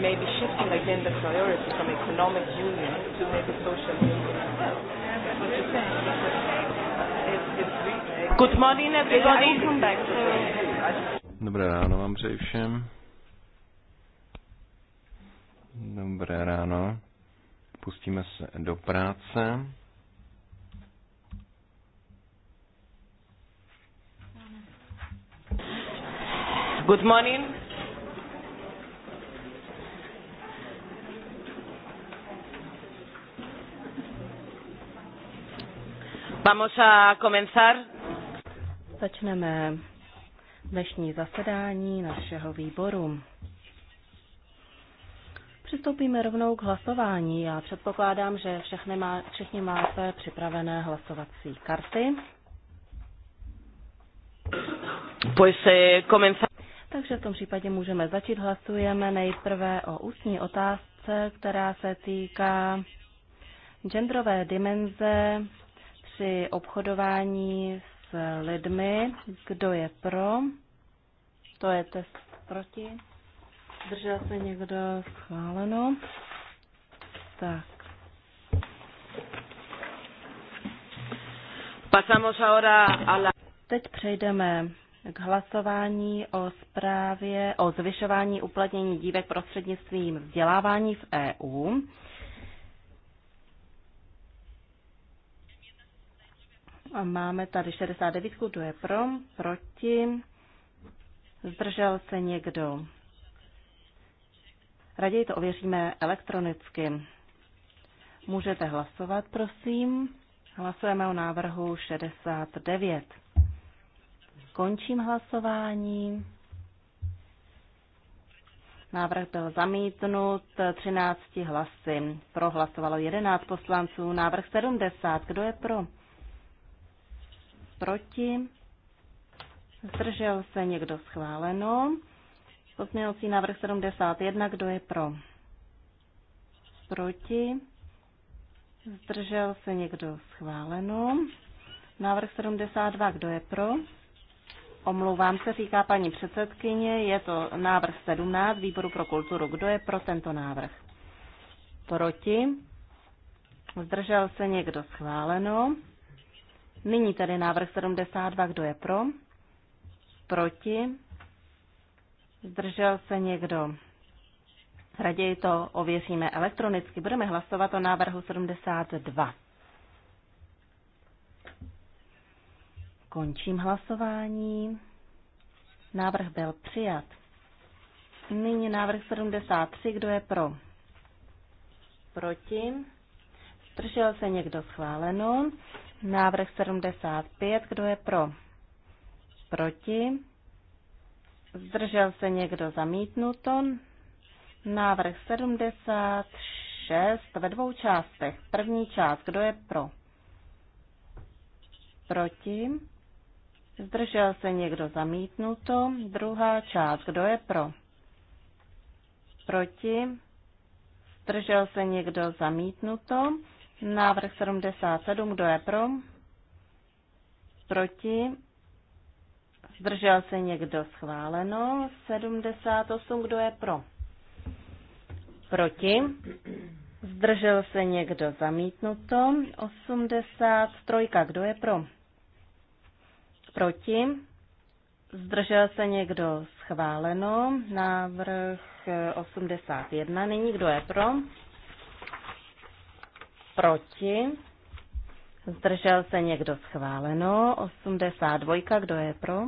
maybe shifting again the priority from economic union to maybe social union as well. That's what you're saying. Good morning, everybody. I come back to... Dobré ráno vám přeji všem. Dobré ráno. Pustíme se do práce. Good morning. Vamos a comenzar. Začneme dnešní zasedání našeho výboru. Přistoupíme rovnou k hlasování. Já předpokládám, že všechny má, všichni máte připravené hlasovací karty. Pues, eh, comenzar. Takže v tom případě můžeme začít. Hlasujeme nejprve o ústní otázce, která se týká genderové dimenze při obchodování s lidmi. Kdo je pro? To je test proti. držel se někdo schváleno? Tak. Pasamos ahora a la... Teď přejdeme k hlasování o zprávě o zvyšování uplatnění dívek prostřednictvím vzdělávání v EU. Máme tady 69, kdo je pro, proti, zdržel se někdo. Raději to ověříme elektronicky. Můžete hlasovat, prosím. Hlasujeme o návrhu 69. Končím hlasování. Návrh byl zamítnut 13 hlasy. Pro hlasovalo 11 poslanců. Návrh 70. Kdo je pro? proti, zdržel se někdo schváleno. Pozměňovací návrh 71, kdo je pro? Proti, zdržel se někdo schváleno. Návrh 72, kdo je pro? Omlouvám se, říká paní předsedkyně, je to návrh 17 výboru pro kulturu. Kdo je pro tento návrh? Proti? Zdržel se někdo schváleno? Nyní tedy návrh 72, kdo je pro? Proti? Zdržel se někdo? Raději to ověříme elektronicky. Budeme hlasovat o návrhu 72. Končím hlasování. Návrh byl přijat. Nyní návrh 73. Kdo je pro? Proti? Zdržel se někdo schváleno. Návrh 75, kdo je pro? Proti? Zdržel se někdo zamítnuto? Návrh 76 ve dvou částech. První část, kdo je pro? Proti? Zdržel se někdo zamítnuto? Druhá část, kdo je pro? Proti? Zdržel se někdo zamítnuto? Návrh 77, kdo je pro? Proti? Zdržel se někdo schváleno? 78, kdo je pro? Proti? Zdržel se někdo zamítnuto? 83, kdo je pro? Proti? Zdržel se někdo schváleno? Návrh 81, nyní kdo je pro? proti, zdržel se někdo schváleno, 82, kdo je pro,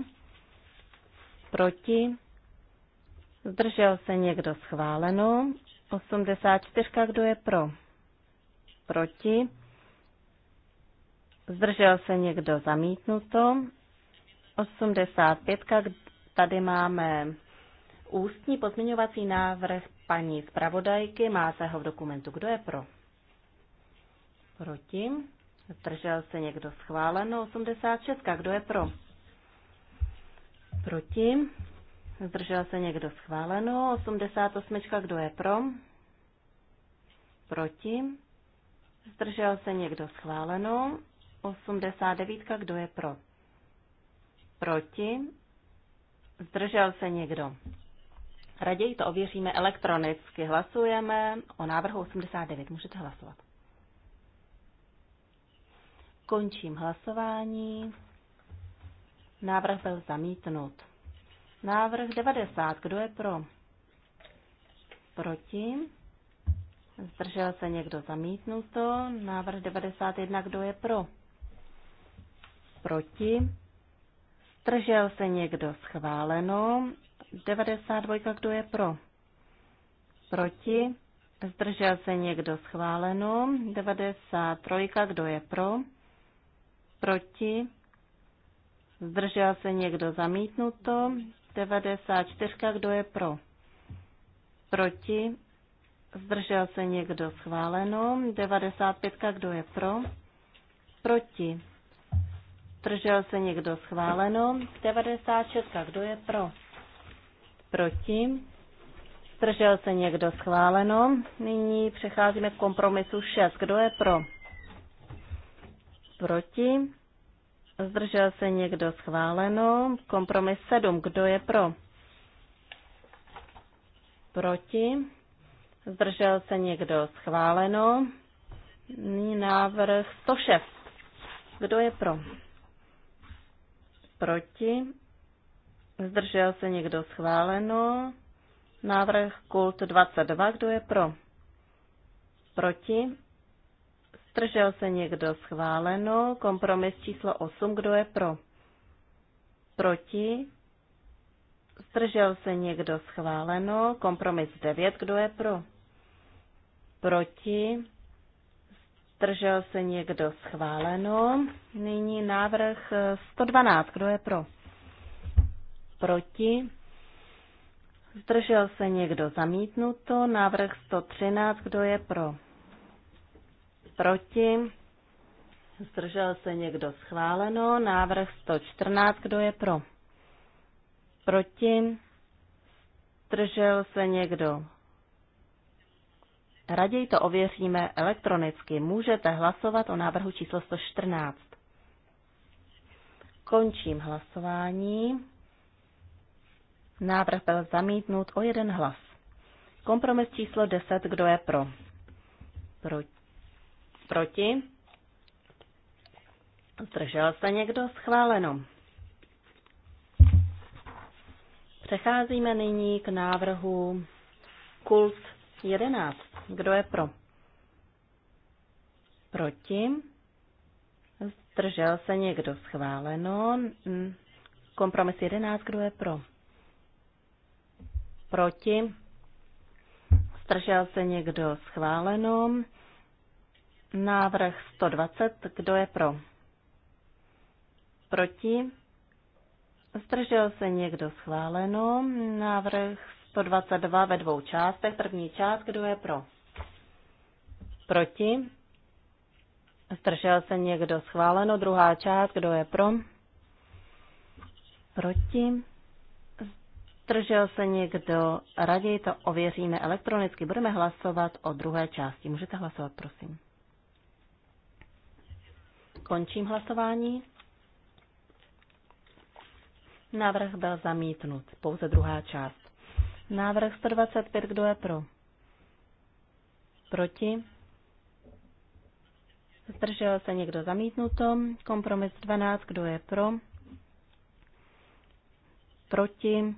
proti, zdržel se někdo schváleno, 84, kdo je pro, proti, zdržel se někdo zamítnuto, 85, tady máme ústní pozměňovací návrh paní zpravodajky, máte ho v dokumentu, kdo je pro? Proti? Zdržel se někdo schváleno? 86. Kdo je pro? Proti? Zdržel se někdo schváleno? 88. Kdo je pro? Proti? Zdržel se někdo schváleno? 89. Kdo je pro? Proti? Zdržel se někdo? Raději to ověříme elektronicky. Hlasujeme o návrhu 89. Můžete hlasovat. Končím hlasování. Návrh byl zamítnut. Návrh 90. Kdo je pro? Proti? Zdržel se někdo zamítnuto? Návrh 91. Kdo je pro? Proti? Zdržel se někdo schváleno? 92. Kdo je pro? Proti? Zdržel se někdo schváleno? 93. Kdo je pro? proti, zdržel se někdo zamítnuto, 94, kdo je pro, proti, zdržel se někdo schváleno, 95, kdo je pro, proti, zdržel se někdo schváleno, 96, kdo je pro, proti, zdržel se někdo schváleno, nyní přecházíme k kompromisu 6, kdo je pro, Proti? Zdržel se někdo schváleno? Kompromis 7. Kdo je pro? Proti? Zdržel se někdo schváleno? Nyní návrh 106. Kdo je pro? Proti? Zdržel se někdo schváleno? Návrh kult 22. Kdo je pro? Proti? Zdržel se někdo schváleno? Kompromis číslo 8. Kdo je pro? Proti? Zdržel se někdo schváleno? Kompromis 9. Kdo je pro? Proti? Zdržel se někdo schváleno? Nyní návrh 112. Kdo je pro? Proti? Zdržel se někdo zamítnuto? Návrh 113. Kdo je pro? proti? Zdržel se někdo schváleno. Návrh 114, kdo je pro? Proti? Zdržel se někdo? Raději to ověříme elektronicky. Můžete hlasovat o návrhu číslo 114. Končím hlasování. Návrh byl zamítnut o jeden hlas. Kompromis číslo 10, kdo je pro? Proti? Proti? Zdržel se někdo? Schváleno. Přecházíme nyní k návrhu Kult 11. Kdo je pro? Proti? Zdržel se někdo? Schváleno. Kompromis 11. Kdo je pro? Proti? Zdržel se někdo? Schváleno. Návrh 120. Kdo je pro? Proti? Zdržel se někdo schváleno. Návrh 122 ve dvou částech. První část, kdo je pro? Proti? Zdržel se někdo schváleno. Druhá část, kdo je pro? Proti? Zdržel se někdo? Raději to ověříme elektronicky. Budeme hlasovat o druhé části. Můžete hlasovat, prosím. Končím hlasování. Návrh byl zamítnut. Pouze druhá část. Návrh 125. Kdo je pro? Proti? Zdržel se někdo zamítnuto? Kompromis 12. Kdo je pro? Proti?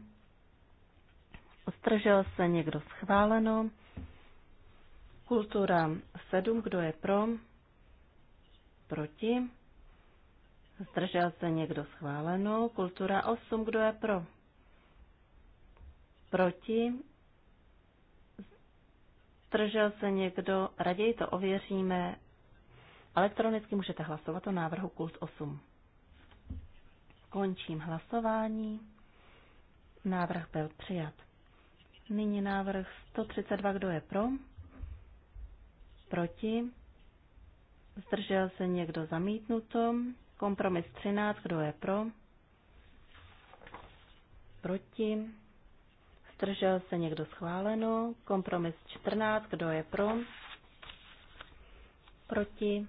Zdržel se někdo schváleno? Kultura 7. Kdo je pro? proti? Zdržel se někdo schváleno? Kultura 8, kdo je pro? Proti? Zdržel se někdo? Raději to ověříme. Elektronicky můžete hlasovat o návrhu Kult 8. Končím hlasování. Návrh byl přijat. Nyní návrh 132, kdo je pro? Proti? Zdržel se někdo zamítnuto? Kompromis 13, kdo je pro? Proti? Zdržel se někdo schváleno? Kompromis 14, kdo je pro? Proti?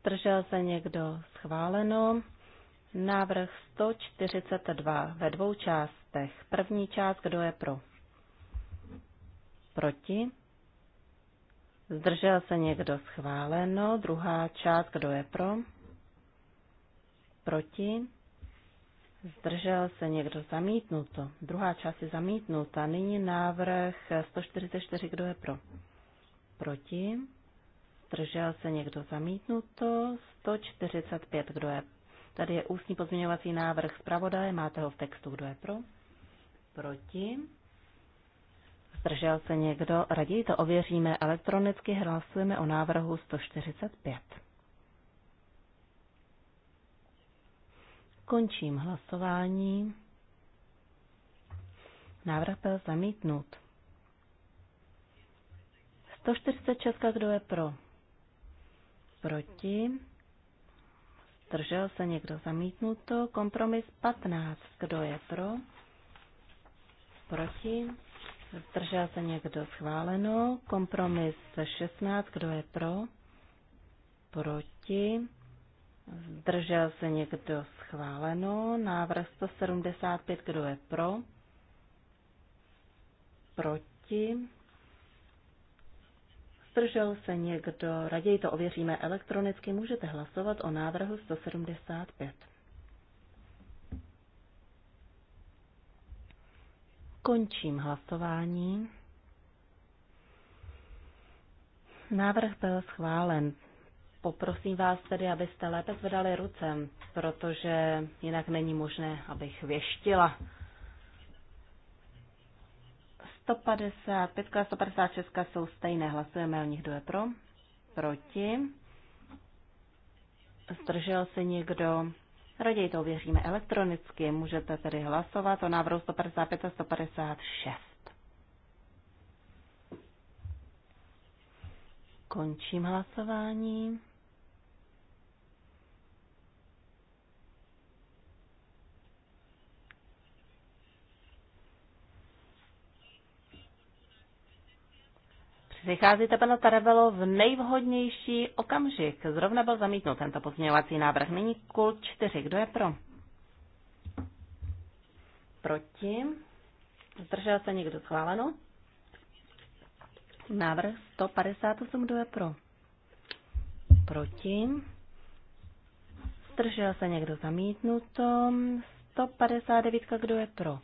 Zdržel se někdo schváleno? Návrh 142 ve dvou částech. První část, kdo je pro? Proti? Zdržel se někdo schváleno? Druhá část, kdo je pro? Proti? Zdržel se někdo zamítnuto? Druhá část je zamítnuta. Nyní návrh 144, kdo je pro? Proti? Zdržel se někdo zamítnuto? 145, kdo je Tady je ústní pozměňovací návrh zpravodaje, máte ho v textu, kdo je pro? Proti? Zdržel se někdo? Raději to ověříme elektronicky, hlasujeme o návrhu 145. Končím hlasování. Návrh byl zamítnut. 146, kdo je pro? Proti? Zdržel se někdo zamítnuto? Kompromis 15, kdo je pro? Proti? Zdržel se někdo schváleno. Kompromis 16, kdo je pro? Proti. Zdržel se někdo schváleno. Návrh 175, kdo je pro? Proti. Zdržel se někdo? Raději to ověříme elektronicky. Můžete hlasovat o návrhu 175. Končím hlasování. Návrh byl schválen. Poprosím vás tedy, abyste lépe zvedali ruce, protože jinak není možné, abych věštila. 155 a 156 jsou stejné. Hlasujeme o nich, kdo je pro. Proti. Zdržel se někdo? Raději to věříme elektronicky. Můžete tedy hlasovat o návrhu 155 a 156. Končím hlasování. Přicházíte, pane Tarevelo, v nejvhodnější okamžik. Zrovna byl zamítnut tento pozměňovací návrh. Nyní kul 4. Kdo je pro? Proti? Zdržel se někdo schváleno? Návrh 158. Kdo je pro? Proti? Zdržel se někdo zamítnuto? 159. Kdo je pro?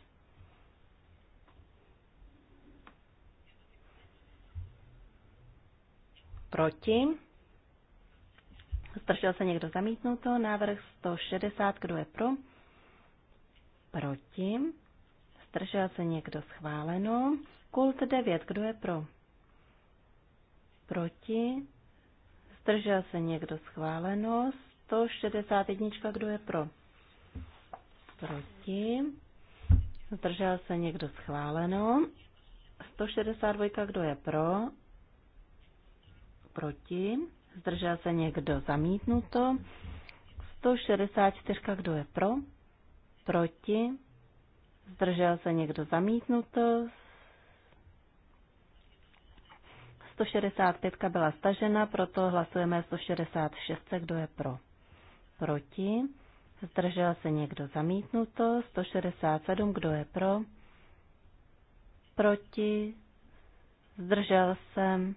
Proti? Zdržel se někdo zamítnuto? Návrh 160, kdo je pro? Proti? Zdržel se někdo schváleno? Kult 9, kdo je pro? Proti? Zdržel se někdo schváleno? 161, kdo je pro? Proti? Zdržel se někdo schváleno? 162, kdo je pro? proti? Zdržel se někdo zamítnuto? 164, kdo je pro? Proti? Zdržel se někdo zamítnuto? 165 byla stažena, proto hlasujeme 166, kdo je pro? Proti? Zdržel se někdo zamítnuto? 167, kdo je pro? Proti? Zdržel jsem.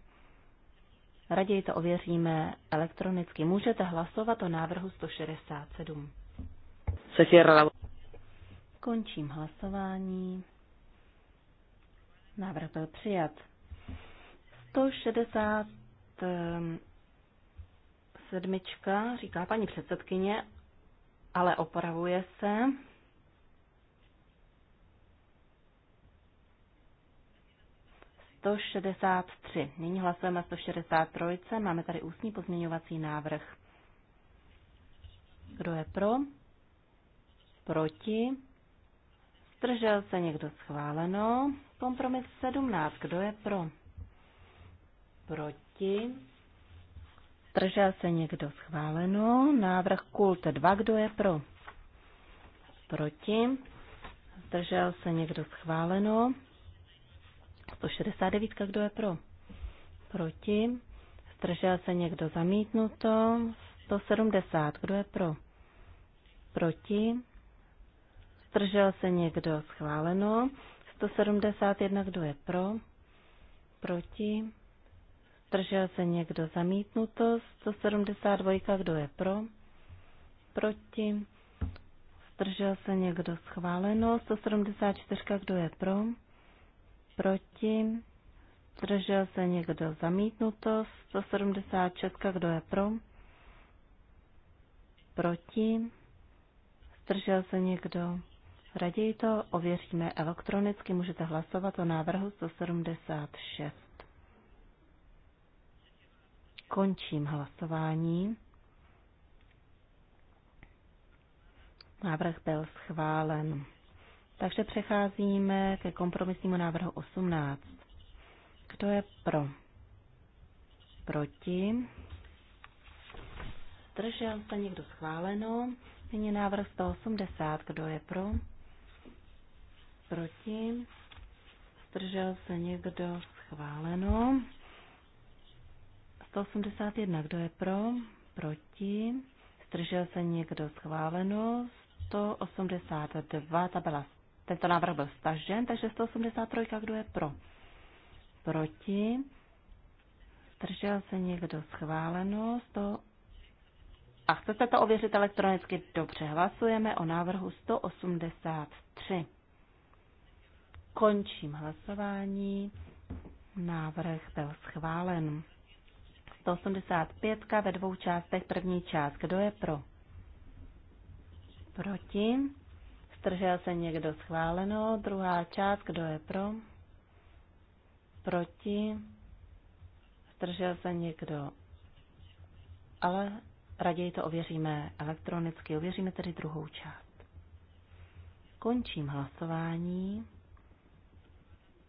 Raději to ověříme elektronicky. Můžete hlasovat o návrhu 167. Končím hlasování. Návrh byl přijat. 167. říká paní předsedkyně, ale opravuje se. 163. Nyní hlasujeme 163. Máme tady ústní pozměňovací návrh. Kdo je pro? Proti? Zdržel se někdo schváleno? Kompromis 17. Kdo je pro? Proti? Zdržel se někdo schváleno? Návrh kult 2. Kdo je pro? Proti? Zdržel se někdo schváleno? 169, kdo je pro? Proti. Zdržel se někdo zamítnuto? 170, kdo je pro? Proti. Zdržel se někdo schváleno? 171, kdo je pro? Proti. Zdržel se někdo zamítnuto? 172, kdo je pro? Proti. Zdržel se někdo schváleno? 174, kdo je pro? proti, zdržel se někdo zamítnuto, 176, kdo je pro, proti, zdržel se někdo, raději to ověříme elektronicky, můžete hlasovat o návrhu 176. Končím hlasování. Návrh byl schválen. Takže přecházíme ke kompromisnímu návrhu 18. Kdo je pro? Proti? Zdržel se někdo schváleno? Nyní návrh 180. Kdo je pro? Proti? Zdržel se někdo schváleno? 181. Kdo je pro? Proti? Zdržel se někdo schváleno? 182. Ta byla tento návrh byl stažen, takže 183, kdo je pro? Proti. Zdržel se někdo schváleno. 100. A chcete to ověřit elektronicky? Dobře, hlasujeme o návrhu 183. Končím hlasování. Návrh byl schválen. 185 ve dvou částech. První část. Kdo je pro? Proti. Zdržel se někdo schváleno. Druhá část, kdo je pro? Proti? Zdržel se někdo? Ale raději to ověříme elektronicky. Ověříme tedy druhou část. Končím hlasování.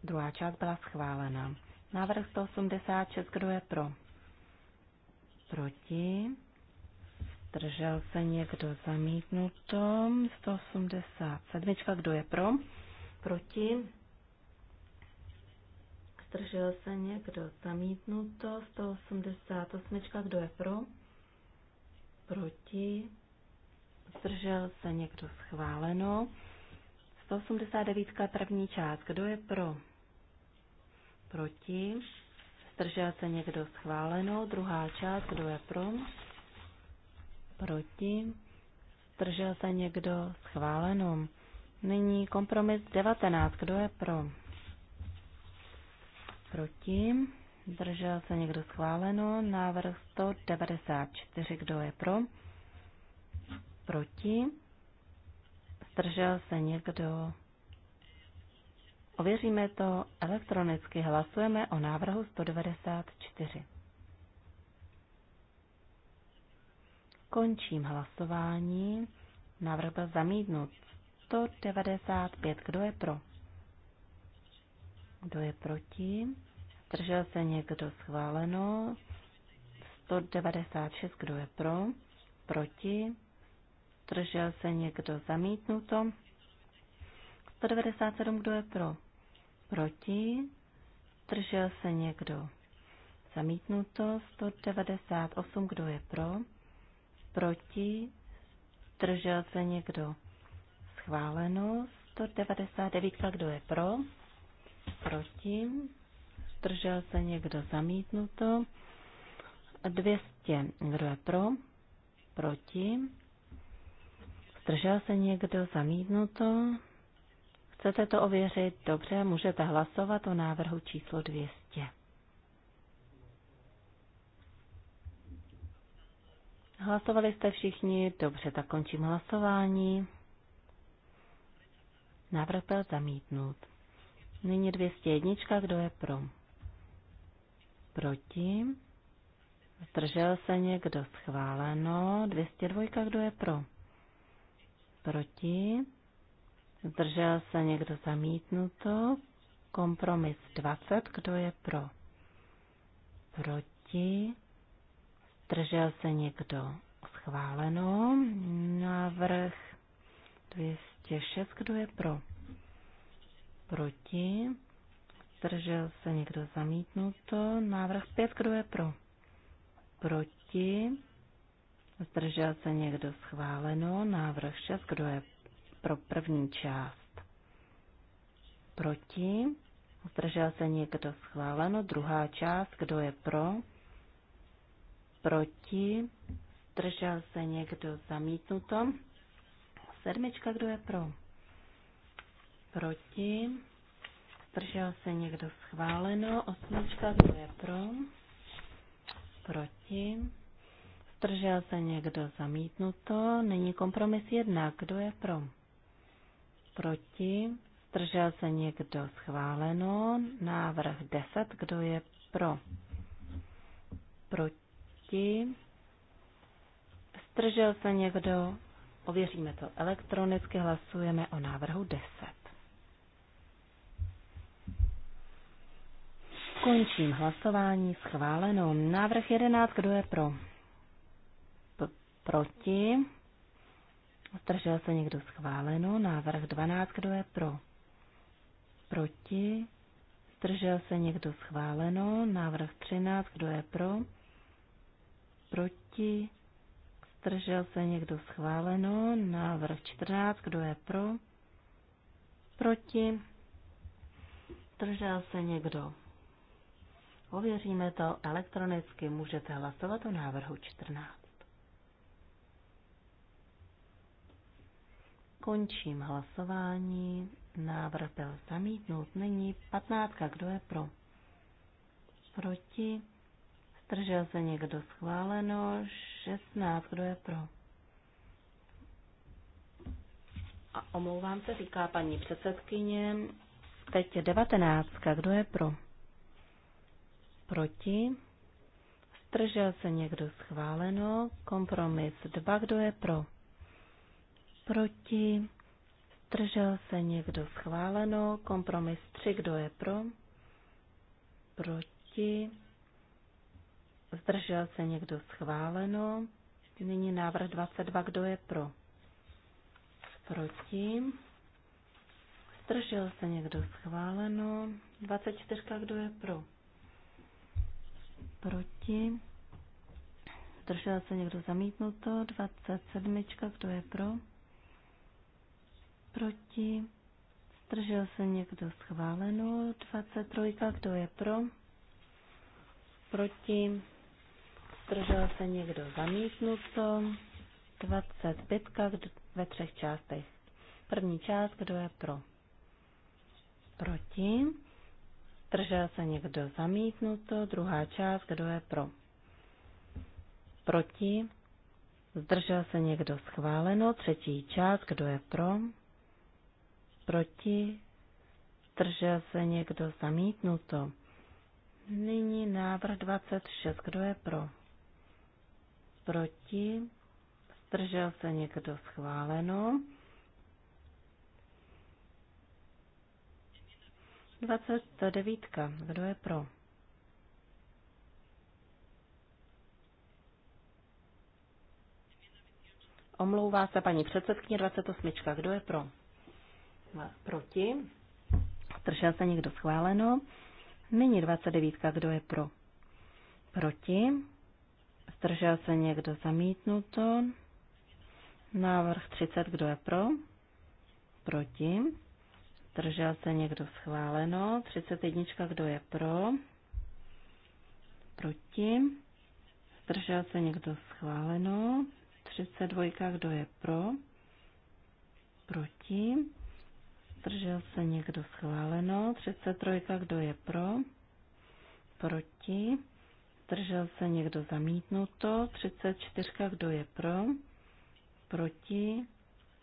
Druhá část byla schválena. Návrh 186, kdo je pro? Proti? Zdržel se někdo zamítnuto? 187. Kdo je pro? Proti? Zdržel se někdo zamítnuto? 188. Kdo je pro? Proti? Zdržel se někdo schváleno? 189. První část. Kdo je pro? Proti? Zdržel se někdo schváleno? Druhá část. Kdo je pro? proti, zdržel se někdo schváleno. Nyní kompromis 19, kdo je pro, proti, zdržel se někdo schváleno. Návrh 194, kdo je pro, proti, zdržel se někdo Ověříme to elektronicky. Hlasujeme o návrhu 194. Končím hlasování. Návrh byl zamítnut. 195. Kdo je pro? Kdo je proti? Zdržel se někdo schváleno? 196. Kdo je pro? Proti? Zdržel se někdo zamítnuto? 197. Kdo je pro? Proti? Zdržel se někdo zamítnuto? 198. Kdo je pro? proti, držel se někdo schváleno, 199, kdo je pro, proti, držel se někdo zamítnuto, 200, kdo je pro, proti, zdržel se někdo zamítnuto, chcete to ověřit, dobře, můžete hlasovat o návrhu číslo 200. Hlasovali jste všichni? Dobře, tak končím hlasování. Návrh byl zamítnut. Nyní 201. Kdo je pro? Proti? Zdržel se někdo schváleno. 202. Kdo je pro? Proti? Zdržel se někdo zamítnuto. Kompromis 20. Kdo je pro? Proti? Zdržel se někdo? Schváleno. Návrh 206. Kdo je pro? Proti. Zdržel se někdo? Zamítnuto. Návrh 5. Kdo je pro? Proti. Zdržel se někdo? Schváleno. Návrh 6. Kdo je pro první část? Proti. Zdržel se někdo? Schváleno. Druhá část. Kdo je pro? proti, zdržel se někdo zamítnuto. Sedmička, kdo je pro? Proti, zdržel se někdo schváleno. Osmička, kdo je pro? Proti, zdržel se někdo zamítnuto. Není kompromis jedna, kdo je pro? Proti, zdržel se někdo schváleno. Návrh 10, kdo je pro? Proti Proti? Stržel se někdo? Ověříme to elektronicky, hlasujeme o návrhu 10. Končím hlasování schváleno. Návrh 11, kdo je pro? P- proti? Stržel se někdo schváleno. Návrh 12, kdo je pro? Proti? Stržel se někdo schváleno. Návrh 13, kdo je pro? proti, zdržel se někdo schváleno, návrh 14, kdo je pro, proti, zdržel se někdo. Ověříme to elektronicky, můžete hlasovat o návrhu 14. Končím hlasování. Návrh byl zamítnut. Nyní 15. Kdo je pro? Proti? Zdržel se někdo schváleno? 16. Kdo je pro? A omlouvám se, říká paní předsedkyně. Teď je 19. Kdo je pro? Proti? Zdržel se někdo schváleno? Kompromis 2. Kdo je pro? Proti? Zdržel se někdo schváleno? Kompromis 3. Kdo je pro? Proti? Zdržel se někdo schváleno. Nyní návrh 22. Kdo je pro? Proti. Zdržel se někdo schváleno. 24. Kdo je pro? Proti. Zdržel se někdo zamítnuto. 27. Kdo je pro? Proti. Zdržel se někdo schváleno. 23. Kdo je pro? Proti zdržel se někdo zamítnuto, 25 ve třech částech. První část, kdo je pro? Proti. Zdržel se někdo zamítnuto, druhá část, kdo je pro? Proti. Zdržel se někdo schváleno, třetí část, kdo je pro? Proti. Zdržel se někdo zamítnuto. Nyní návrh 26. Kdo je pro? proti, zdržel se někdo schváleno. 29. Kdo je pro? Omlouvá se paní předsedkyně 28. Kdo je pro? Proti. Zdržel se někdo schváleno. Nyní 29. Kdo je pro? Proti. Zdržel se někdo zamítnuto? Návrh 30, kdo je pro? Proti. Zdržel se někdo schváleno? 31, kdo je pro? Proti. Zdržel se někdo schváleno? 32, kdo je pro? Proti. Zdržel se někdo schváleno? 33, kdo je pro? Proti zdržel se někdo zamítnuto, 34, kdo je pro, proti,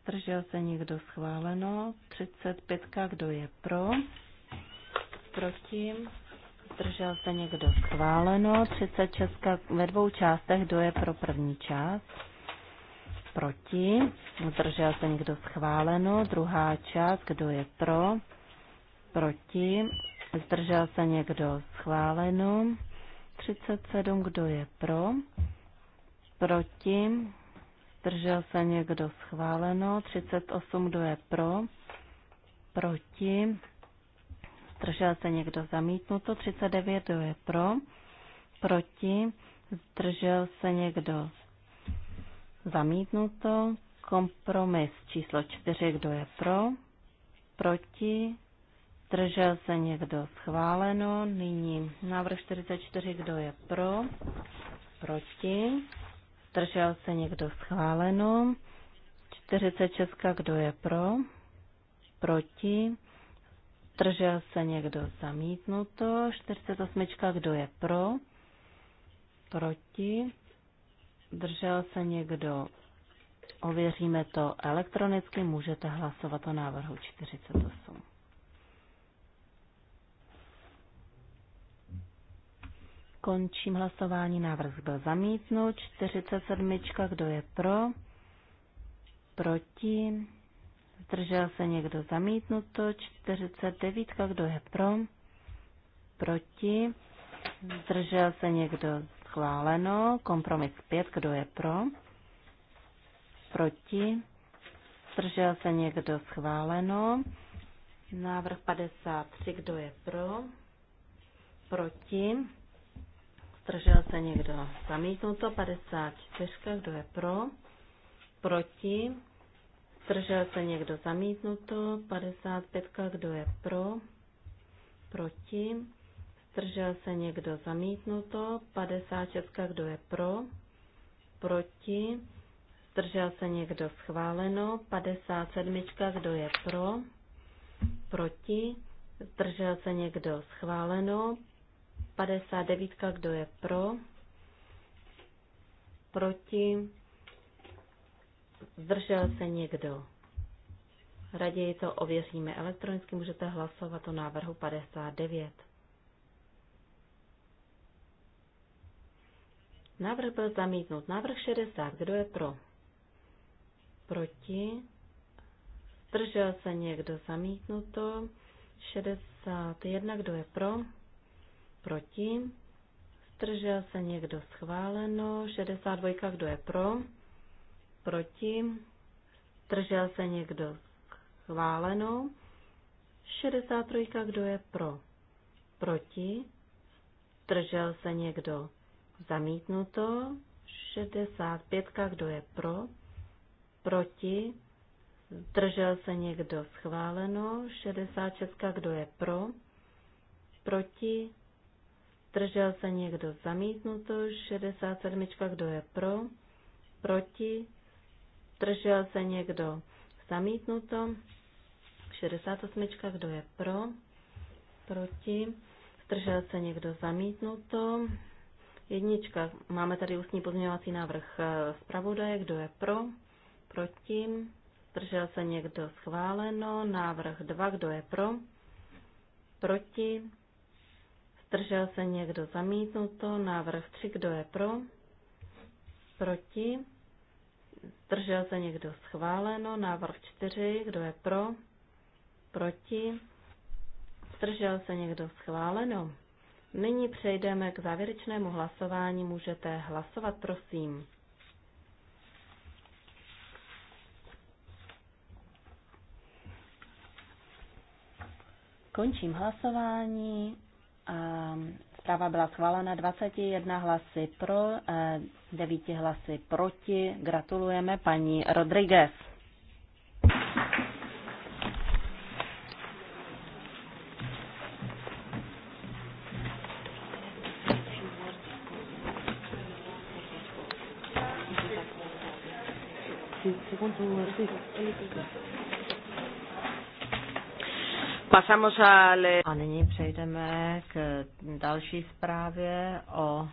zdržel se někdo schváleno, 35, kdo je pro, proti, zdržel se někdo schváleno, 36 ve dvou částech, kdo je pro první část, proti, zdržel se někdo schváleno, druhá část, kdo je pro, proti, zdržel se někdo schváleno, 37, kdo je pro? Proti? Zdržel se někdo schváleno? 38, kdo je pro? Proti? Zdržel se někdo zamítnuto? 39, kdo je pro? Proti? Zdržel se někdo zamítnuto? Kompromis číslo 4, kdo je pro? Proti? Zdržel se někdo schváleno. Nyní návrh 44, kdo je pro? Proti. Zdržel se někdo schváleno. 46, kdo je pro? Proti. Zdržel se někdo zamítnuto. 48, kdo je pro? Proti. Zdržel se někdo Ověříme to elektronicky, můžete hlasovat o návrhu 48. Končím hlasování. Návrh byl zamítnut. 47. Kdo je pro? Proti? Zdržel se někdo zamítnuto? 49. Kdo je pro? Proti? Zdržel se někdo schváleno? Kompromis 5. Kdo je pro? Proti? Zdržel se někdo schváleno? Návrh 53. Kdo je pro? Proti? Zdržel se někdo? Zamítnuto 54. Kdo je pro? Proti? Zdržel se někdo? Zamítnuto 55. Kdo je pro? Proti? Zdržel se někdo? Zamítnuto 56. Kdo je pro? Proti? Zdržel se někdo? Schváleno 57. Kdo je pro? Proti? Zdržel se někdo? Schváleno 59, kdo je pro, proti, zdržel se někdo. Raději to ověříme elektronicky, můžete hlasovat o návrhu 59. Návrh byl zamítnut. Návrh 60. Kdo je pro? Proti? Zdržel se někdo zamítnuto? 61. Kdo je pro? Proti? Zdržel se někdo schváleno? 62. Kdo je pro? Proti? Zdržel se někdo schváleno? 63. Kdo je pro? Proti? Zdržel se někdo zamítnuto? 65. Kdo je pro? Proti? Zdržel se někdo schváleno? 66. Kdo je pro? Proti? Zdržel se někdo zamítnuto? 67. Kdo je pro? Proti? Zdržel se někdo zamítnuto? 68. Kdo je pro? Proti? Zdržel se někdo zamítnuto? Jednička. Máme tady ústní pozměňovací návrh eh, zpravodaje. Kdo je pro? Proti? Zdržel se někdo schváleno? Návrh 2. Kdo je pro? Proti? Zdržel se někdo zamítnuto? Návrh 3, kdo je pro? Proti? Zdržel se někdo schváleno? Návrh 4, kdo je pro? Proti? Zdržel se někdo schváleno? Nyní přejdeme k závěrečnému hlasování. Můžete hlasovat, prosím. Končím hlasování. Ehm, zpráva byla schválena 21 hlasy pro, 9 eh, hlasy proti. Gratulujeme paní Rodriguez. sí. Pasamos al... Eh, a nyní přejdeme k další zprávě o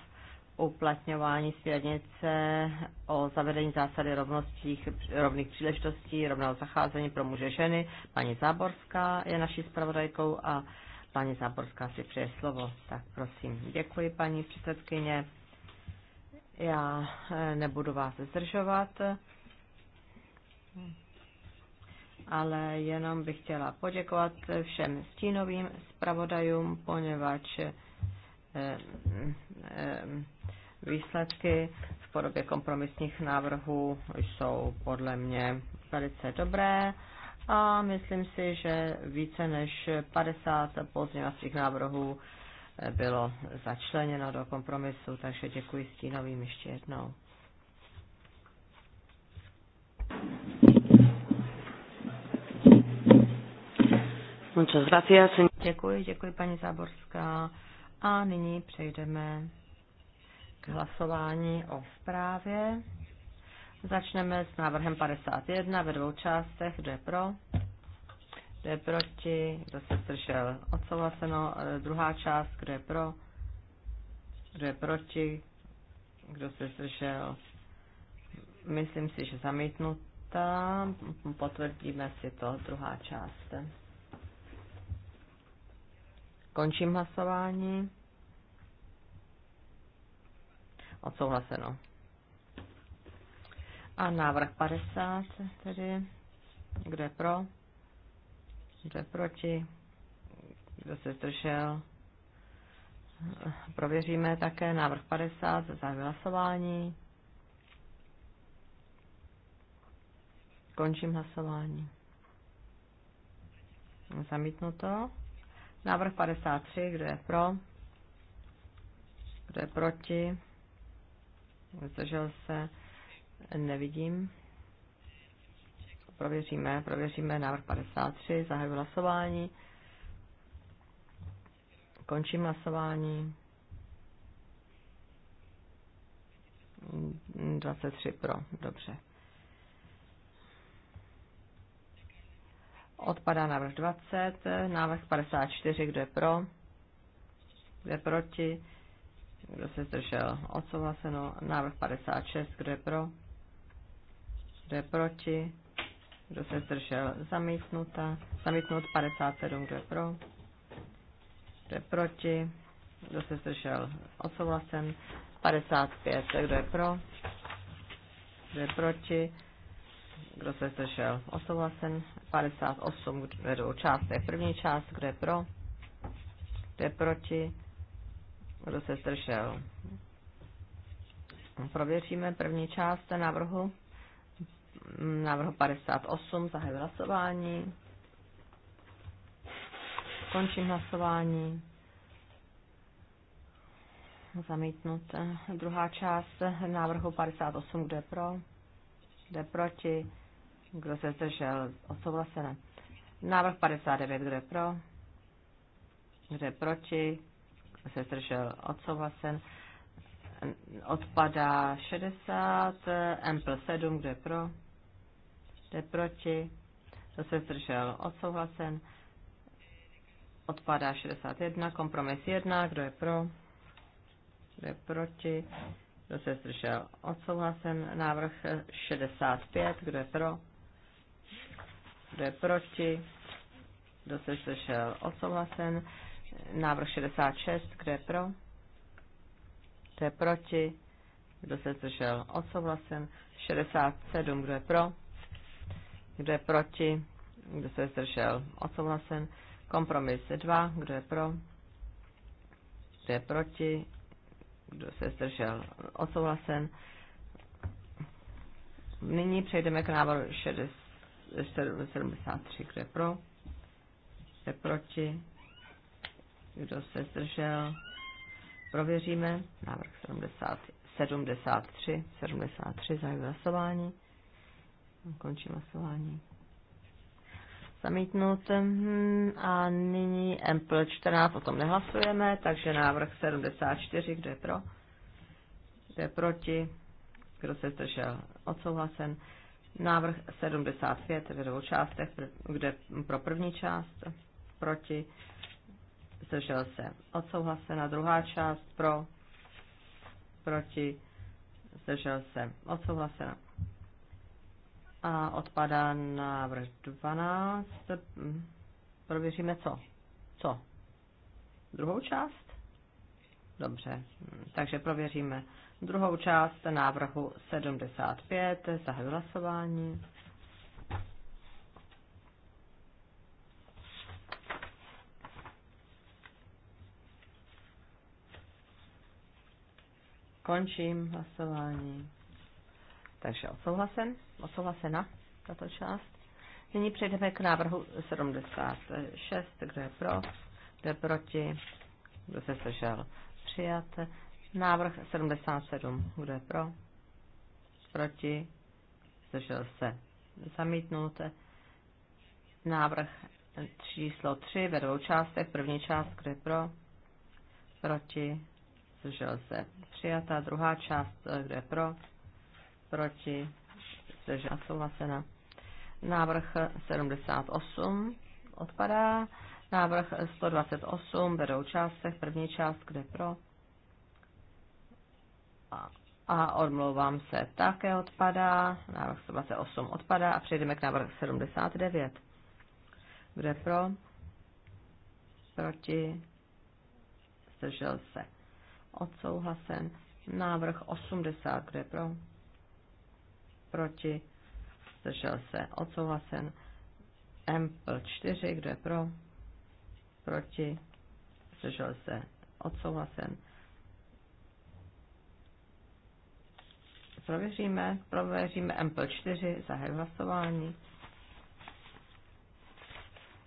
uplatňování směrnice o zavedení zásady rovností, rovných příležitostí, rovného zacházení pro muže ženy. Paní Záborská je naší zpravodajkou a paní Záborská si přeje slovo. Tak prosím. Děkuji, paní předsedkyně. Já eh, nebudu vás zdržovat ale jenom bych chtěla poděkovat všem stínovým zpravodajům, poněvadž eh, eh, výsledky v podobě kompromisních návrhů jsou podle mě velice dobré a myslím si, že více než 50 pozměňovacích návrhů eh, bylo začleněno do kompromisu, takže děkuji stínovým ještě jednou. Muchas gracias. Děkuji, děkuji paní Záborská. A nyní přejdeme k hlasování o zprávě. Začneme s návrhem 51 ve dvou částech. Kdo je pro? Kdo je proti? Kdo se zdržel? Odsouhlaseno. Druhá část. Kdo je pro? Kdo je proti? Kdo se zdržel? Myslím si, že zamítnutá. Potvrdíme si to. Druhá část. Končím hlasování. Odsouhlaseno. A návrh 50 tedy. Kdo je pro? Kdo je proti? Kdo se zdržel? Prověříme také návrh 50 za hlasování. Končím hlasování. Zamítnuto. Návrh 53, kdo je pro? Kdo je proti? Zdržel se? Nevidím. Prověříme, prověříme návrh 53, zahajuji hlasování. Končím hlasování. 23 pro, dobře. Odpadá návrh 20, návrh 54, kdo je pro, kdo je proti, kdo se zdržel odsouhlaseno, návrh 56, kdo je pro, kdo je proti, kdo se zdržel zamítnuta, zamítnut 57, kdo je pro, kdo je proti, kdo se zdržel odsouhlasen, 55, kdo je pro, kdo je proti, kdo se zdržel, odsouhlasen. 58 ve dvou částech. První část, kdo je pro, kdo je proti, kdo se zdržel. Prověříme první část návrhu. Návrhu 58, zahajuji hlasování. Končím hlasování. Zamítnut. Druhá část návrhu 58, kde pro, kde proti, kdo se zdržel? Odsouhlasené. Návrh 59. Kdo je pro? Kdo je proti? Kdo se zdržel? Odsouhlasen. Odpadá 60. M plus 7. Kdo je pro? Kdo je proti? Kdo se zdržel? Odsouhlasen. Odpadá 61. Kompromis 1. Kdo je pro? Kdo je proti? Kdo se zdržel? Odsouhlasen. Návrh 65. Kdo je pro? kdo je proti, kdo se slyšel odsouhlasen. Návrh 66, kdo je pro, kdo je proti, kdo se slyšel odsouhlasen. 67, kdo je pro, kdo je proti, kdo se slyšel odsouhlasen. Kompromis 2, kdo je pro, kdo je proti, kdo se zdržel, odsouhlasen. Nyní přejdeme k návrhu 60. 73, kdo je pro, kdo je proti, kdo se zdržel, prověříme, návrh 70, 73, 73, zahajuji hlasování, končím hlasování. Zamítnut hm, a nyní MPL 14, o tom nehlasujeme, takže návrh 74, kdo je pro, kdo je proti, kdo se zdržel, odsouhlasen. Návrh 75 ve dvou částech, kde pro první část proti, zdržel se. Odsouhlasena druhá část pro, proti, zdržel se. Odsouhlasena. A odpadá návrh 12. Prověříme co? Co? Druhou část? Dobře, takže prověříme druhou část návrhu 75, zahajuji hlasování. Končím hlasování. Takže odsouhlasen, odsouhlasena tato část. Nyní přejdeme k návrhu 76. Kdo je pro? Kdo je proti? Kdo se zdržel? Přijat. Návrh 77. Kdo je pro? Proti? Zdržel se. Zamítnut. Návrh číslo 3 ve dvou částech. První část, kdo je pro? Proti? Zdržel se. Přijata. Druhá část, kdo je pro? Proti? Zdržel souhlasena. Návrh 78 odpadá. Návrh 128 ve dvou částech. První část, kde pro? a A odmlouvám se také odpadá, návrh 28 odpadá a přejdeme k návrhu 79. Kdo pro? Proti? Zdržel se. Odsouhlasen. Návrh 80. kde pro? Proti? Zdržel se. Odsouhlasen. Ample 4. kde pro? Proti? Zdržel se. Odsouhlasen. prověříme. Prověříme MP4, zahajuji hlasování.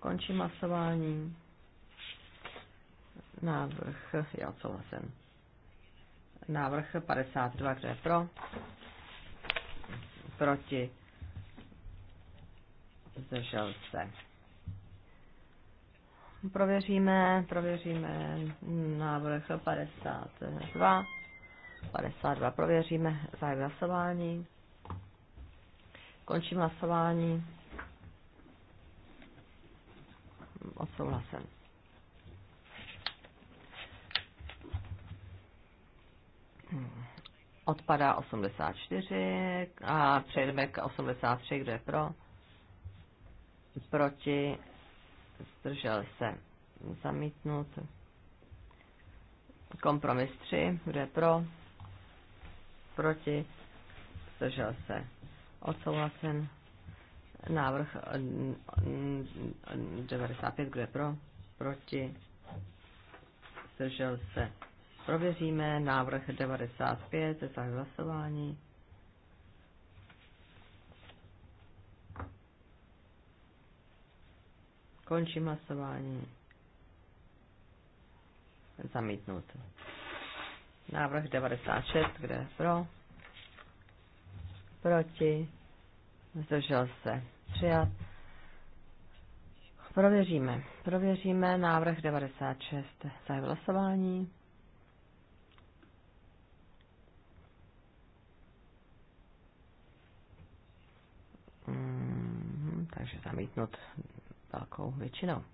Končím hlasování. Návrh je odsouhlasen. Návrh 52, kdo je pro? Proti? Zdržel se. Prověříme, prověříme návrh 52. 52 prověříme, zahájí hlasování. Končím hlasování. Odsouhlasen. Odpadá 84 a přejdeme k 83, kdo je pro. Proti zdržel se zamítnut. Kompromis 3, kdo je pro, proti, zdržel se odsouhlasen. Návrh 95, kdo je pro, proti, zdržel se. Prověříme návrh 95, za hlasování. Končím hlasování. Zamítnout. Návrh 96, kde je pro? Proti? Zdržel se. Přijat. Prověříme. Prověříme návrh 96. Zahajuji hlasování. Mm, takže zamítnut velkou většinou.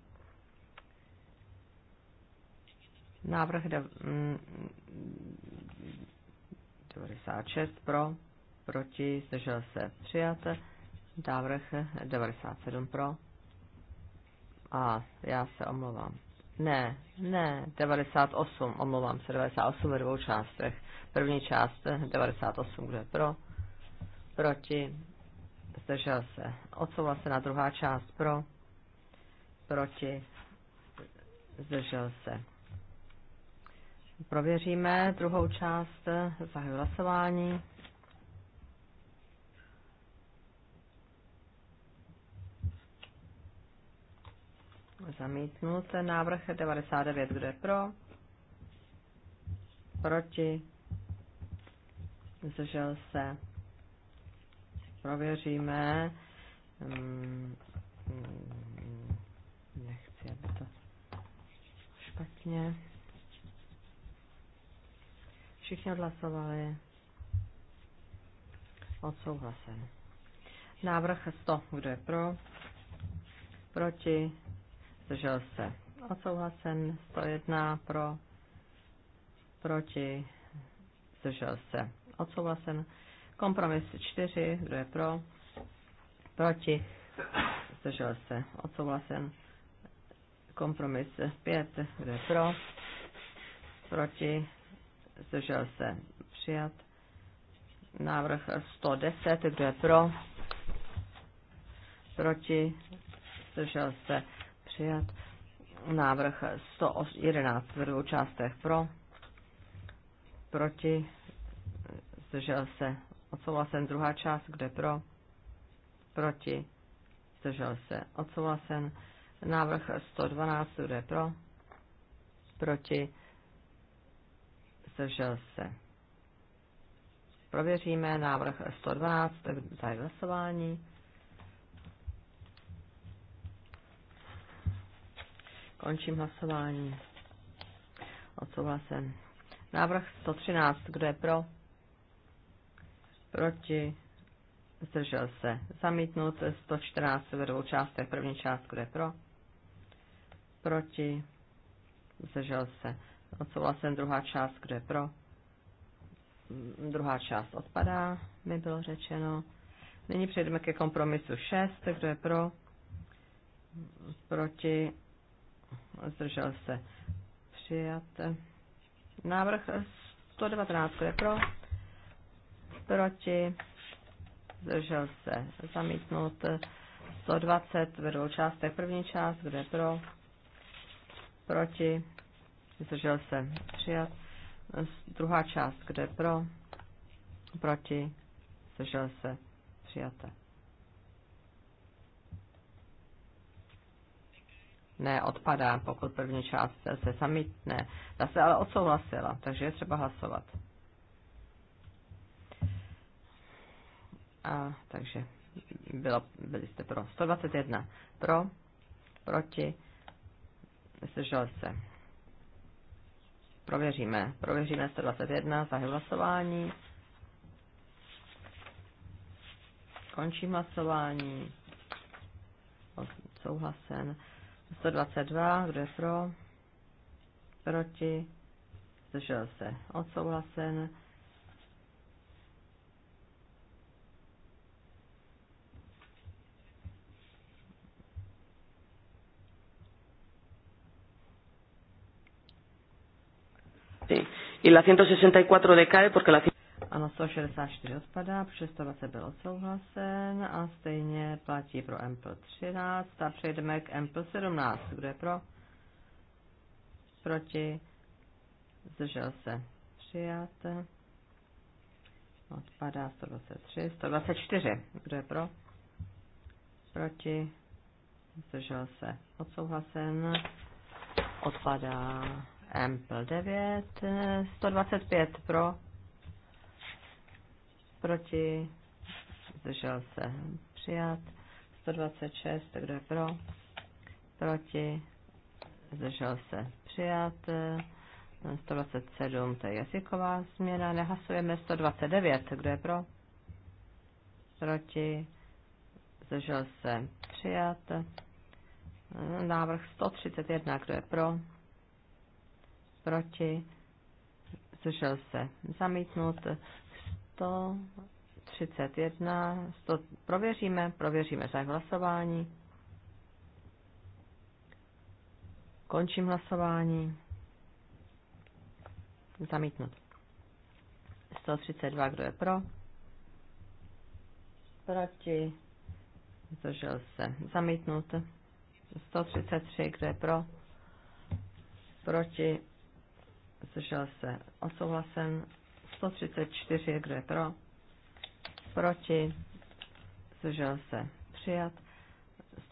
Návrh 96 mm, pro, proti, zdržel se přijat. Návrh 97 pro. A já se omlouvám. Ne, ne, 98, omlouvám se, 98 ve dvou částech. První část 98, kde je pro, proti, zdržel se. Odsouhlas se na druhá část pro, proti, zdržel se. Prověříme druhou část, zahajuji hlasování. Zamítnul se návrh 99, kdo je pro? Proti? Zdržel se? Prověříme. Hmm, hmm, hmm, Nechci, aby to špatně. Všichni odhlasovali. Odsouhlasen. Návrh 100. Kdo je pro? Proti? Zdržel se. Odsouhlasen. 101. Pro? Proti? Zdržel se. Odsouhlasen. Kompromis 4. Kdo je pro? Proti? Zdržel se. Odsouhlasen. Kompromis 5. Kdo je pro? Proti? zdržel se přijat. Návrh 110, kdo je pro, proti, zdržel se přijat. Návrh 111 ve dvou částech pro, proti, zdržel se odsouhlasen. Druhá část, kde pro, proti, zdržel se odsouhlasen. Návrh 112, kde pro, proti, zdržel se. Prověříme návrh 112, zahájí hlasování. Končím hlasování. Odsouhlasen. Návrh 113, kdo je pro? Proti? Zdržel se. Zamítnut 114 ve dvou částech. První část, kdo je pro? Proti? Zdržel se Odsouhlasen druhá část, kdo je pro. Druhá část odpadá, mi bylo řečeno. Nyní přejdeme ke kompromisu 6, kdo je pro. Proti. Zdržel se. Přijat. Návrh 119, kdo je pro. Proti. Zdržel se. Zamítnout. 120 ve dvou částech. První část, kde pro, proti, zdržel se přijat. Druhá část, kde pro, proti, zdržel se přijaté. Ne, odpadá, pokud první část se samitne. Ta se ale odsouhlasila, takže je třeba hlasovat. A, takže bylo, byli jste pro. 121 pro, proti, zdržel se Prověříme. Prověříme 121, zahy hlasování. Končím hlasování. Souhlasen. 122, kdo je pro? Proti? Zdržel se. Odsouhlasen. i la 164 decae porque la... Ano, 164 odpadá, protože 120 byl odsouhlasen a stejně platí pro mp 13 a přejdeme k mp 17. Kdo je pro? Proti? Zdržel se. Přijat. Odpadá 123. 124. Kdo je pro? Proti? Zdržel se. Odsouhlasen. Odpadá Ample 9, 125 pro, proti, zdržel se přijat, 126, kdo je pro, proti, zdržel se přijat, 127, to je jazyková změna, nehlasujeme 129, kdo je pro, proti, zdržel se přijat, návrh 131, kdo je pro, proti, zdržel se zamítnut, 131, 100, prověříme, prověříme za hlasování. Končím hlasování. Zamítnut. 132, kdo je pro? Proti. Zdržel se. Zamítnut. 133, kdo je pro? Proti zdržel se osouhlasen 134, kdo je pro, proti, zdržel se přijat.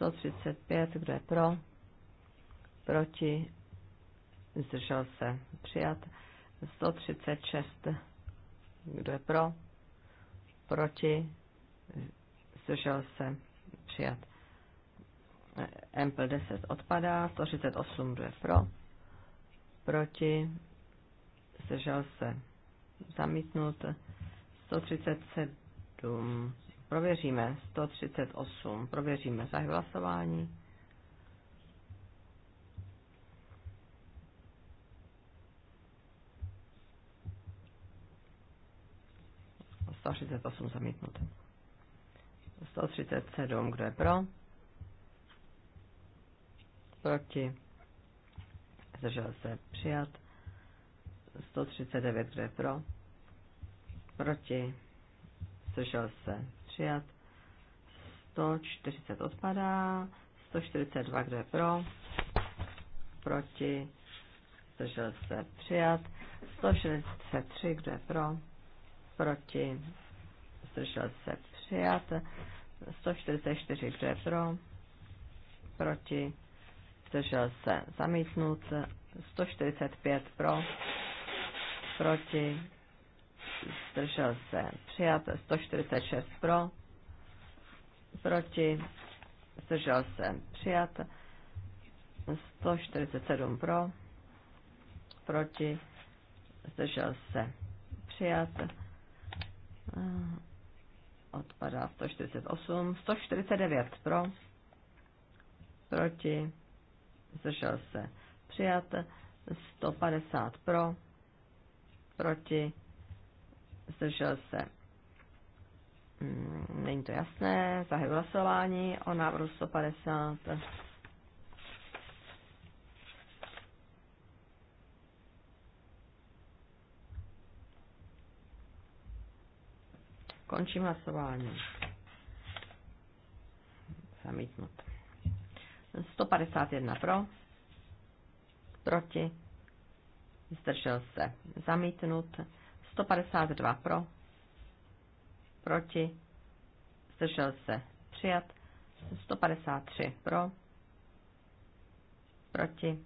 135, kdo je pro, proti, zdržel se přijat. 136, kdo je pro, proti, zdržel se přijat. MPL 10 odpadá, 138 kdo je pro, proti, zdržel se zamítnut 137, prověříme 138, prověříme za hlasování. osm zamítnut. 137, kdo je pro? Proti? Zdržel se přijat. 139, kdo je pro? Proti? Zdržel se? Přijat. 140 odpadá. 142, kdo je pro? Proti? Zdržel se? Přijat. 163, kdo je pro? Proti? Zdržel se? Přijat. 144, kdo je pro? Proti? Zdržel se? Zamítnut. 145 pro? proti, zdržel se, přijat 146 pro, proti, zdržel se, přijat 147 pro, proti, zdržel se, přijat eh, odpadá 148, 149 pro, proti, zdržel se, přijat 150 pro, proti, zdržel se. Mm, není to jasné, zahajuji hlasování o návrhu 150. Končím hlasování. Zamítnut. 151 pro, proti, zdržel se, zamítnut, 152 pro, proti, zdržel se, přijat, 153 pro, proti,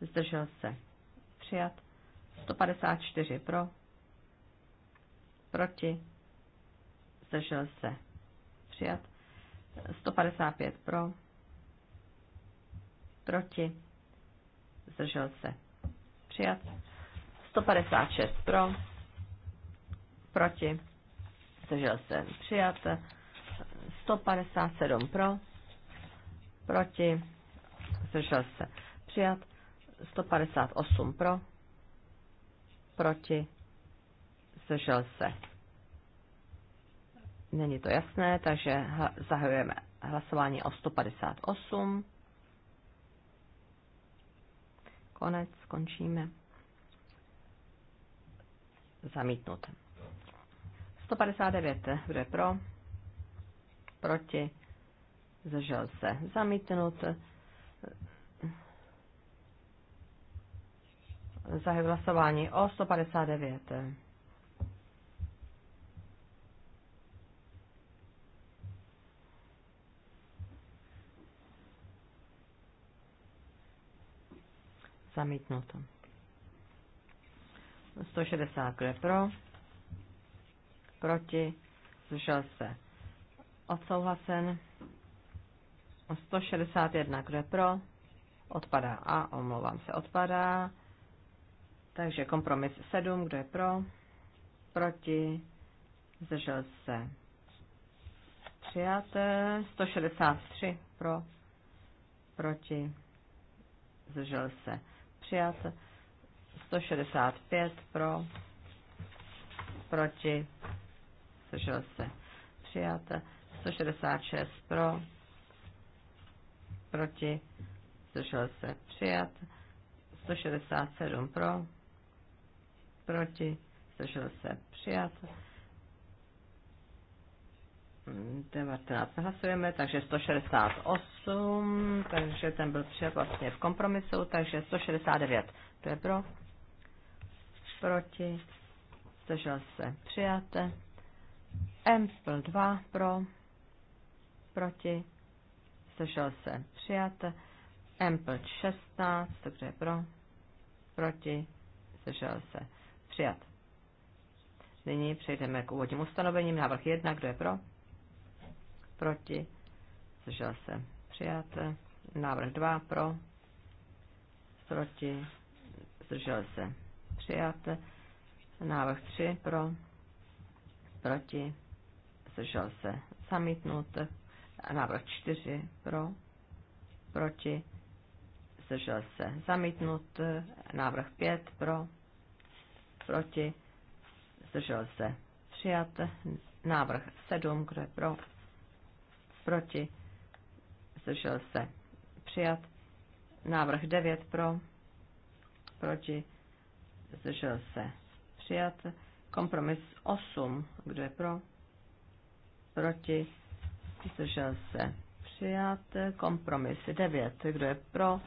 zdržel se, přijat, 154 pro, proti, zdržel se, přijat, 155 pro, proti, zdržel se, přijat. 156 pro, proti, zdržel se přijat. 157 pro, proti, zdržel se přijat. 158 pro, proti, zdržel se. Není to jasné, takže zahajujeme hlasování o 158. Konec skončíme. Zamítnut. 159. Kdo je pro? Proti? Zdržel se. Zamítnut. Zahy hlasování o 159. Zamítnuto. 160, kdo je pro? Proti? Zdržel se. Odsouhlasen. 161, kdo je pro? Odpadá A, omlouvám se, odpadá. Takže kompromis 7, kdo je pro? Proti? Zdržel se. Přijaté. 163 pro? Proti? Zdržel se přijat. 165 pro, proti, zdržel se přijat. 166 pro, proti, zdržel se přijat. 167 pro, proti, zdržel se přijat. 19 hlasujeme, takže 168, takže ten byl přijat vlastně v kompromisu, takže 169, to je pro, proti, zdržel se, přijate, M byl 2 pro, proti, zdržel se, přijate, M byl 16, takže je pro, proti, zdržel se, přijat. Nyní přejdeme k úvodním ustanovením. Návrh 1, kdo je pro? proti, zdržel se přijat. Návrh 2 pro, proti, zdržel se přijat. Návrh 3 pro, proti, zdržel se zamítnut. Návrh 4 pro, proti, zdržel se zamítnut. Návrh 5 pro, proti, zdržel se přijat. Návrh 7, kdo je pro, proti, zdržel se přijat. Návrh 9 pro, proti, zdržel se přijat. Kompromis 8, kdo je pro, proti, zdržel se přijat. Kompromis 9, kdo je pro,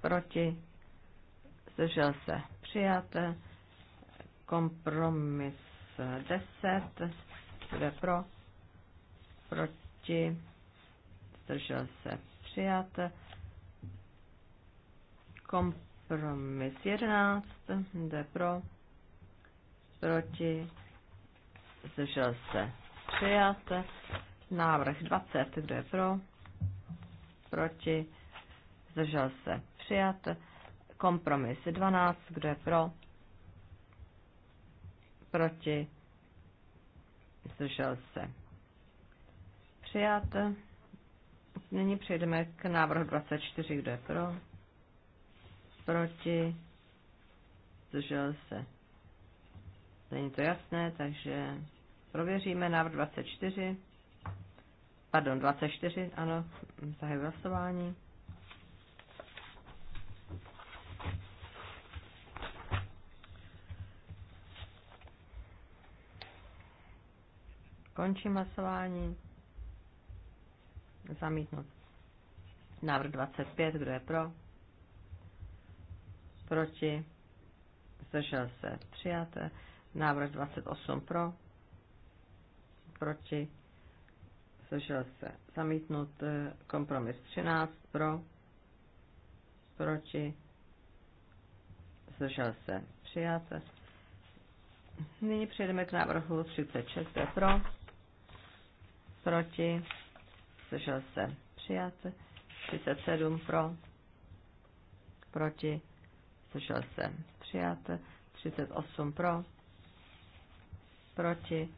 proti, zdržel se přijat. Kompromis 10, kdo je pro, proti, zdržel se přijat. Kompromis 11, jde pro, proti, zdržel se přijat. Návrh 20, kdo je pro, proti, zdržel se přijat. Kompromis 12, kdo je pro, proti, zdržel se Přijat. Nyní přejdeme k návrhu 24, kdo je pro. Proti. Zdržel se. Není to jasné, takže prověříme návrh 24. Pardon, 24, ano, zahajuji hlasování. Končím hlasování. Zamítnut. Návrh 25, kdo je pro? Proti? Zdržel se. přijaté. Návrh 28 pro? Proti? Zdržel se. Zamítnut. Kompromis 13 pro? Proti? Zdržel se. přijaté. Nyní přejdeme k návrhu 36, kdo je pro? Proti? zdržel se přijat, 37 pro, proti, zdržel se přijat, 38 pro, proti,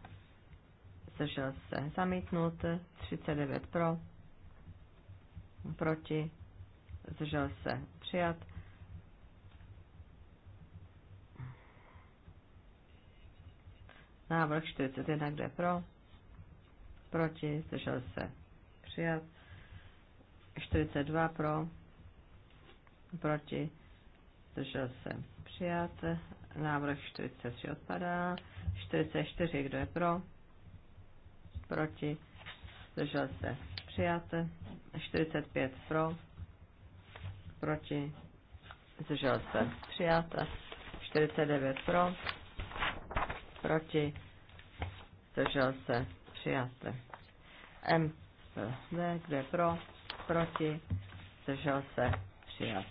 zdržel se zamítnut, 39 pro, proti, zdržel se přijat, Návrh 41, kde pro? Proti, zdržel se přijat. 42 pro, proti, zdržel se přijat. Návrh 43 odpadá. 44, kdo je pro, proti, zdržel se přijat. 45 pro, proti, zdržel se přijat. 49 pro, proti, zdržel se přijat. M v, kdo je pro, proti, zdržel se, přijat.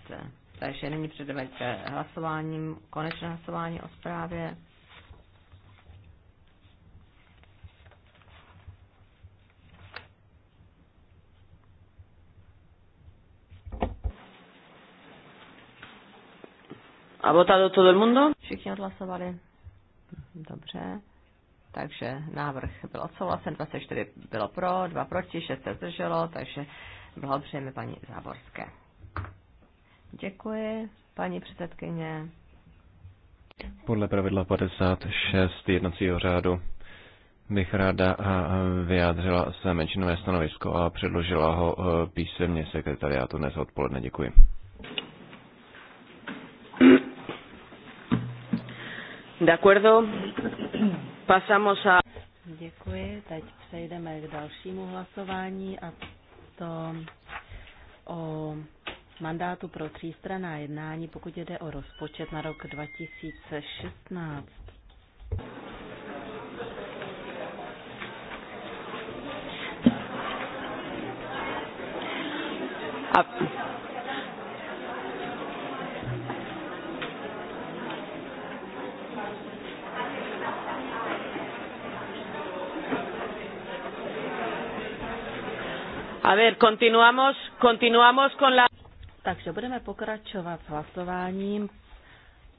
Takže nyní přejdeme k hlasováním, konečné hlasování o zprávě. ¿Ha votado todo el mundo? Všichni odhlasovali. Dobře takže návrh byl odsouhlasen, 24 bylo pro, 2 proti, 6 se zdrželo, takže blahopřejeme paní Záborské. Děkuji, paní předsedkyně. Podle pravidla 56 jednacího řádu bych ráda vyjádřila své menšinové stanovisko a předložila ho e, písemně sekretariátu dnes odpoledne. Děkuji. De acuerdo. Pasamos a... Děkuji. Teď přejdeme k dalšímu hlasování a to o mandátu pro třístraná jednání, pokud jde o rozpočet na rok 2016. A ver, continuamos, continuamos con la... Takže budeme pokračovat s hlasováním.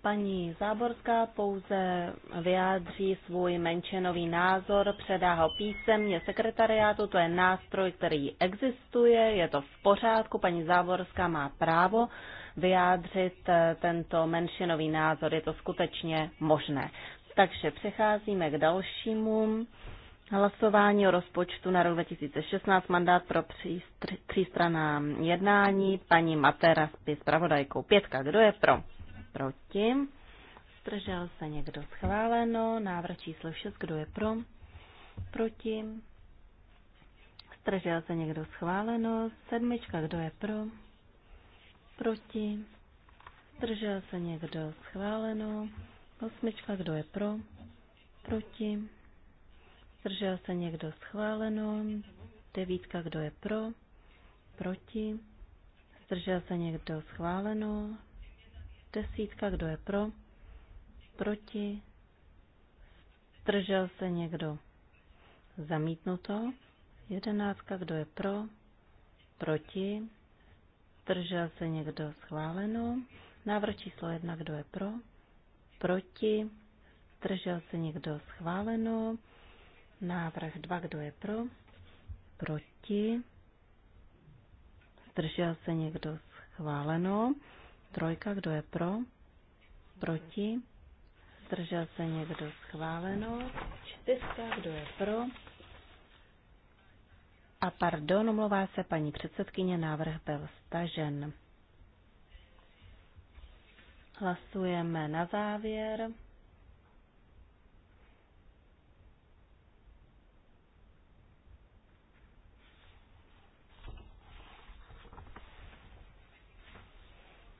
Paní Záborská pouze vyjádří svůj menšinový názor, předá ho písemně sekretariátu, to je nástroj, který existuje, je to v pořádku, paní Záborská má právo vyjádřit eh, tento menšinový názor, je to skutečně možné. Takže přecházíme k dalšímu Hlasování o rozpočtu na rok 2016, mandát pro třístraná jednání, paní Matera s pravodajkou. Pětka, kdo je pro? Proti. Zdržel se někdo schváleno. Návrh číslo 6, kdo je pro? Proti. Zdržel se někdo schváleno. Sedmička, kdo je pro? Proti. Zdržel se někdo schváleno. Osmička, kdo je pro? Proti. Zdržel se někdo schváleno? Devítka, kdo je pro? Proti? Zdržel se někdo schváleno? Desítka, kdo je pro? Proti? Zdržel se někdo? Zamítnuto. Jedenáctka, kdo je pro? Proti? Zdržel se někdo schváleno? Návrh číslo jedna, kdo je pro? Proti? Zdržel se někdo schváleno? Návrh 2, kdo je pro? Proti? Zdržel se někdo schváleno? Trojka, kdo je pro? Proti? Zdržel se někdo schváleno? Čtyřka, kdo je pro? A pardon, omlouvá se paní předsedkyně, návrh byl stažen. Hlasujeme na závěr.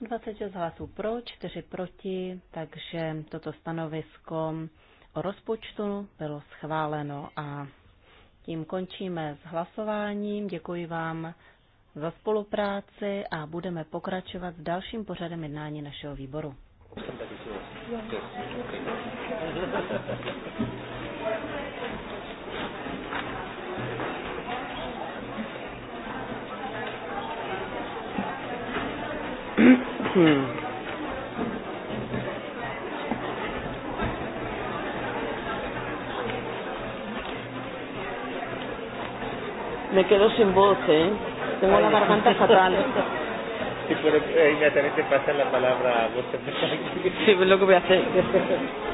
26 hlasů pro, 4 proti, takže toto stanovisko o rozpočtu bylo schváleno a tím končíme s hlasováním. Děkuji vám za spolupráci a budeme pokračovat s dalším pořadem jednání našeho výboru. Hmm. Me quedo sin voz, ¿eh? Tengo la garganta fatal. Sí, pero eh, inmediatamente pasa la palabra a vos. Sí, es lo que voy a hacer.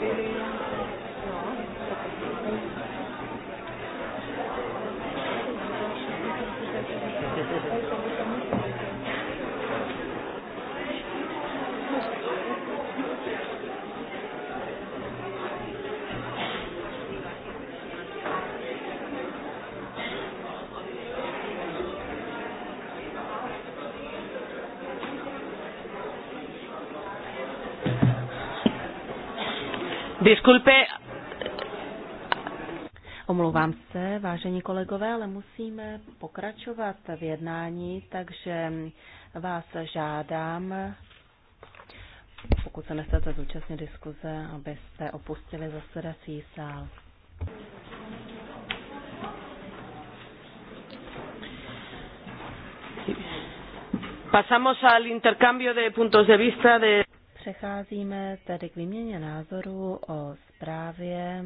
فِي Disculpe. Omlouvám se, vážení kolegové, ale musíme pokračovat v jednání, takže vás žádám, pokud se nechcete zúčastnit diskuze, abyste opustili zasedací sál. Pasamos al intercambio de puntos de vista de Přecházíme tedy k výměně názorů o zprávě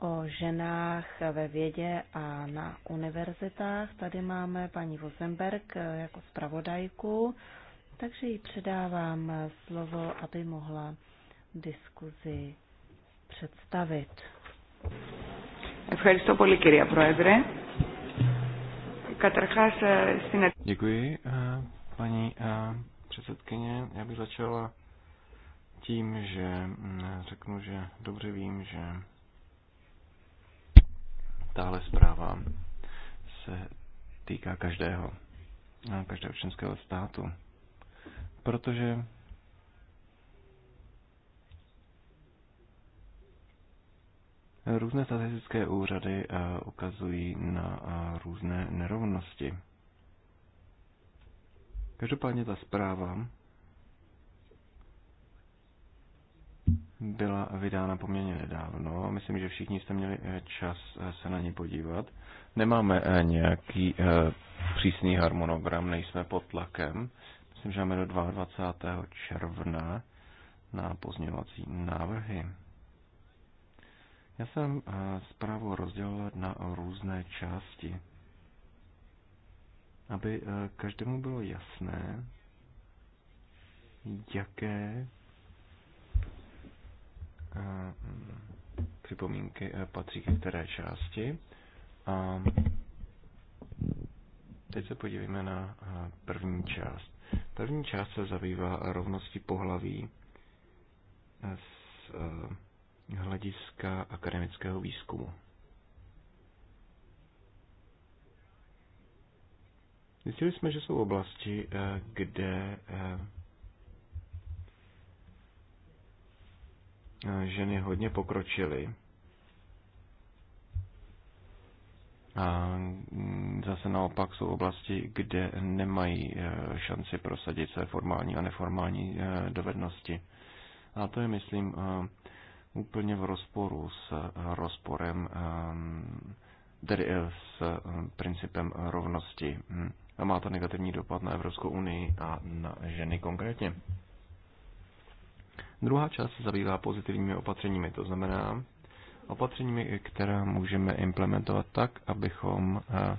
o ženách ve vědě a na univerzitách. Tady máme paní Vosenberg jako zpravodajku, takže jí předávám slovo, aby mohla diskuzi představit. Děkuji, paní předsedkyně. Já bych začala tím, že mm, řeknu, že dobře vím, že tahle zpráva se týká každého, eh, každého členského státu, protože různé statistické úřady eh, ukazují na eh, různé nerovnosti Každopádně ta zpráva byla vydána poměrně nedávno. Myslím, že všichni jste měli eh, čas eh, se na ní podívat. Nemáme eh, nějaký přísný harmonogram, nejsme pod tlakem. Myslím, že máme do 22. června na pozměňovací návrhy. Já jsem zprávu rozdělil na různé části aby eh, každému bylo jasné, jaké eh, připomínky eh, patří k které části. A teď se podívejme na první část. První část se zabývá rovnosti pohlaví z hlediska akademického výzkumu. Zjistili jsme, že jsou oblasti, eh, kde eh, ženy hodně pokročily. A mm, zase naopak jsou oblasti, kde nemají eh, šanci prosadit své formální a neformální dovednosti. A to je, myslím, úplně v rozporu s rozporem, tedy s principem rovnosti hm a má to negativní dopad na Evropskou unii a na ženy konkrétně. Druhá část se zabývá pozitivními opatřeními, to znamená opatřeními, která můžeme implementovat tak, abychom eh,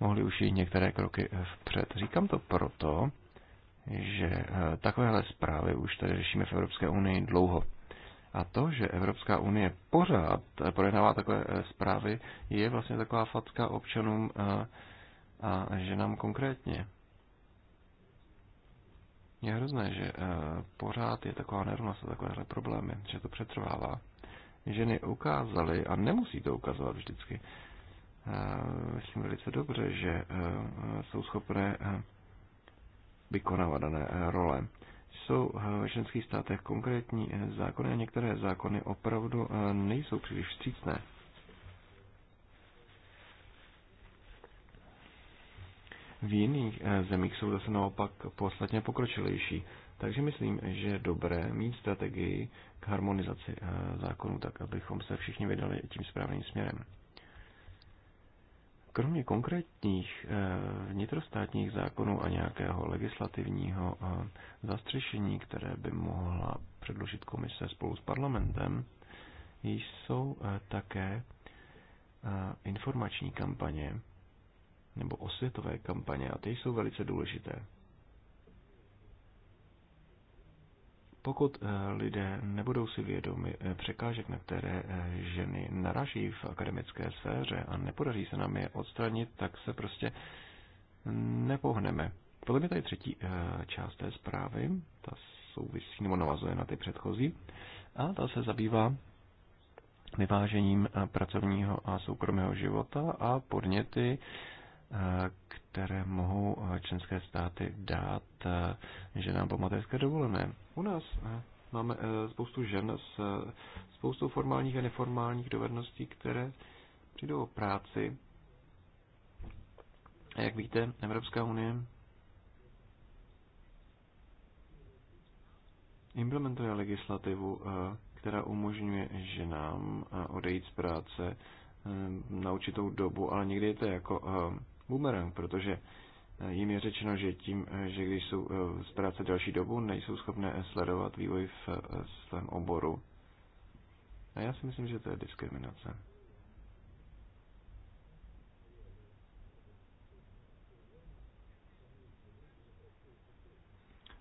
mohli už jít některé kroky vpřed. Říkám to proto, že eh, takovéhle zprávy už tady řešíme v Evropské unii dlouho. A to, že Evropská unie pořád eh, projednává takové zprávy, je vlastně taková facka občanům a ženám konkrétně. Je hrozné, že eh, pořád je taková nerovnost a takovéhle problémy, že to přetrvává. Ženy ukázaly, a nemusí to ukazovat vždycky, eh, myslím velice dobře, že eh, jsou schopné vykonávat dané role. Jsou v ženských státech konkrétní zákony a některé zákony opravdu nejsou příliš vstřícné. V jiných eh, zemích jsou zase naopak podstatně pokročilejší. Takže myslím, že je dobré mít strategii k harmonizaci eh, zákonů tak, abychom se všichni vydali tím správným směrem. Kromě konkrétních eh, vnitrostátních zákonů a nějakého legislativního zastřešení, které by mohla předložit komise spolu s parlamentem, jsou také informační kampaně, nebo osvětové kampaně a ty jsou velice důležité. Pokud eh, lidé nebudou si vědomi eh, překážek, na které eh, ženy naraží v akademické sféře a nepodaří se nám je odstranit, tak se prostě nepohneme. Podle mě tady třetí část té zprávy, ta souvisí nebo navazuje na ty předchozí, a ta se zabývá vyvážením pracovního a soukromého života a podněty které mohou eh, členské státy dát eh, ženám po mateřské dovolené. U nás eh, máme spoustu žen s spoustou formálních a neformálních dovedností, které přijdou o práci. A jak víte, Evropská unie implementuje legislativu, která umožňuje ženám odejít z práce na určitou dobu, ale někdy je to jako boomerang, protože eh, jim je řečeno, že tím, eh, že když jsou eh, z práce další dobu, nejsou schopné sledovat vývoj v svém oboru. A já si myslím, že to je diskriminace.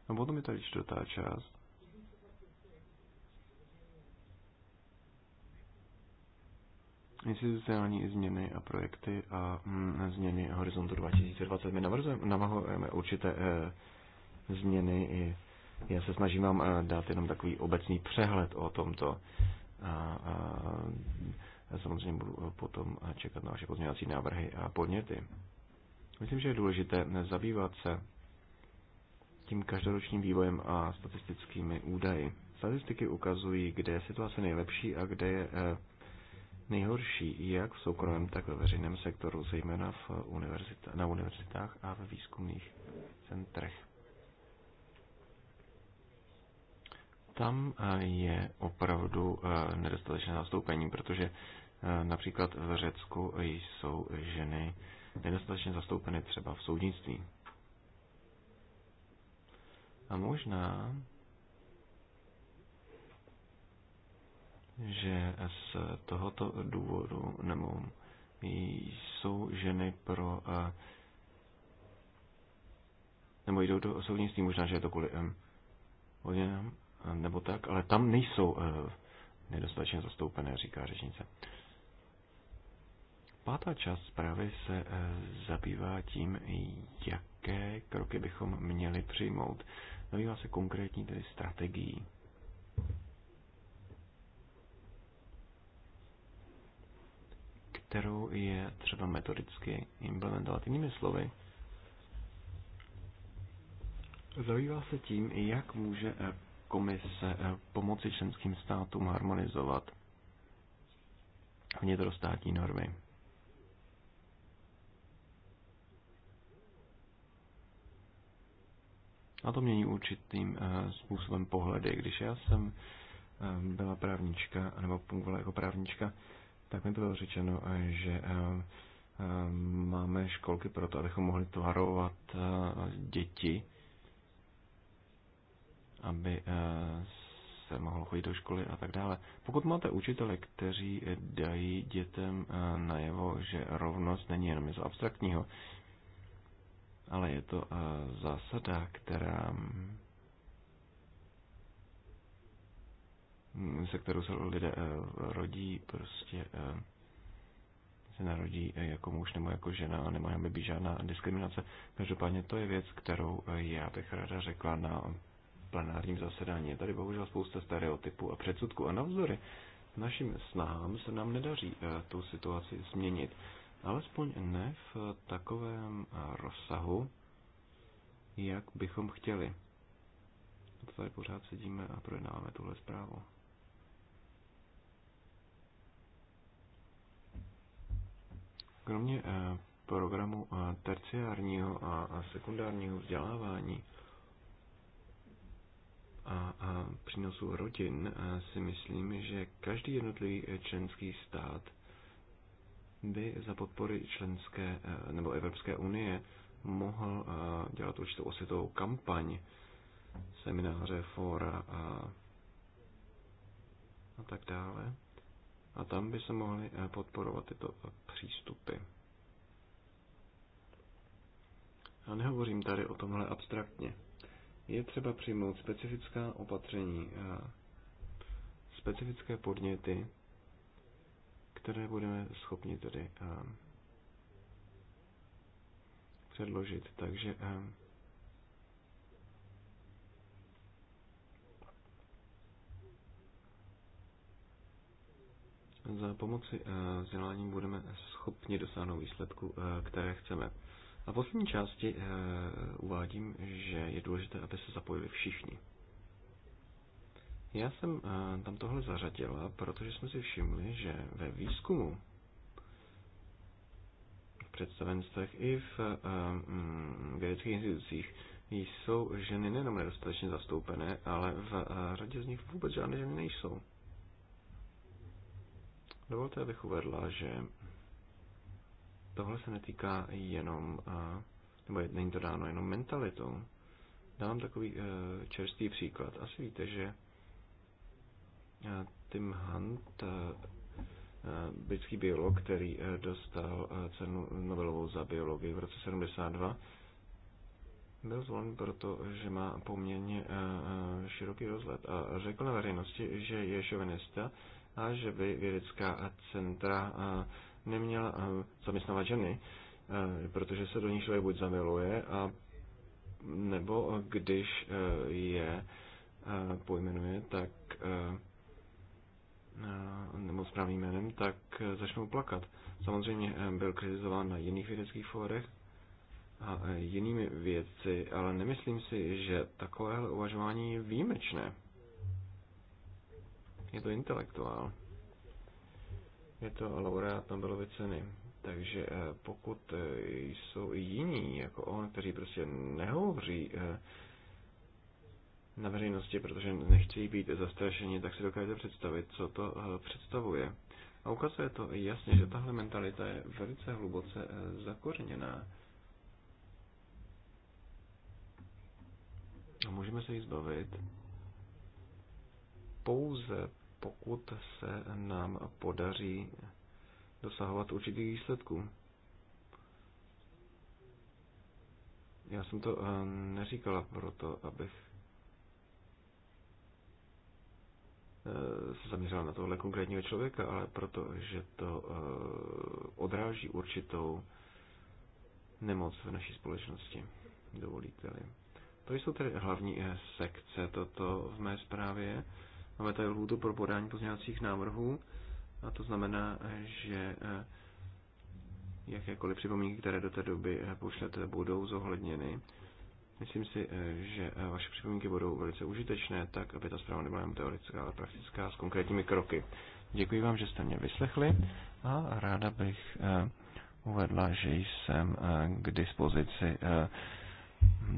No potom je tady čtvrtá část, institucionální změny a projekty a mm, změny Horizontu 2020. My navrhujeme určité e, změny i já se snažím vám e, dát jenom takový obecný přehled o tomto. A, a, já samozřejmě budu e, potom čekat na vaše pozměňovací návrhy a podněty. Myslím, že je důležité zabývat se tím každoročním vývojem a statistickými údaji. Statistiky ukazují, kde je situace nejlepší a kde je nejhorší, jak v soukromém, tak ve veřejném sektoru, zejména v univerzita- na univerzitách a ve výzkumných centrech. Tam eh, je opravdu eh, nedostatečné zastoupení, protože eh, například v Řecku jsou ženy nedostatečně zastoupeny třeba v soudnictví. A možná že z tohoto důvodu nebo jsou ženy pro eh, nebo jdou do soudnictví, možná, že je to kvůli hodinám eh, eh, nebo tak, ale tam nejsou nedostatečně zastoupené, říká řečnice. Pátá část zprávy se zabývá tím, jaké kroky bychom měli přijmout. Zabývá se konkrétní tedy strategií kterou je třeba metodicky implementovat. Jinými slovy, zabývá se tím, jak může eh, komise eh, pomoci členským státům harmonizovat vnitrostátní normy. A to mění určitým eh, způsobem pohledy. Když já jsem byla právnička, nebo fungovala jako právnička, tak mi bylo řečeno, eh, že eh, eh, máme školky pro to, abychom mohli tvarovat děti, aby se mohlo chodit do školy a tak dále. Pokud máte učitele, kteří dají dětem najevo, že rovnost není jenom něco abstraktního, ale je to zásada, která Mm, se kterou se lidé eh, rodí, prostě eh, se narodí eh, jako muž nebo jako žena a nemá by být žádná diskriminace. Každopádně to je věc, kterou já bych ráda řekla na plenárním zasedání. Je tady bohužel spousta stereotypů a předsudků a navzory našim snahám se nám nedaří tu situaci změnit. Alespoň ne v takovém rozsahu, jak bychom chtěli. Tady pořád sedíme a projednáváme tuhle zprávu. Kromě eh, programu eh, terciárního a sekundárního vzdělávání a přínosu rodin eh, si myslím, že každý jednotlivý členský stát by za podpory členské nebo Evropské unie mohl dělat určitou osvětovou kampaň, semináře, fora a, a tak dále. A tam by se mohly eh, podporovat tyto eh, přístupy. A nehovořím tady o tomhle abstraktně. Je třeba přijmout specifická opatření, specifické podněty, které budeme schopni tedy eh, předložit. Takže za pomoci eh, vzdělání budeme schopni dosáhnout výsledku, eh, které chceme. A v poslední části eh, uvádím, že je důležité, aby se zapojili všichni. Já jsem tam tohle zařadila, protože jsme si všimli, že ve výzkumu v představenstvech i v mm, vědeckých institucích jsou ženy nejenom nedostatečně zastoupené, ale v řadě z nich vůbec žádné ženy nejsou. Dovolte, abych uvedla, že tohle se netýká jenom, nebo není to dáno jenom mentalitou. Dám takový e, čerstvý příklad. Asi víte, že e, Tim Hunt, e, britský biolog, který dostal cenu Nobelovou za biologii v roce 72, byl zvolen proto, že má poměrně široký rozhled a řekl na veřejnosti, že je šovinista a že by vědecká centra neměla zaměstnávat ženy, protože se do ní člověk buď zamiluje, a nebo když e, je e, pojmenuje, tak e, nebo správným jménem, tak začnou plakat. Samozřejmě byl kritizován na jiných vědeckých fórech a jinými vědci, ale nemyslím si, že takovéhle uvažování je výjimečné. Je to intelektuál. Je to laureát Nobelovy ceny. Takže eh, pokud eh, jsou i jiní, jako on, kteří prostě nehovoří eh, na veřejnosti, protože nechtějí být zastrašeni, tak si dokážete představit, co to představuje. A ukazuje to jasně, že tahle mentalita je velice hluboce zakořeněná. A můžeme se jí zbavit pouze pokud se nám podaří dosahovat určitých výsledků. Já jsem to eh, neříkala proto, abych eh, se zaměřila na tohle konkrétního člověka, ale proto, že to eh, odráží určitou nemoc v naší společnosti, dovolíte-li. To jsou tedy hlavní sekce toto v mé zprávě. Máme tady lhůtu pro podání pozměňovacích návrhů a to znamená, že eh, jakékoliv připomínky, které do té doby eh, pošlete, budou zohledněny. Myslím si, eh, že vaše připomínky budou velice užitečné, tak aby ta zpráva nebyla jen teoretická, ale praktická s konkrétními kroky. Děkuji vám, že jste mě vyslechli a ráda bych uvedla, že jsem k dispozici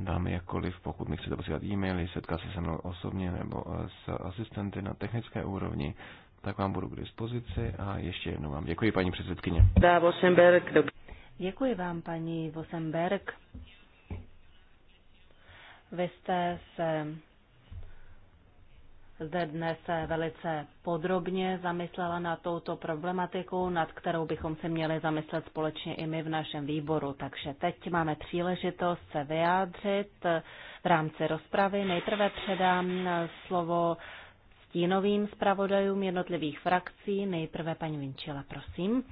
dáme jakkoliv, pokud mi chcete posílat e-maily, setkat se se mnou osobně nebo eh, s asistenty na technické úrovni, tak vám budu k dispozici a ještě jednou vám děkuji, paní předsedkyně. Děkuji vám, paní Vosenberg. Vy jste se zde dnes velice podrobně zamyslela na touto problematiku, nad kterou bychom se měli zamyslet společně i my v našem výboru. Takže teď máme příležitost se vyjádřit v rámci rozpravy. Nejprve předám slovo stínovým zpravodajům jednotlivých frakcí. Nejprve paní Vinčila, prosím.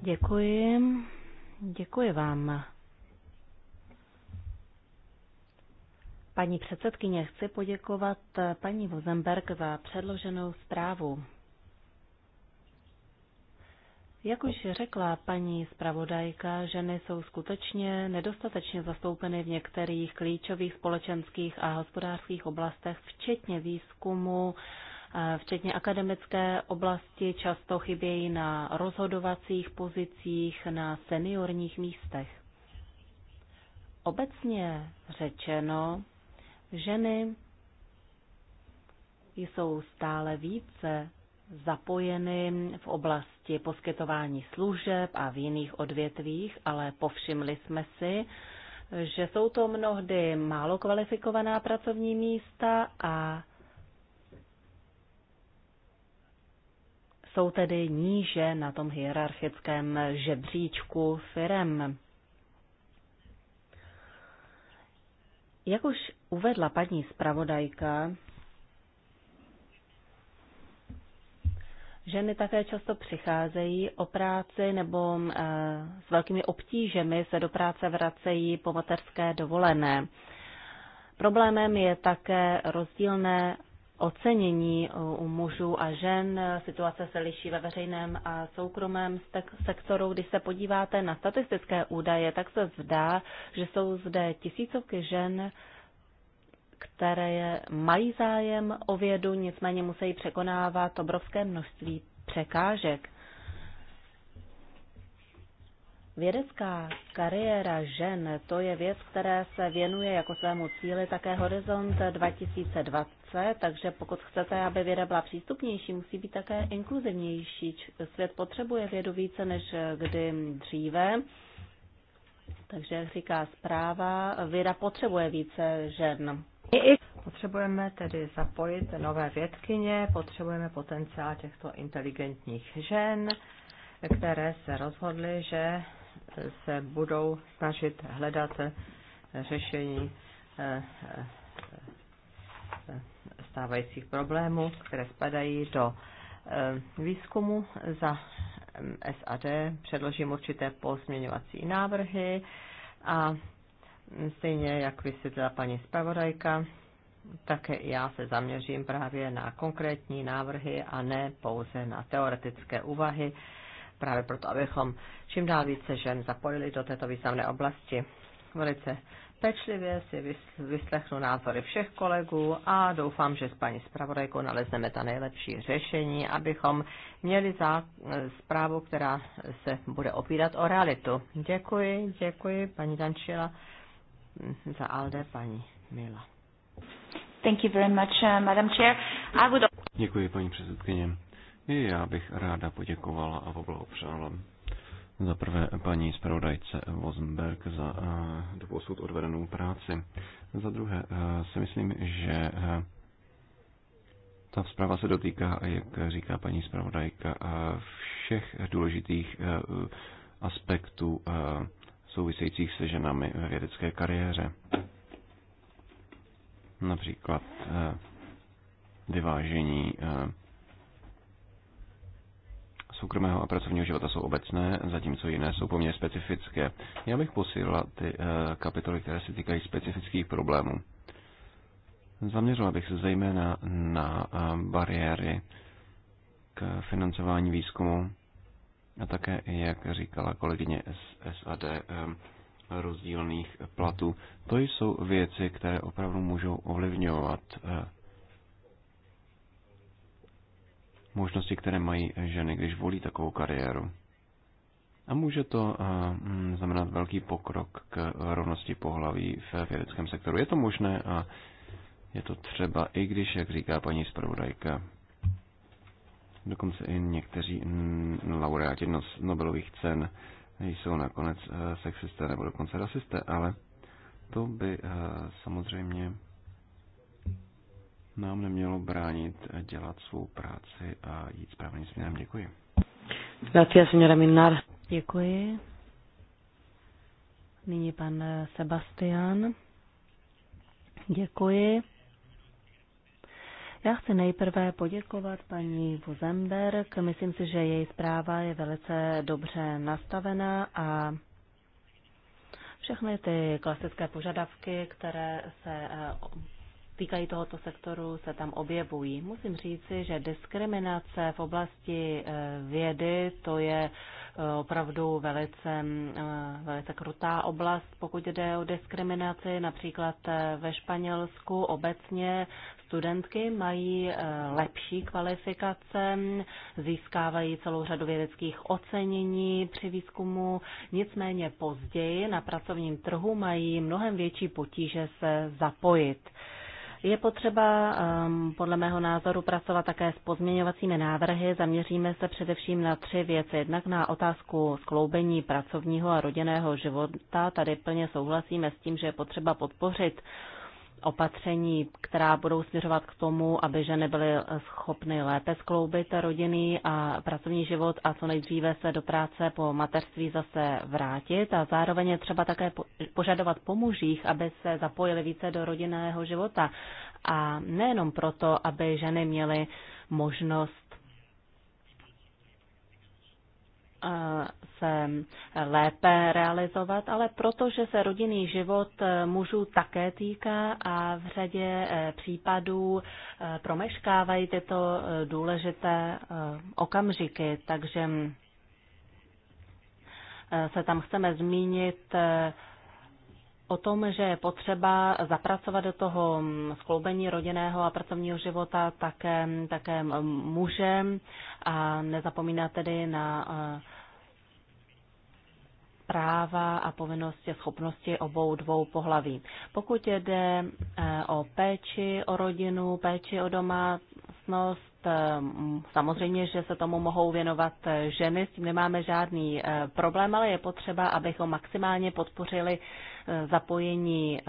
Děkuji. Děkuji vám. Paní předsedkyně, chci poděkovat eh, paní Vozenberg za předloženou zprávu. Jak už řekla paní zpravodajka, ženy jsou skutečně nedostatečně zastoupeny v některých klíčových společenských a hospodářských oblastech, včetně výzkumu, eh, včetně akademické oblasti, často chybějí na rozhodovacích pozicích, na seniorních místech. Obecně řečeno, Ženy jsou stále více zapojeny v oblasti poskytování služeb a v jiných odvětvích, ale povšimli jsme si, že jsou to mnohdy málo kvalifikovaná pracovní místa a jsou tedy níže na tom hierarchickém žebříčku firem. Jak už uvedla paní zpravodajka, ženy také často přicházejí o práci nebo eh, s velkými obtížemi se do práce vracejí po materské dovolené. Problémem je také rozdílné ocenění eh, u mužů a žen. Situace se liší ve veřejném a soukromém sektoru. Když se podíváte na statistické údaje, tak se zdá, že jsou zde tisícovky žen, které mají zájem o vědu, nicméně musí překonávat obrovské množství překážek. Vědecká kariéra žen, to je věc, které se věnuje jako svému cíli také Horizont 2020, takže pokud chcete, aby věda byla přístupnější, musí být také inkluzivnější. Svět potřebuje vědu více než kdy dříve. Takže, jak říká zpráva, věda potřebuje více žen. Potřebujeme tedy zapojit nové vědkyně, potřebujeme potenciál těchto inteligentních žen, které se rozhodly, že se budou snažit hledat řešení eh, eh, stávajících problémů, které spadají do eh, výzkumu za SAD. Předložím určité pozměňovací návrhy a stejně jak vysvětlila paní zpravodajka, také já se zaměřím právě na konkrétní návrhy a ne pouze na teoretické úvahy, právě proto, abychom čím dál více žen zapojili do této významné oblasti. Velice pečlivě si vyslechnu názory všech kolegů a doufám, že s paní zpravodajkou nalezneme ta nejlepší řešení, abychom měli za zprávu, která se bude opírat o realitu. Děkuji, děkuji paní Dančila za Alde, paní Mila. Thank you very much, uh, Madam Chair. I would... Děkuji, paní předsedkyně. I já bych ráda poděkovala a poblahopřála za prvé paní zpravodajce Vozenberg za eh, doposud odvedenou práci. Za druhé eh, si myslím, že eh, ta zpráva se dotýká, jak říká paní zpravodajka, všech důležitých aspektů souvisejících se ženami ve vědecké kariéře. Například vyvážení soukromého a pracovního života jsou obecné, zatímco jiné jsou poměrně specifické. Já bych posílila ty eh, kapitoly, které se týkají specifických problémů. Zaměřila bych se zejména na eh, bariéry k financování výzkumu a také, jak říkala kolegyně z SAD, eh, rozdílných platů. To jsou věci, které opravdu můžou ovlivňovat možnosti, které mají ženy, když volí takovou kariéru. A může to eh, hm, znamenat velký pokrok k rovnosti pohlaví v vědeckém sektoru. Je to možné a je to třeba, i když, jak říká paní zpravodajka, dokonce i někteří laureáti Nobelových cen jsou nakonec eh, sexisté nebo dokonce rasisté, ale to by eh, samozřejmě nám nemělo bránit dělat svou práci a jít správným směrem. Děkuji. Gracias, señora Minar. Děkuji. Nyní pan Sebastian. Děkuji. Já chci nejprve poděkovat paní Vozemberg. Myslím si, že její zpráva je velice dobře nastavená a všechny ty klasické požadavky, které se týkají tohoto sektoru, se tam objevují. Musím říci, že diskriminace v oblasti eh, vědy, to je eh, opravdu velice, eh, velice krutá oblast, pokud jde o diskriminaci. Například ve Španělsku obecně studentky mají lepší kvalifikace, získávají celou řadu vědeckých ocenění při výzkumu, nicméně později na pracovním trhu mají mnohem větší potíže se zapojit. Je potřeba ehm, podle mého názoru pracovat také s pozměňovacími návrhy. Zaměříme se především na tři věci. Jednak na otázku skloubení pracovního a rodinného života. Tady plně souhlasíme s tím, že je potřeba podpořit opatření, která budou směřovat k tomu, aby ženy byly schopny lépe skloubit rodinný a pracovní život a co nejdříve se do práce po mateřství zase vrátit a zároveň je třeba také požadovat po mužích, aby se zapojili více do rodinného života a nejenom proto, aby ženy měly možnost se lépe realizovat, ale protože se rodinný život mužů také týká a v řadě eh, případů eh, promeškávají tyto eh, důležité okamžiky. Takže se tam chceme zmínit o tom, že je potřeba zapracovat do toho mm, skloubení rodinného a pracovního života také, také mužem a nezapomínat tedy na práva a povinnosti a schopnosti obou dvou pohlaví. Pokud jde eh, o péči o rodinu, péči o domácnost, eh, samozřejmě, že se tomu mohou věnovat eh, ženy, s tím nemáme žádný problém, ale je potřeba, abychom maximálně podpořili zapojení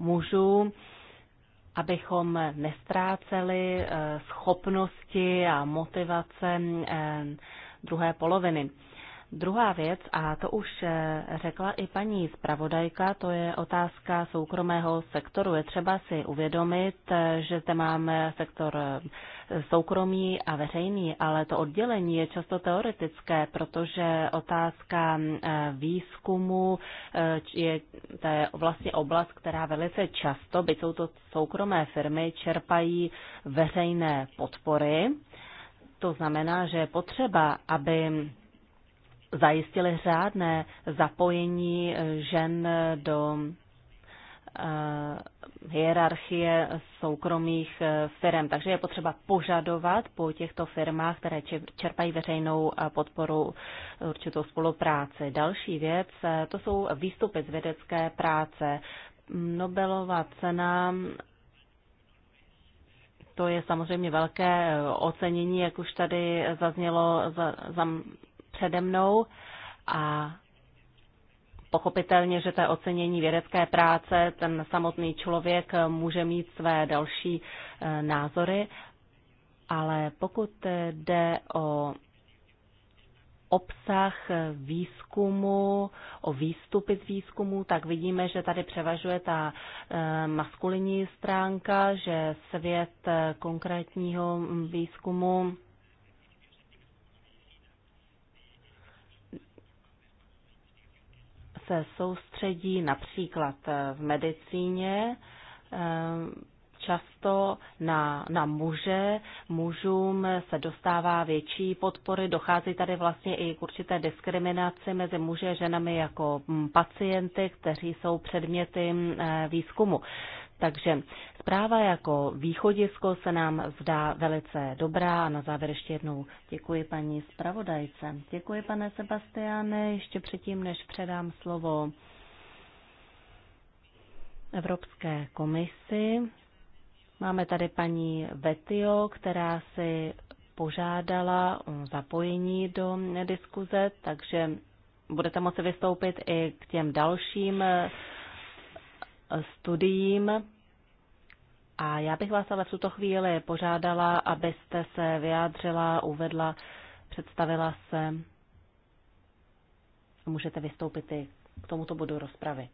mužů, abychom nestráceli schopnosti a motivace druhé poloviny. Druhá věc, a to už eh, řekla i paní zpravodajka, to je otázka soukromého sektoru. Je třeba si uvědomit, eh, že zde máme sektor eh, soukromý a veřejný, ale to oddělení je často teoretické, protože otázka výzkumu je, to je vlastně oblast, která velice často, byť jsou to soukromé firmy, čerpají veřejné podpory. To znamená, že je potřeba, aby zajistili řádné zapojení eh, žen do eh, hierarchie soukromých eh, firm. Takže je potřeba požadovat po těchto firmách, které čerpají veřejnou podporu, určitou spolupráci. Další věc, to jsou výstupy z vědecké práce. Nobelová cena to je samozřejmě velké ocenění, jak už tady zaznělo, za, za přede mnou a pochopitelně, že to je ocenění vědecké práce, ten samotný člověk může mít své další e, názory, ale pokud jde o obsah výzkumu, o výstupy z výzkumu, tak vidíme, že tady převažuje ta e, maskulinní stránka, že svět e, konkrétního výzkumu se soustředí například eh, v medicíně eh, často na, na muže. Mužům se dostává větší podpory, dochází tady vlastně i k určité diskriminaci mezi muži a ženami jako mm, pacienty, kteří jsou předměty mm, eh, výzkumu. Takže zpráva jako východisko se nám zdá velice dobrá a na závěr ještě jednou děkuji paní zpravodajce. Děkuji pane Sebastiane, ještě předtím, než předám slovo Evropské komisi. Máme tady paní Vetio, která si požádala o zapojení do diskuze, takže budete moci vystoupit i k těm dalším studiím. A já bych vás ale v tuto chvíli požádala, abyste se vyjádřila, uvedla, představila se. Můžete vystoupit i k tomuto bodu rozpravy.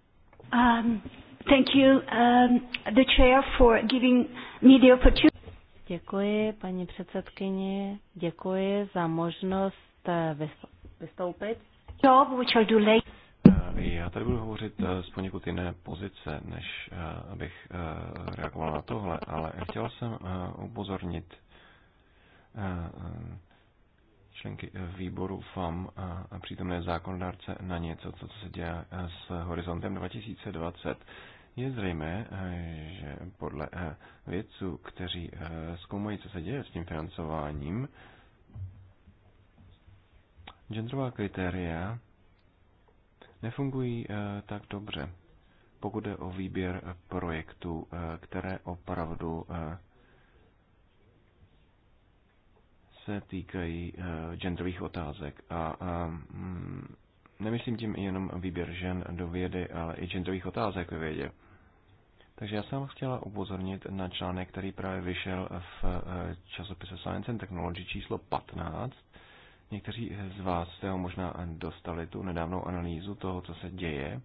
Um, thank you, um, the chair for giving me the opportunity. Děkuji, paní předsedkyni. Děkuji za možnost eh, vystoupit. Job, which I do later. Já tady budu hovořit eh, z poněkud jiné pozice, než eh, abych eh, reagoval na tohle, ale chtěl jsem upozornit členky výboru FAM a přítomné zákonodárce na něco, co se děje s horizontem 2020. Je zřejmé, že podle vědců, kteří zkoumají, co se děje s tím financováním, genderová kritéria nefungují eh, tak dobře, pokud je o výběr eh, projektů, eh, které opravdu se týkají genderových otázek a mm, nemyslím tím jenom výběr žen do vědy, ale i genderových otázek ve vědě. Takže já jsem chtěla upozornit na článek, který právě vyšel v časopise Science and Technology číslo 15, Někteří z vás jste ho možná dostali tu nedávnou analýzu toho, co se děje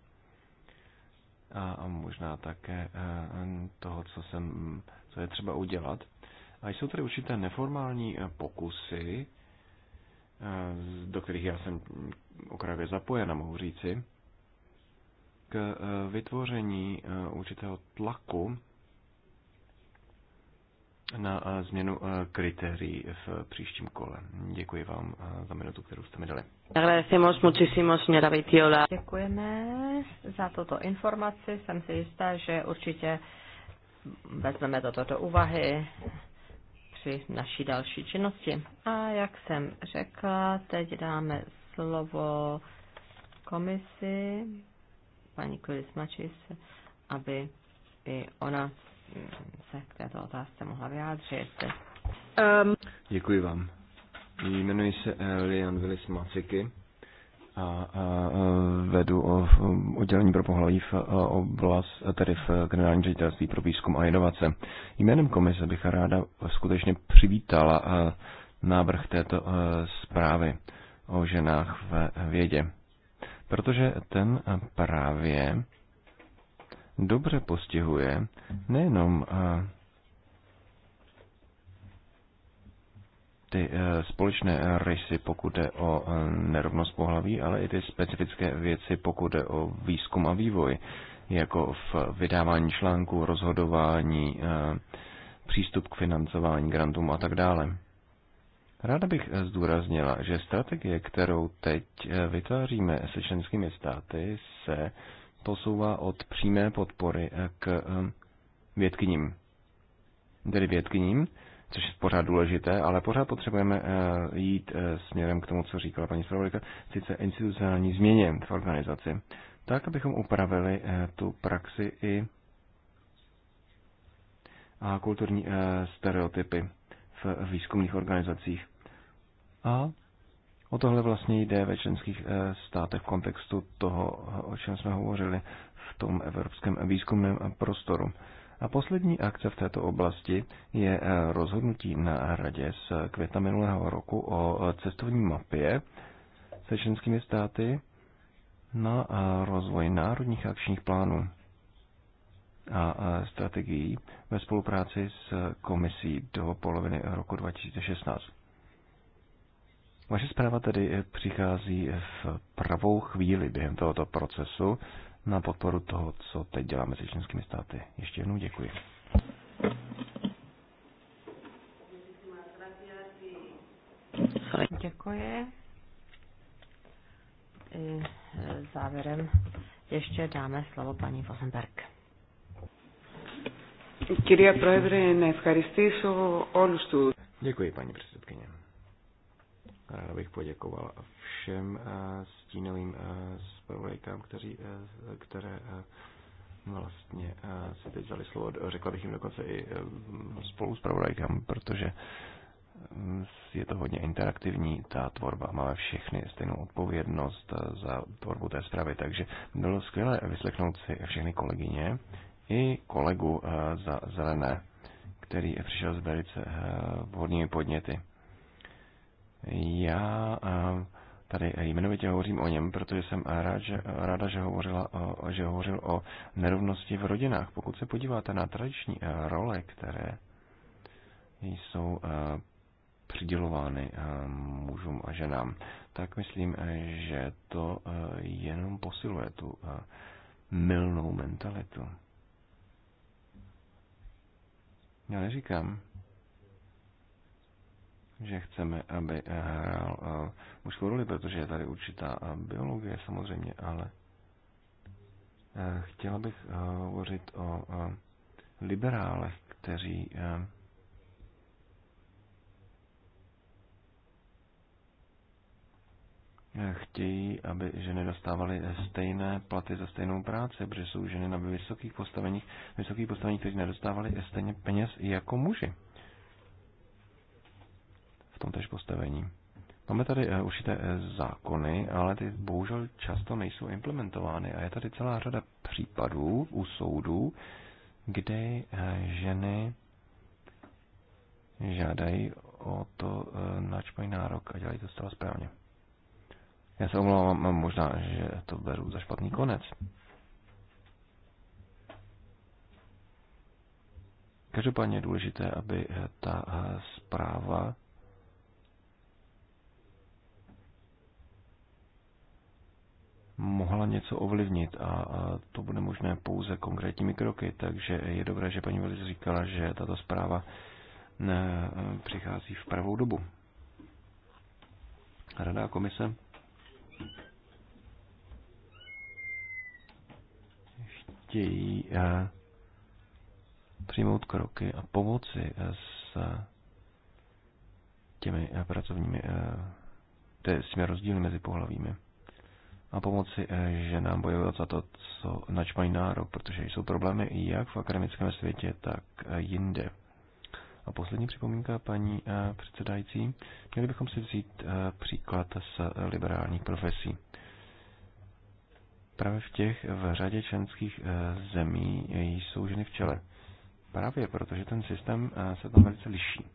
a možná také eh, toho, co, jsem, co je třeba udělat. A jsou tady určité neformální eh, pokusy, eh, do kterých já jsem okravě zapojen, mohu říci, k vytvoření určitého tlaku na eh, změnu eh, kritérií v příštím kole. Děkuji vám eh, za minutu, kterou jste mi dali. Děkujeme za toto informaci. Jsem si jistá, že určitě vezmeme toto do úvahy při naší další činnosti. A jak jsem řekla, teď dáme slovo komisi, paní Kulis Mačis, aby i ona se k této otázce mohla vyjádřit. Um. Děkuji vám. Jmenuji se eh, Lian Willis Maciky a, a, a vedu o, eh, oddělení pro pohlaví v eh, oblast, tedy v generální ředitelství pro výzkum a inovace. Jménem komise bych ráda skutečně přivítala návrh této zprávy o ženách v vědě, protože ten právě dobře postihuje nejenom eh, ty eh, společné rysy, pokud jde o eh, nerovnost pohlaví, ale i ty specifické věci, pokud jde o výzkum a vývoj, jako v vydávání článků, rozhodování, přístup k financování, grantům a tak dále. Ráda bych zdůraznila, že strategie, kterou teď vytváříme se členskými státy, se posouvá od přímé podpory eh, k eh, vědkyním. Tedy vědkyním, což je pořád důležité, ale pořád potřebujeme eh, jít směrem k tomu, co říkala paní Spravodajka, sice institucionální změně v organizaci, tak, abychom upravili tu praxi i a kulturní stereotypy v výzkumných organizacích. A O tohle vlastně jde ve členských eh, státech v kontextu toho, eh, o čem jsme hovořili v tom evropském výzkumném prostoru. A poslední akce v této oblasti je eh, rozhodnutí na radě z května minulého roku o cestovní mapě se členskými státy na rozvoj národních akčních plánů a strategií ve spolupráci s komisí do poloviny roku 2016. Vaše zpráva tedy eh, přichází v pravou chvíli během tohoto procesu na podporu toho, co teď děláme se členskými státy. Ještě jednou děkuji. Děkuji. I eh, závěrem ještě dáme slovo paní Vosenberg. Děkuji, paní předsedkyně. Ráda bych poděkoval všem eh, stínovým eh, zpravodajkám, kteří, eh, které vlastně si teď vzali slovo. Řekla bych jim dokonce i spolu zpravodajkám, protože je to hodně interaktivní, ta tvorba. Máme všechny stejnou odpovědnost za tvorbu té zprávy, takže bylo skvělé vyslechnout si všechny kolegyně i kolegu za zelené, který přišel s velice vhodnými podněty. Já eh, tady jmenovitě hovořím o něm, protože jsem rád, že, ráda, že, hovořila že hovořil o nerovnosti v rodinách. Pokud se podíváte na tradiční eh, role, které jsou eh, přidělovány mužům a ženám, tak myslím, že to jenom posiluje tu milnou mentalitu. Já neříkám, že chceme, aby eh, hrál eh, mužskou roli, protože je tady určitá eh, biologie samozřejmě, ale chtěla bych hovořit o liberálech, kteří chtějí, aby ženy dostávaly stejné platy za stejnou práci, protože jsou ženy na vysokých postaveních, vysokých postaveních, kteří nedostávali stejně peněz jako muži v tom tež postavení. Máme tady eh, určité eh, zákony, ale ty bohužel často nejsou implementovány a je tady celá řada případů u soudů, kdy eh, ženy žádají o to, nač mají nárok a dělají to zcela správně. Já se omlouvám, možná, že to beru za špatný konec. Každopádně je důležité, aby ta zpráva mohla něco ovlivnit a, a to bude možné pouze konkrétními kroky. Takže je dobré, že paní Velice říkala, že tato zpráva ne, eh, přichází v pravou dobu. Rada a komise. Chtějí a eh, přijmout kroky a pomoci a eh, s těmi a pracovními, a, to je s těmi rozdíly mezi pohlavími a pomoci eh, ženám bojovat za to, co, nač mají nárok, protože jsou problémy jak v akademickém světě, tak eh, jinde. A poslední připomínka, paní eh, předsedající, měli bychom si vzít příklad z liberálních profesí. Právě v těch v řadě členských zemí jsou ženy v čele. Právě protože ten systém se tam velice liší.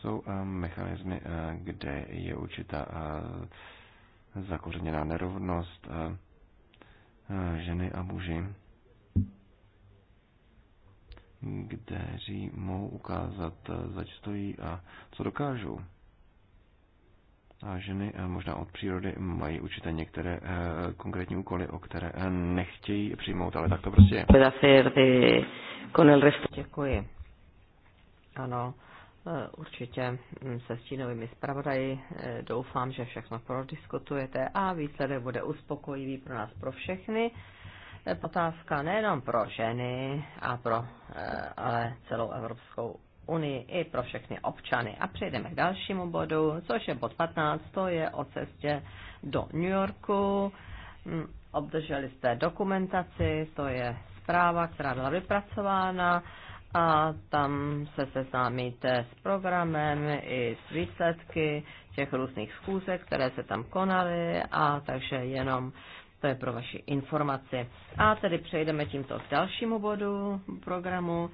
jsou eh, mechanismy, eh, kde je určitá eh, zakořeněná nerovnost ženy a muži, kteří mohou ukázat, zač stojí a co dokážou. A ženy možná od přírody mají určité některé konkrétní úkoly, o které nechtějí přijmout, ale tak to prostě je. Děkuji. Ano Eh, určitě mm, se s stínovými zpravodaji. Eh, doufám, že všechno prodiskutujete a výsledek bude uspokojivý pro nás, pro všechny. Eh, otázka nejenom pro ženy, a pro, ale celou Evropskou unii i pro všechny občany. A přejdeme k dalšímu bodu, což je bod 15, to je o cestě do New Yorku. Mm, obdrželi jste dokumentaci, to je zpráva, která byla vypracována a tam se seznámíte s programem i s výsledky těch různých schůzek, které se tam konaly a takže jenom to je pro vaši informaci. A tedy přejdeme tímto k dalšímu bodu programu,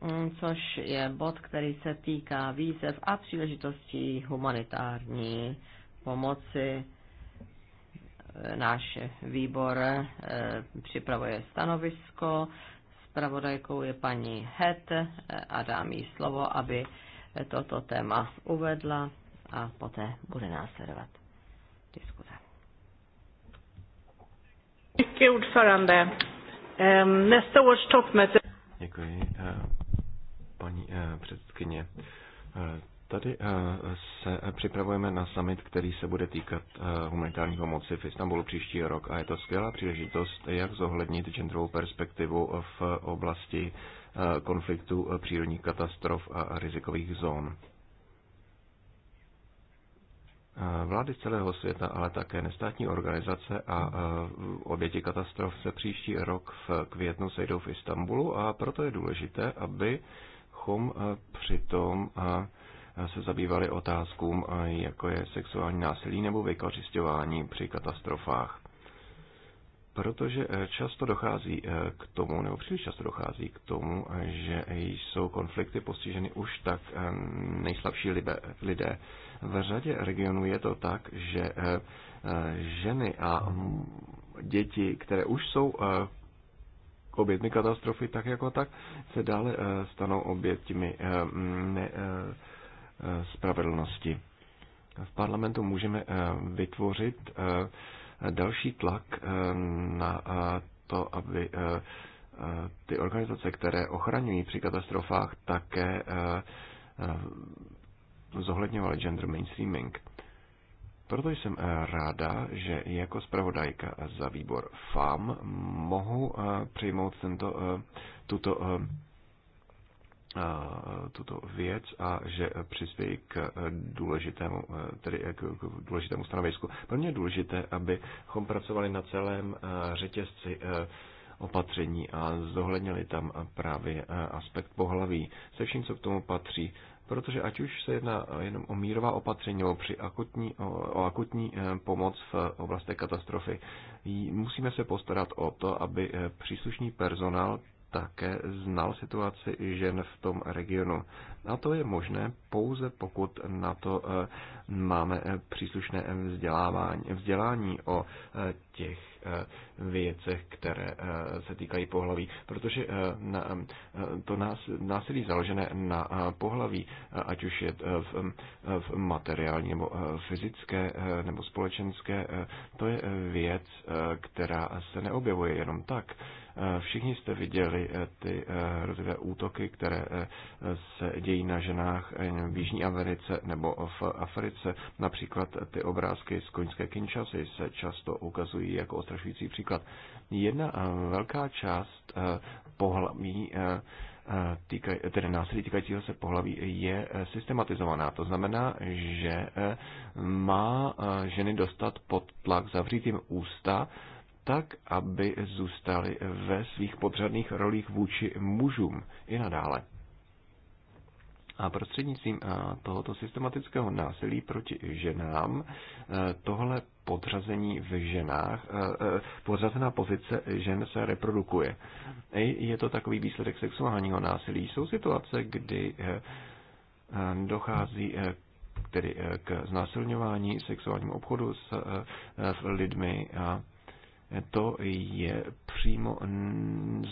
mm, což je bod, který se týká výzev a příležitostí humanitární pomoci. Náš výbor eh, připravuje stanovisko Spravodajkou je paní Het a dám jí slovo, aby toto téma uvedla a poté bude následovat diskuze. Děkuji, ehm, eh, paní eh, předsedkyně. Eh, Tady eh, se připravujeme na summit, který se bude týkat eh, humanitární pomoci v Istanbulu příští rok a je to skvělá příležitost, jak zohlednit genderovou perspektivu v oblasti eh, konfliktu přírodních katastrof a rizikových zón. Vlády celého světa, ale také nestátní organizace a oběti katastrof se příští rok v květnu sejdou v Istanbulu a proto je důležité, abychom přitom a se zabývali otázkům, jako je sexuální násilí nebo vykořišťování při katastrofách. Protože e, často dochází e, k tomu, nebo příliš často dochází k tomu, že jsou konflikty postiženy už tak e, nejslabší lidé. V řadě regionů je to tak, že ženy a děti, které už jsou obětmi katastrofy, tak jako tak, se dále stanou obětmi ne, Eh, spravedlnosti. V parlamentu můžeme eh, vytvořit eh, další tlak na to, aby ty organizace, které ochraňují při katastrofách, také zohledňovaly gender mainstreaming. Proto jsem ráda, že jako zpravodajka za výbor FAM mohu přijmout tento, tuto E, tuto věc a že přispějí k e, důležitému, e, tedy k důležitému stanovisku. Pro mě je důležité, abychom pracovali na celém řetězci opatření a zohlednili tam právě aspekt pohlaví se vším, co k tomu patří. Protože ať už se jedná jenom o mírová opatření nebo při akutní, o, o akutní pomoc v oblasti katastrofy, musíme se postarat o to, aby příslušný personál také znal situaci žen v tom regionu. A to je možné pouze pokud na to eh, máme eh, příslušné vzdělávání, vzdělání o eh, těch věcech, které eh, se týkají pohlaví. Protože eh, eh, to násilí založené na pohlaví, ať už je v, v materiální nebo fyzické nebo společenské, to je věc, která se neobjevuje jenom tak. Všichni jste viděli ty hrozivé útoky, které se dějí na ženách v Jižní Americe nebo v Africe. Například ty obrázky z koňské Kinshasy se často ukazují jako ostrašující příklad příklad. Jedna eh, velká část eh, pohlaví eh, týkaj, tedy násilí týkajícího se pohlaví je systematizovaná. To znamená, že má ženy dostat pod tlak, zavřít jim ústa, tak, aby zůstaly ve svých podřadných rolích vůči mužům i nadále. A prostřednictvím tohoto systematického násilí proti ženám e, tohle podřazení v ženách, e, e, podřazená pozice žen se reprodukuje. Je to takový výsledek sexuálního násilí. Jsou situace, kdy dochází tedy k znásilňování, sexuálnímu obchodu s lidmi a to je přímo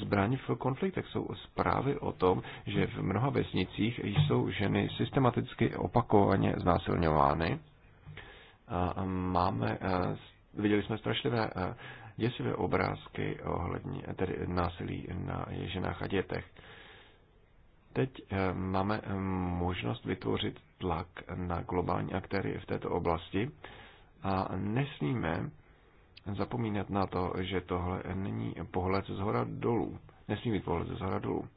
zbraň v konfliktech. Jsou zprávy o tom, že v mnoha vesnicích jsou ženy systematicky opakovaně znásilňovány. máme, viděli jsme strašlivé děsivé obrázky ohledně tedy násilí na ženách a dětech. Teď máme možnost vytvořit tlak na globální aktéry v této oblasti a nesmíme zapomínat na to, že tohle není pohled z hora dolů. Nesmí být pohled z hora dolů.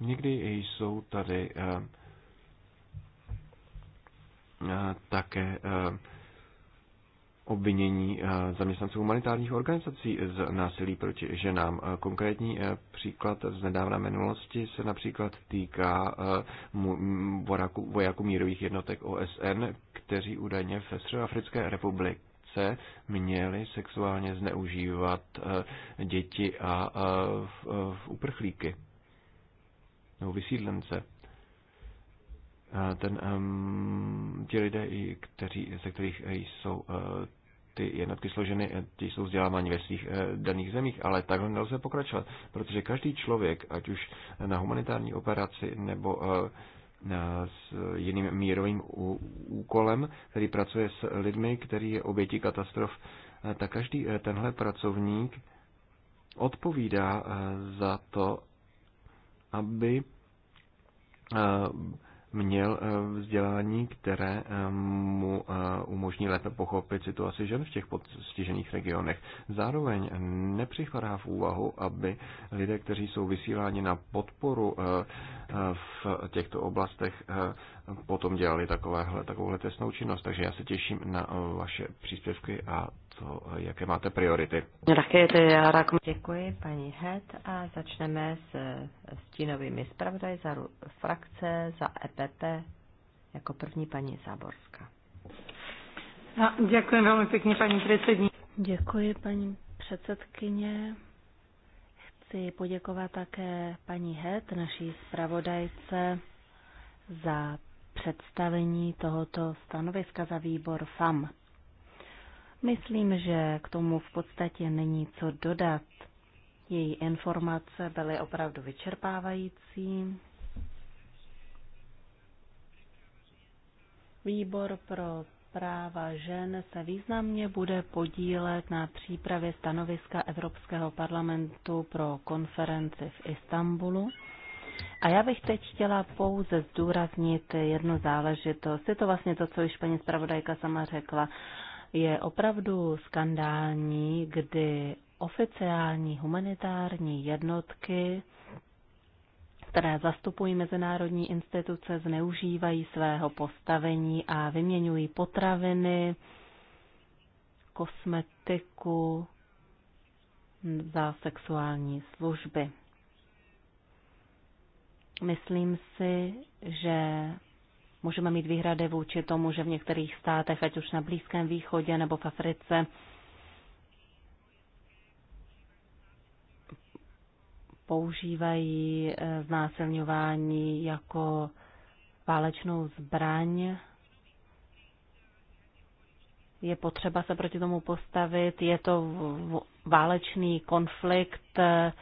Někdy jsou tady eh, eh, také eh, obvinění zaměstnanců humanitárních organizací z násilí proti ženám. Konkrétní příklad z nedávné minulosti se například týká vojáků mírových jednotek OSN, kteří údajně ve Středoafrické republice měli sexuálně zneužívat eh, děti a eh, eh, uprchlíky nebo vysídlence ten, um, ti lidé, kteří, ze kterých jsou uh, ty jednotky složeny, ti jsou vzděláváni ve svých uh, daných zemích, ale takhle nelze pokračovat, protože každý člověk, ať už na humanitární operaci nebo uh, Eh, s jiným mírovým úkolem, který pracuje s lidmi, který je oběti katastrof, eh, tak každý eh, tenhle pracovník odpovídá za to, aby měl eh, vzdělání, které eh, mu eh, umožní lépe pochopit situaci žen v těch postižených regionech. Zároveň nepřichvará v úvahu, aby lidé, kteří jsou vysíláni na podporu v těchto oblastech, potom dělali takovouhle trestnou činnost. Takže já se těším na vaše příspěvky a toho, jaké máte priority. Děkuji, paní Het, a začneme s stínovými zpravodaj za frakce, za EPP, jako první paní Záborská. Děkuji velmi pěkně, paní předsední. Děkuji, paní předsedkyně. Chci poděkovat také paní Het, naší zpravodajce, za představení tohoto stanoviska za výbor FAM. Myslím, že k tomu v podstatě není co dodat. Její informace byly opravdu vyčerpávající. Výbor pro práva žen se významně bude podílet na přípravě stanoviska Evropského parlamentu pro konferenci v Istanbulu. A já bych teď chtěla pouze zdůraznit jednu záležitost. Je to vlastně to, co již paní zpravodajka sama řekla je opravdu skandální, kdy oficiální humanitární jednotky, které zastupují mezinárodní instituce, zneužívají svého postavení a vyměňují potraviny, kosmetiku za sexuální služby. Myslím si, že Můžeme mít výhrady vůči tomu, že v některých státech, ať už na Blízkém východě nebo v Africe, používají eh, znásilňování jako válečnou zbraň. Je potřeba se proti tomu postavit. Je to válečný konflikt, eh,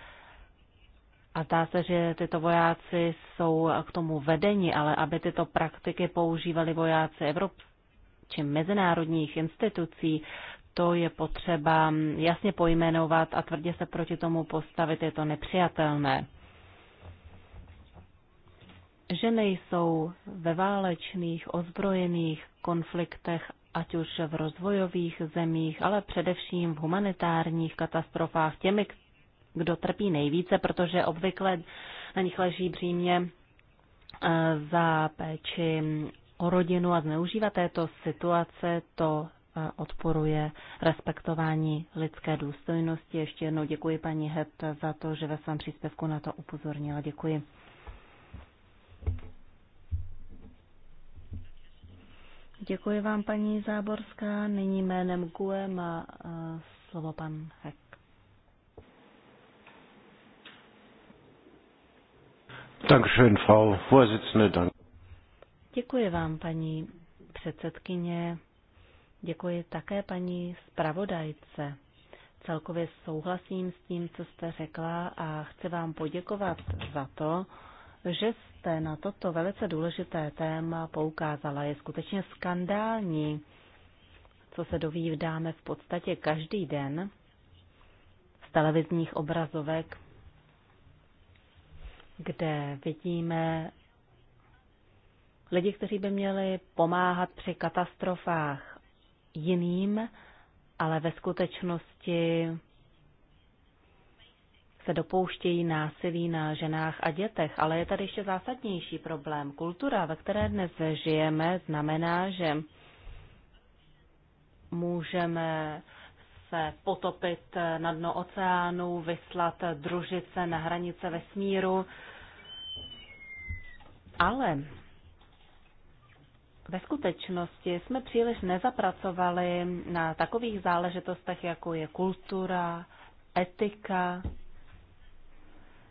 a zdá se, že tyto vojáci jsou k tomu vedeni, ale aby tyto praktiky používali vojáci evropských či mezinárodních institucí, to je potřeba jasně pojmenovat a tvrdě se proti tomu postavit, je to nepřijatelné. Ženy jsou ve válečných, ozbrojených konfliktech, ať už v rozvojových zemích, ale především v humanitárních katastrofách těmi, kdo trpí nejvíce, protože obvykle na nich leží břímě eh, za péči o rodinu a zneužívat této situace, to eh, odporuje respektování lidské důstojnosti. Ještě jednou děkuji paní Het za to, že ve svém příspěvku na to upozornila. Děkuji. Děkuji vám, paní Záborská. Nyní jménem GUE eh, slovo pan Het. Dankeschön, Frau Vorsitzende. Dank. Děkuji vám, paní předsedkyně. Děkuji také paní zpravodajce. Celkově souhlasím s tím, co jste řekla a chci vám poděkovat za to, že jste na toto velice důležité téma poukázala. Je skutečně skandální, co se dovídáme v podstatě každý den z televizních obrazovek kde vidíme lidi, kteří by měli pomáhat při katastrofách jiným, ale ve skutečnosti se dopouštějí násilí na ženách a dětech, ale je tady ještě zásadnější problém. Kultura, ve které dnes žijeme, znamená, že můžeme se potopit na dno oceánu, vyslat družice na hranice vesmíru. Ale ve skutečnosti jsme příliš nezapracovali na takových záležitostech, jako je kultura, etika.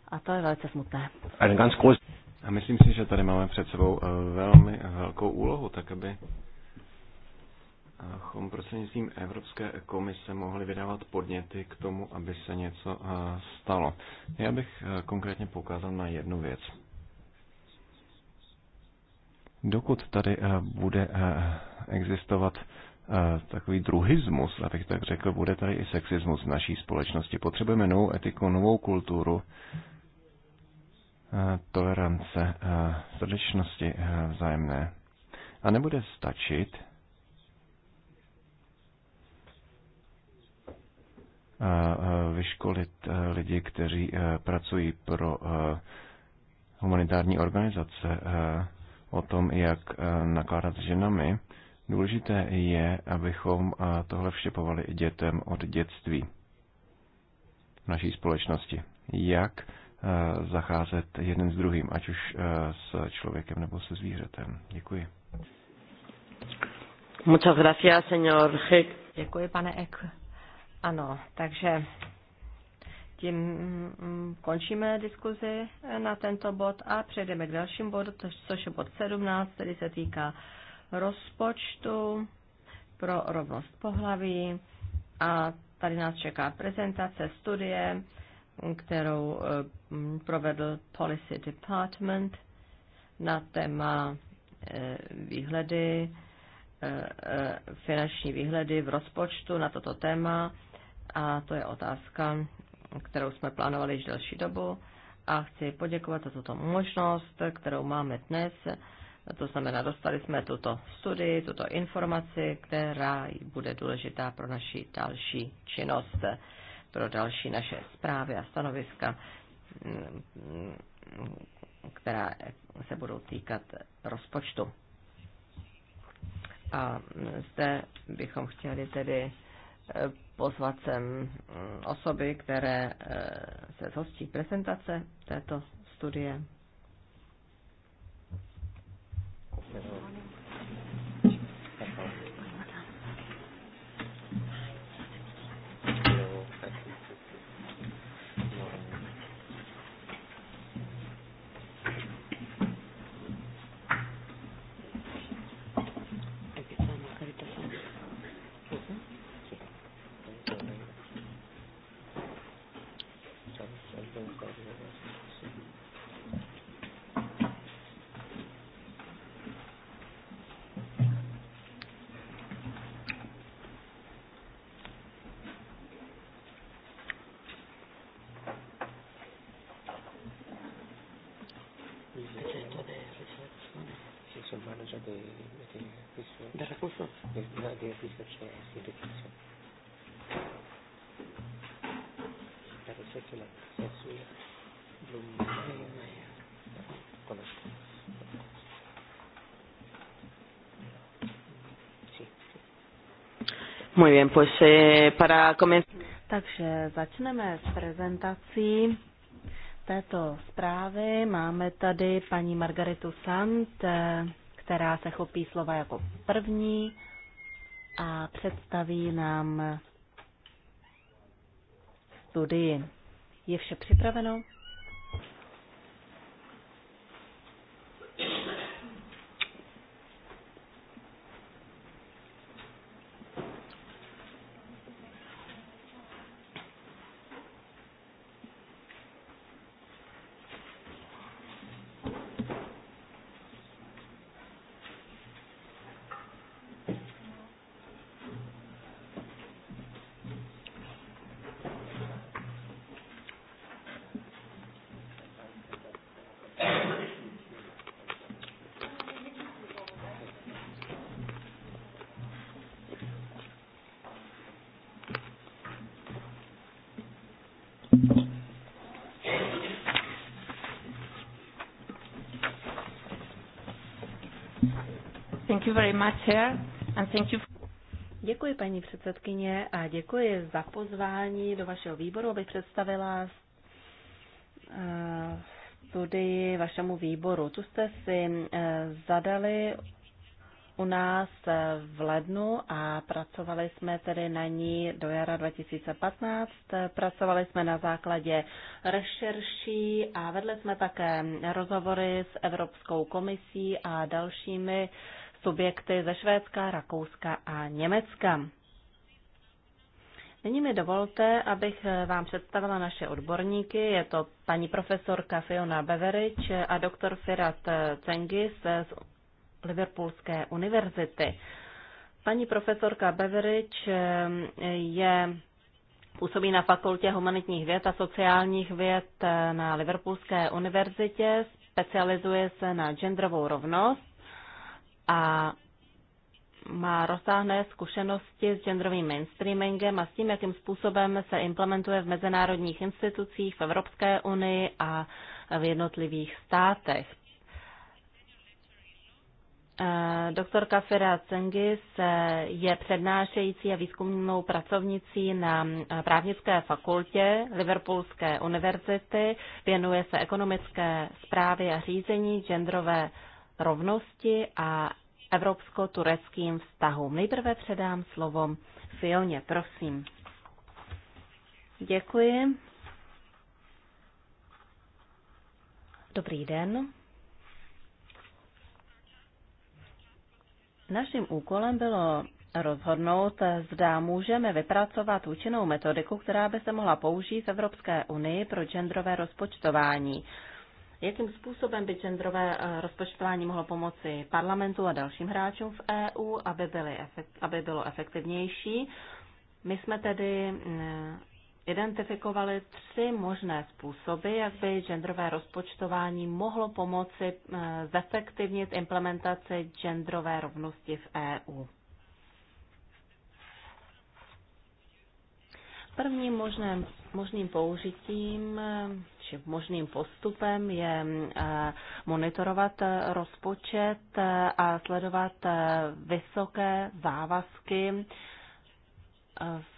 A to je velice smutné. A myslím si, že tady máme před sebou eh, velmi velkou úlohu, tak aby abychom prostřednictvím Evropské komise mohli vydávat podněty k tomu, aby se něco eh, stalo. Já bych eh, konkrétně poukázal na jednu věc. Dokud tady eh, bude existovat takový druhismus, abych tak řekl, bude tady i sexismus v naší společnosti. Potřebujeme novou etiku, novou kulturu, tolerance, srdečnosti vzájemné. A nebude stačit vyškolit lidi, kteří pracují pro humanitární organizace o tom, jak nakládat s ženami. Důležité je, abychom tohle všepovali dětem od dětství v naší společnosti. Jak zacházet jeden s druhým, ať už s člověkem nebo se zvířetem. Děkuji. Muchas gracias, señor Heck. Děkuji, pane Eck. Ano, takže tím mm, končíme diskuzi na tento bod a přejdeme k dalším bodu, což je bod 17, který se týká rozpočtu pro rovnost pohlaví. A tady nás čeká prezentace studie, kterou mm, provedl Policy Department na téma e, výhledy, e, e, finanční výhledy v rozpočtu na toto téma a to je otázka, kterou jsme plánovali již delší dobu a chci poděkovat za tuto možnost, kterou máme dnes. To znamená, dostali jsme tuto studii, tuto informaci, která bude důležitá pro naši další činnost, pro další naše zprávy a stanoviska, která se budou týkat rozpočtu. A zde bychom chtěli tedy Eh, pozvat sem hm, osoby, které eh, se zhostí prezentace této studie. Good morning. Muy bien, pues eh, para comenzar. Takže začneme s prezentací této zprávy. Máme tady paní Margaritu Sant, eh, která se chopí slova jako první a představí nám studii. Je vše připraveno? Thank you very much, and thank you. Děkuji, paní předsedkyně, a děkuji za pozvání do vašeho výboru, abych představila eh, studii vašemu výboru. Tu jste si eh, zadali u nás eh, v lednu a pracovali jsme tedy na ní do jara 2015. Pracovali jsme na základě rešerší a vedli jsme také rozhovory s Evropskou komisí a dalšími uh, subjekty ze Švédska, Rakouska a Německa. Nyní mi dovolte, abych vám představila naše odborníky. Je to paní profesorka Fiona Beverič a doktor Firat Cengis z Liverpoolské univerzity. Paní profesorka Beverič eh, je Působí na fakultě humanitních věd a sociálních věd na Liverpoolské univerzitě, specializuje se na genderovou rovnost a má rozsáhné zkušenosti s genderovým mainstreamingem a s tím, jakým způsobem se implementuje v mezinárodních institucích, v Evropské unii a v jednotlivých státech. Eh, doktorka Fira Cengis je přednášející a výzkumnou pracovnicí na právnické fakultě Liverpoolské univerzity, věnuje se ekonomické zprávě a řízení, genderové rovnosti a evropsko-tureckým vztahům. Nejprve předám slovo Fioně, prosím. Děkuji. Dobrý den. Naším úkolem bylo rozhodnout, zda můžeme vypracovat účinnou metodiku, která by se mohla použít v Evropské unii pro genderové rozpočtování. Jakým způsobem by genderové eh, rozpočtování mohlo pomoci parlamentu a dalším hráčům v EU, aby, byly, aby bylo efektivnější? My jsme tedy mm, identifikovali tři možné způsoby, jak by genderové rozpočtování mohlo pomoci eh, zefektivnit implementaci genderové rovnosti v EU. Prvním možným, možným použitím eh, či možným postupem je eh, monitorovat eh, rozpočet eh, a sledovat vysoké závazky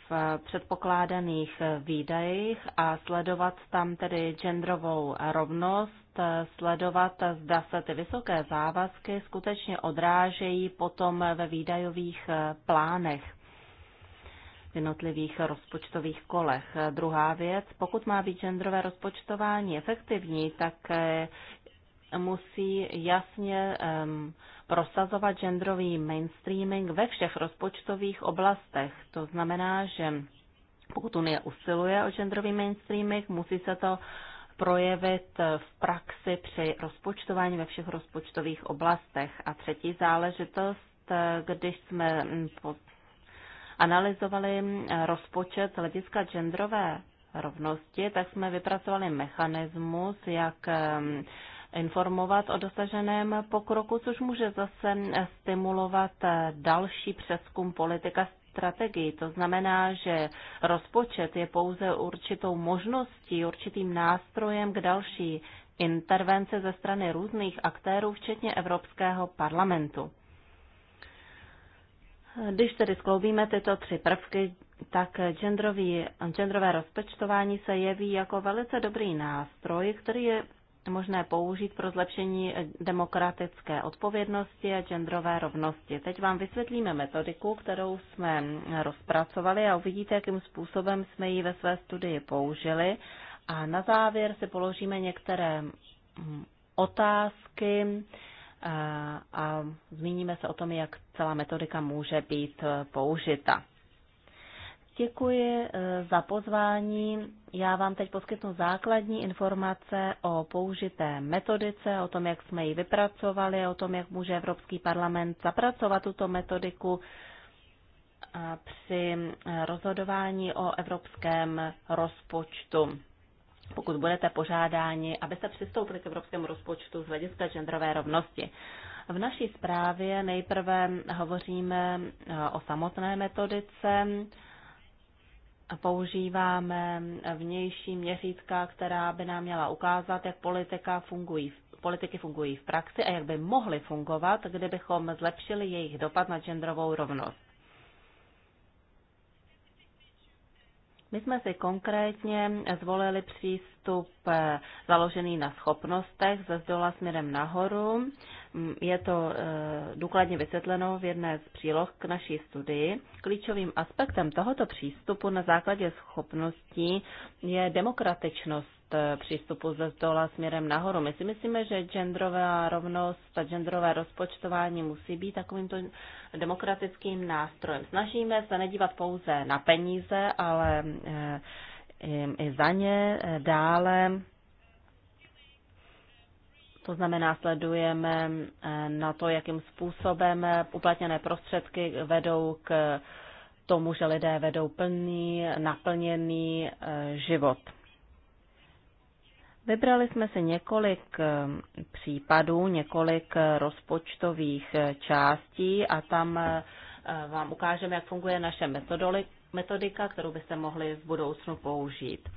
v předpokládaných výdajích a sledovat tam tedy genderovou rovnost, sledovat, zda se ty vysoké závazky skutečně odrážejí potom ve výdajových plánech v jednotlivých rozpočtových kolech. Druhá věc, pokud má být genderové rozpočtování efektivní, tak eh, musí jasně um, prosazovat genderový mainstreaming ve všech rozpočtových oblastech. To znamená, že pokud Unie usiluje o genderový mainstreaming, musí se to projevit v praxi při rozpočtování ve všech rozpočtových oblastech. A třetí záležitost, eh, když jsme hm, analyzovali eh, rozpočet z hlediska genderové rovnosti, tak jsme vypracovali mechanismus, jak eh, informovat o dosaženém pokroku, což může zase stimulovat eh, další přeskum politika strategii. To znamená, že rozpočet je pouze určitou možností, určitým nástrojem k další intervence ze strany různých aktérů, včetně Evropského parlamentu. Když tedy skloubíme tyto tři prvky, tak genderový, genderové rozpočtování se jeví jako velice dobrý nástroj, který je možné použít pro zlepšení demokratické odpovědnosti a genderové rovnosti. Teď vám vysvětlíme metodiku, kterou jsme rozpracovali a uvidíte, jakým způsobem jsme ji ve své studii použili. A na závěr si položíme některé otázky, a zmíníme se o tom, jak celá metodika může být eh, použita. Děkuji eh, za pozvání. Já vám teď poskytnu základní informace o použité metodice, o tom, jak jsme ji vypracovali, o tom, jak může Evropský parlament zapracovat tuto metodiku při eh, rozhodování o evropském rozpočtu pokud budete požádáni, abyste přistoupili k evropskému rozpočtu z hlediska genderové rovnosti. V naší zprávě nejprve hovoříme eh, o samotné metodice, používáme vnější měřítka, která by nám měla ukázat, jak politika fungují, politiky fungují v praxi a jak by mohly fungovat, kdybychom zlepšili jejich dopad na genderovou rovnost. My jsme si konkrétně zvolili přístup eh, založený na schopnostech ze zdola směrem nahoru. Mm, je to eh, důkladně vysvětleno v jedné z příloh k naší studii. Klíčovým aspektem tohoto přístupu na základě schopností je demokratičnost Eh, přístupu ze zdola směrem nahoru. My si myslíme, že genderová rovnost a genderové rozpočtování musí být takovýmto demokratickým nástrojem. Snažíme se nedívat pouze na peníze, ale eh, i za ně eh, dále. To znamená, sledujeme na to, jakým způsobem uplatněné prostředky vedou k tomu, že lidé vedou plný, naplněný život. Vybrali jsme si několik eh, případů, několik eh, rozpočtových eh, částí a tam vám ukážeme, jak funguje naše metodika, kterou byste mohli v budoucnu použít.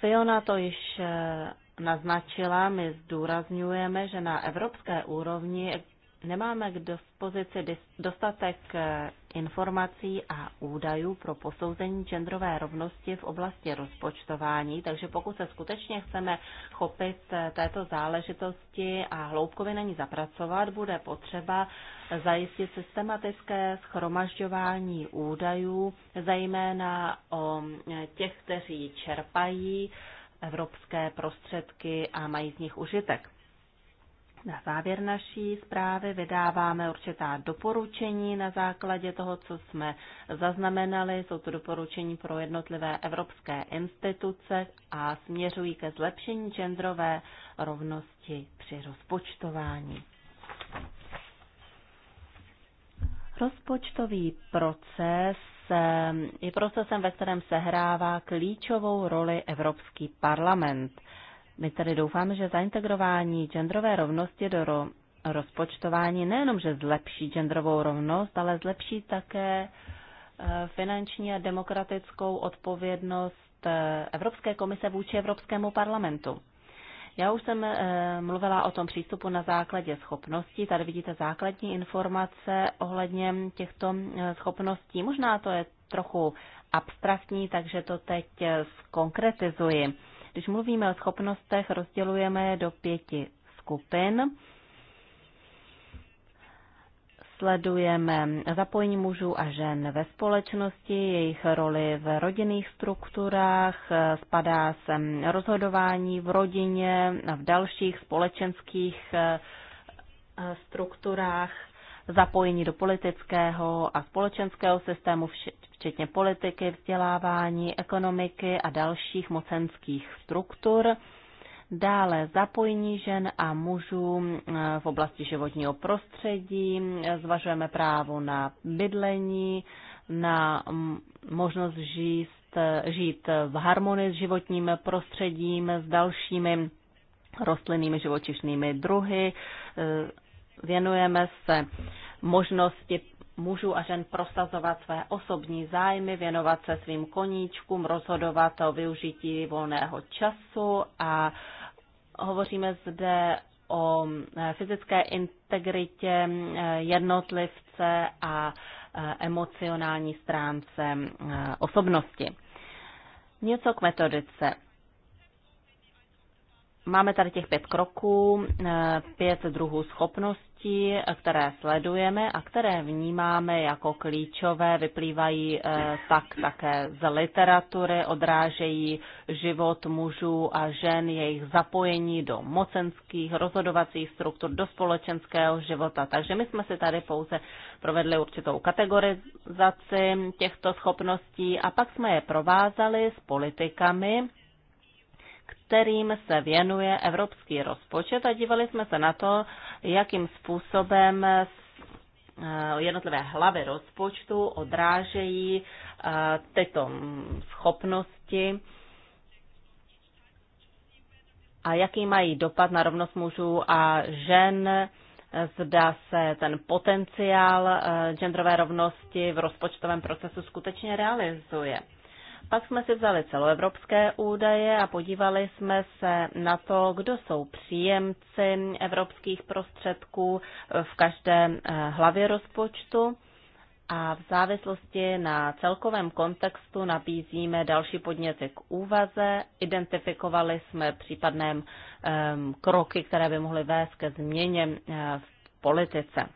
Fiona to již naznačila, my zdůrazňujeme, že na evropské úrovni nemáme k dispozici dostatek informací a údajů pro posouzení genderové rovnosti v oblasti rozpočtování, takže pokud se skutečně chceme chopit eh, této záležitosti a hloubkově na ní zapracovat, bude potřeba zajistit systematické schromažďování údajů, zejména o eh, těch, kteří čerpají evropské prostředky a mají z nich užitek. Na závěr naší zprávy vydáváme určitá doporučení na základě toho, co jsme zaznamenali. Jsou to doporučení pro jednotlivé evropské instituce a směřují ke zlepšení genderové rovnosti při rozpočtování. Rozpočtový proces eh, je procesem, ve kterém sehrává klíčovou roli Evropský parlament. My tady doufáme, že zaintegrování genderové rovnosti do ro- rozpočtování nejenom, že zlepší genderovou rovnost, ale zlepší také eh, finanční a demokratickou odpovědnost eh, Evropské komise vůči Evropskému parlamentu. Já už jsem eh, mluvila o tom přístupu na základě schopností. Tady vidíte základní informace ohledně těchto schopností. Možná to je trochu abstraktní, takže to teď zkonkretizuji. Když mluvíme o schopnostech, rozdělujeme je do pěti skupin. Sledujeme zapojení mužů a žen ve společnosti, jejich roli v rodinných strukturách, spadá sem rozhodování v rodině a v dalších společenských eh, strukturách zapojení do politického a společenského systému, včetně politiky, vzdělávání, ekonomiky a dalších mocenských struktur. Dále zapojení žen a mužů eh, v oblasti životního prostředí, zvažujeme právo na bydlení, na mm, možnost žít, eh, žít v harmonii s životním prostředím, s dalšími rostlinnými živočišnými druhy, eh, Věnujeme se možnosti mužů a žen prosazovat své osobní zájmy, věnovat se svým koníčkům, rozhodovat o využití volného času a hovoříme zde o eh, fyzické integritě eh, jednotlivce a eh, emocionální stránce osobnosti. Něco k metodice. Máme tady těch pět kroků, eh, pět druhů schopností, které sledujeme a které vnímáme jako klíčové, vyplývají eh, tak také z literatury, odrážejí život mužů a žen, jejich zapojení do mocenských rozhodovacích struktur, do společenského života. Takže my jsme si tady pouze provedli určitou kategorizaci těchto schopností a pak jsme je provázali s politikami, kterým se věnuje evropský rozpočet a dívali jsme se na to, jakým způsobem eh, jednotlivé hlavy rozpočtu odrážejí eh, tyto schopnosti a jaký mají dopad na rovnost mužů a žen, zda se ten potenciál eh, genderové rovnosti v rozpočtovém procesu skutečně realizuje. Pak jsme si vzali celoevropské údaje a podívali jsme se na to, kdo jsou příjemci evropských prostředků v každé eh, hlavě rozpočtu a v závislosti na celkovém kontextu nabízíme další podněty k úvaze. Identifikovali jsme případné eh, kroky, které by mohly vést ke změně eh, v politice.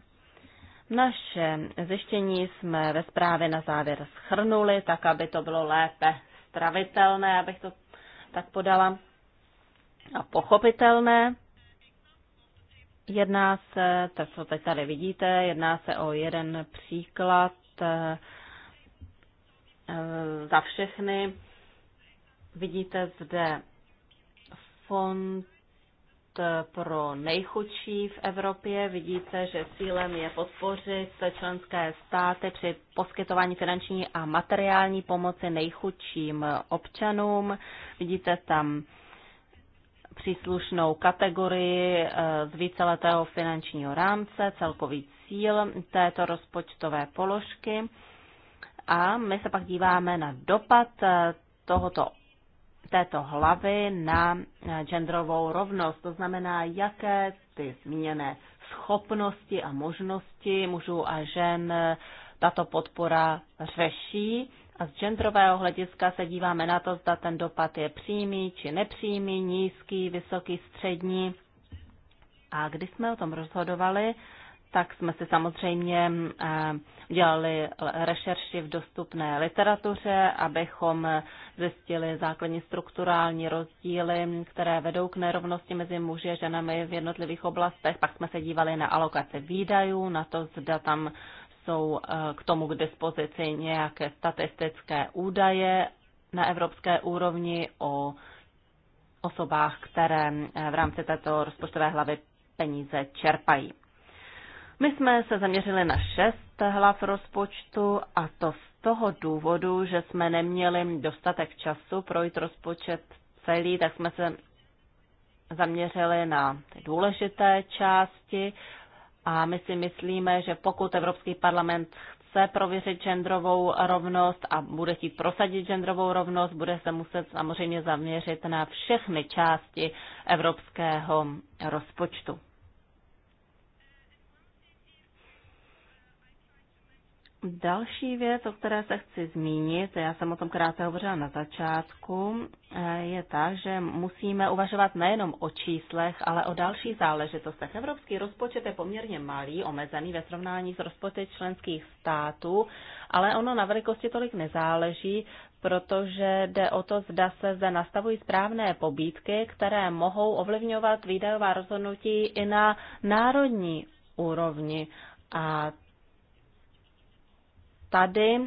Naše zjištění jsme ve zprávě na závěr schrnuli, tak aby to bylo lépe stravitelné, abych to tak podala, a pochopitelné. Jedná se, to, co teď tady vidíte, jedná se o jeden příklad eh, eh, za všechny. Vidíte zde fond Eh, pro nejchudší v Evropě. Vidíte, že cílem je podpořit členské státy při poskytování finanční a materiální pomoci nejchudším občanům. Vidíte tam příslušnou kategorii eh, z víceletého finančního rámce, celkový cíl této rozpočtové položky. A my se pak díváme na dopad eh, tohoto této hlavy na eh, genderovou rovnost. To znamená, jaké ty zmíněné schopnosti a možnosti mužů a žen eh, tato podpora řeší. A z genderového hlediska se díváme na to, zda ten dopad je přímý či nepřímý, nízký, vysoký, střední. A když jsme o tom rozhodovali, tak jsme si samozřejmě eh, dělali rešerši v dostupné literatuře, abychom zjistili základní strukturální rozdíly, které vedou k nerovnosti mezi muži a ženami v jednotlivých oblastech. Pak jsme se dívali na alokace výdajů, na to, zda tam jsou eh, k tomu k dispozici nějaké statistické údaje na evropské úrovni o osobách, které eh, v rámci této rozpočtové hlavy peníze čerpají. My jsme se zaměřili na šest hlav rozpočtu a to z toho důvodu, že jsme neměli dostatek času projít rozpočet celý, tak jsme se zaměřili na ty důležité části a my si myslíme, že pokud Evropský parlament chce prověřit genderovou rovnost a bude chtít prosadit genderovou rovnost, bude se muset samozřejmě zaměřit na všechny části evropského rozpočtu. Další věc, o které se chci zmínit, já jsem o tom krátce hovořila na začátku, eh, je ta, že musíme uvažovat nejenom o číslech, ale o dalších záležitostech. Evropský rozpočet je poměrně malý, omezený ve srovnání s rozpočty členských států, ale ono na velikosti tolik nezáleží, protože jde o to, zda se zde nastavují správné pobídky, které mohou ovlivňovat výdajová rozhodnutí i na národní úrovni. A tady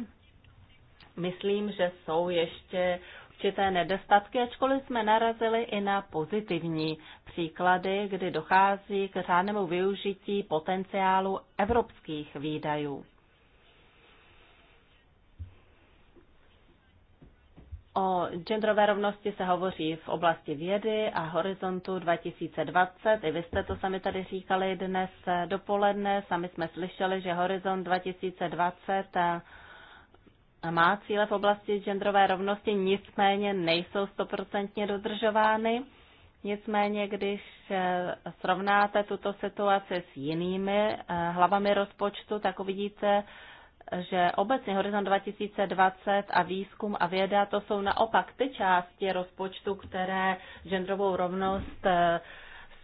myslím, že jsou ještě určité nedostatky, ačkoliv jsme narazili i na pozitivní příklady, kdy dochází k řádnému využití potenciálu evropských výdajů. O genderové rovnosti se hovoří v oblasti vědy a horizontu 2020. I vy jste to sami tady říkali dnes dopoledne. Sami jsme slyšeli, že horizont 2020 eh, má cíle v oblasti genderové rovnosti, nicméně nejsou stoprocentně dodržovány. Nicméně, když eh, srovnáte tuto situaci s jinými eh, hlavami rozpočtu, tak uvidíte, že obecně Horizon 2020 a výzkum a věda to jsou naopak ty části rozpočtu, které genderovou rovnost eh,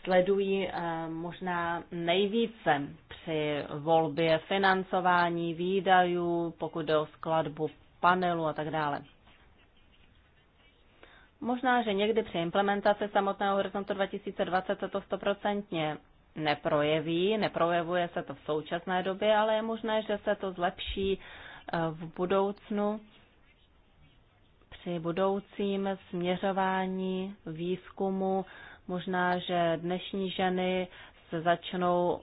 sledují eh, možná nejvíce při volbě financování, výdajů, pokud jde o skladbu panelu a tak dále. Možná, že někdy při implementaci samotného horizontu 2020 to stoprocentně neprojeví, neprojevuje se to v současné době, ale je možné, že se to zlepší eh, v budoucnu při budoucím směřování výzkumu. Možná, že dnešní ženy se začnou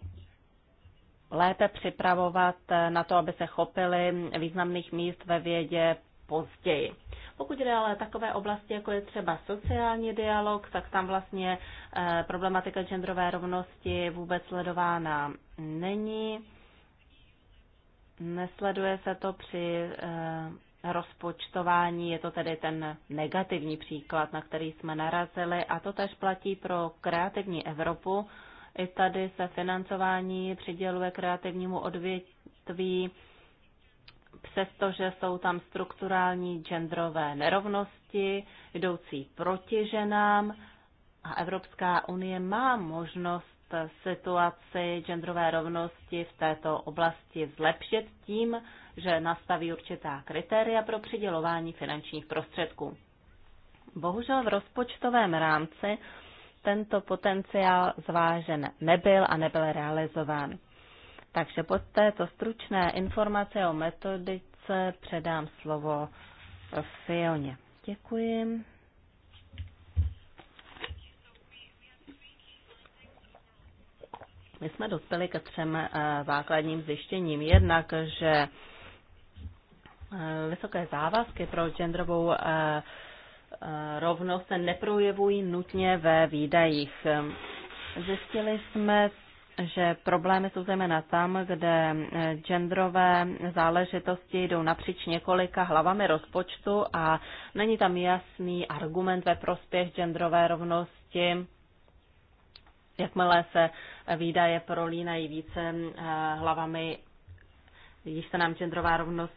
lépe připravovat na to, aby se chopily významných míst ve vědě, později. Pokud jde ale takové oblasti, jako je třeba sociální dialog, tak tam vlastně eh, problematika genderové rovnosti vůbec sledována není. Nesleduje se to při eh, rozpočtování, je to tedy ten negativní příklad, na který jsme narazili a to tež platí pro kreativní Evropu. I tady se financování přiděluje kreativnímu odvětví přestože jsou tam strukturální genderové nerovnosti jdoucí proti ženám a Evropská unie má možnost situaci genderové rovnosti v této oblasti zlepšit tím, že nastaví určitá kritéria pro přidělování finančních prostředků. Bohužel v rozpočtovém rámci tento potenciál zvážen nebyl a nebyl realizován. Takže po této stručné informace o metodice předám slovo Fioně. Děkuji. My jsme dospěli ke třem eh, základním zjištěním. Jednak, že eh, vysoké závazky pro genderovou eh, rovnost se neprojevují nutně ve výdajích. Zjistili jsme že problémy jsou zejména tam, kde eh, genderové záležitosti jdou napříč několika hlavami rozpočtu a není tam jasný argument ve prospěch genderové rovnosti. Jakmile se výdaje prolínají více eh, hlavami, když se nám genderová rovnost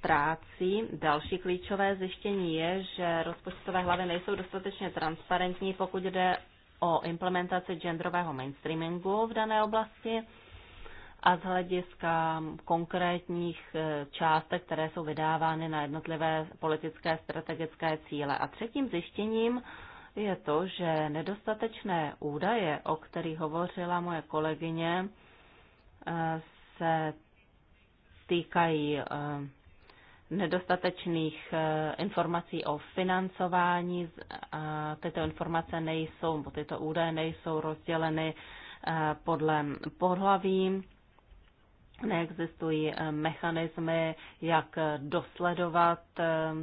Práci. Další klíčové zjištění je, že rozpočtové hlavy nejsou dostatečně transparentní, pokud jde o implementaci genderového mainstreamingu v dané oblasti a z hlediska konkrétních e, částek, které jsou vydávány na jednotlivé politické strategické cíle. A třetím zjištěním je to, že nedostatečné údaje, o kterých hovořila moje kolegyně, e, se týkají e, nedostatečných eh, informací o financování. Tyto informace nejsou, bo tyto údaje nejsou rozděleny eh, podle pohlaví. Neexistují eh, mechanismy, jak dosledovat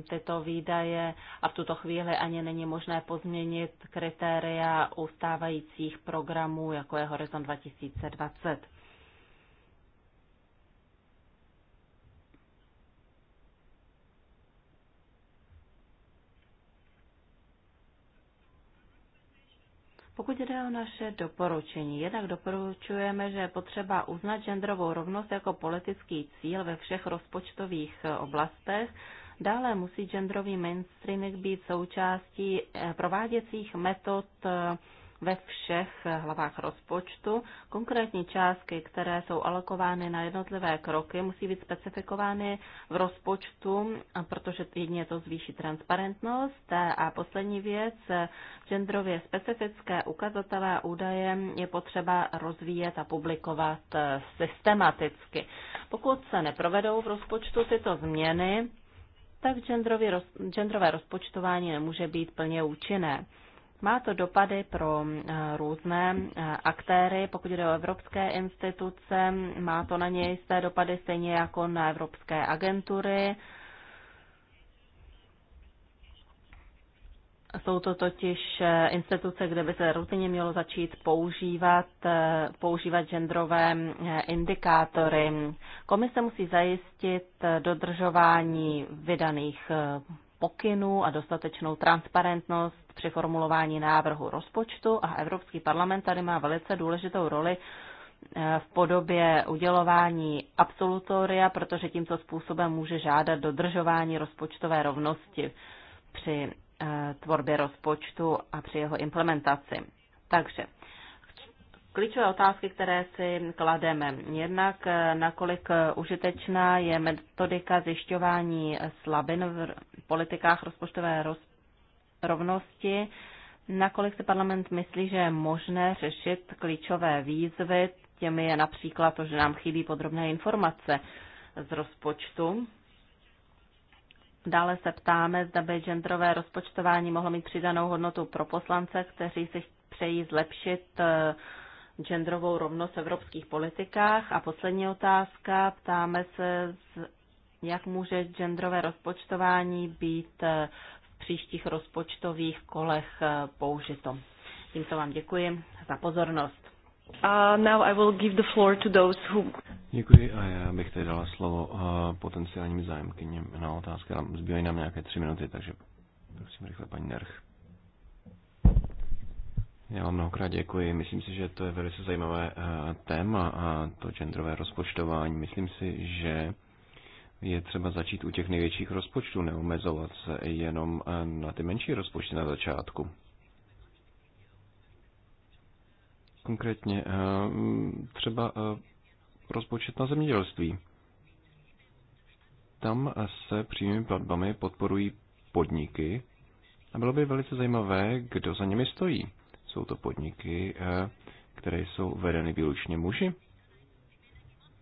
tyto výdaje a v tuto chvíli ani není možné pozměnit kritéria ustávajících programů, jako je Horizon 2020. Pokud jde o naše doporučení, jednak doporučujeme, že je potřeba uznat genderovou rovnost jako politický cíl ve všech rozpočtových eh, oblastech. Dále musí genderový mainstreaming být součástí eh, prováděcích metod eh, ve všech hlavách rozpočtu. Konkrétní částky, které jsou alokovány na jednotlivé kroky, musí být specifikovány v rozpočtu, protože jedině to zvýší transparentnost. A poslední věc, genderově specifické ukazatelé údaje je potřeba rozvíjet a publikovat eh, systematicky. Pokud se neprovedou v rozpočtu tyto změny, tak genderové rozpočtování nemůže být plně účinné. Má to dopady pro eh, různé eh, aktéry, pokud jde o evropské instituce, má to na něj jisté dopady stejně jako na evropské agentury. Jsou to totiž eh, instituce, kde by se rutině mělo začít používat, používat genderové indikátory. Komise musí zajistit dodržování vydaných pokynů a dostatečnou transparentnost při formulování návrhu rozpočtu a Evropský parlament tady má velice důležitou roli eh, v podobě udělování absolutoria, protože tímto způsobem může žádat dodržování rozpočtové rovnosti při eh, tvorbě rozpočtu a při jeho implementaci. Takže klíčové otázky, které si klademe. Jednak, eh, nakolik eh, užitečná je metodika zjišťování slabin v politikách rozpočtové roz... rovnosti, nakolik si parlament myslí, že je možné řešit klíčové výzvy, těmi je například to, že nám chybí podrobné informace z rozpočtu. Dále se ptáme, zda by genderové rozpočtování mohlo mít přidanou hodnotu pro poslance, kteří si přejí zlepšit uh, genderovou rovnost v evropských politikách. A poslední otázka, ptáme se, jak může genderové rozpočtování být eh, v příštích rozpočtových kolech eh, použito. Tímto vám děkuji za pozornost. Uh, now I will give the floor to those who... Děkuji a já bych tady dala slovo uh, potenciálním zájemkyním na otázky. Zbývají nám nějaké tři minuty, takže prosím rychle paní Nerch. Já vám mnohokrát děkuji. Myslím si, že to je velice zajímavé eh, téma a to genderové rozpočtování. Myslím si, že je třeba začít u těch největších rozpočtů, neomezovat se jenom eh, na ty menší rozpočty na začátku. Konkrétně eh, třeba rozpočet na zemědělství. Tam se přímými platbami podporují podniky a bylo by velice zajímavé, kdo za nimi stojí jsou to podniky, eh, které jsou vedeny výlučně muži?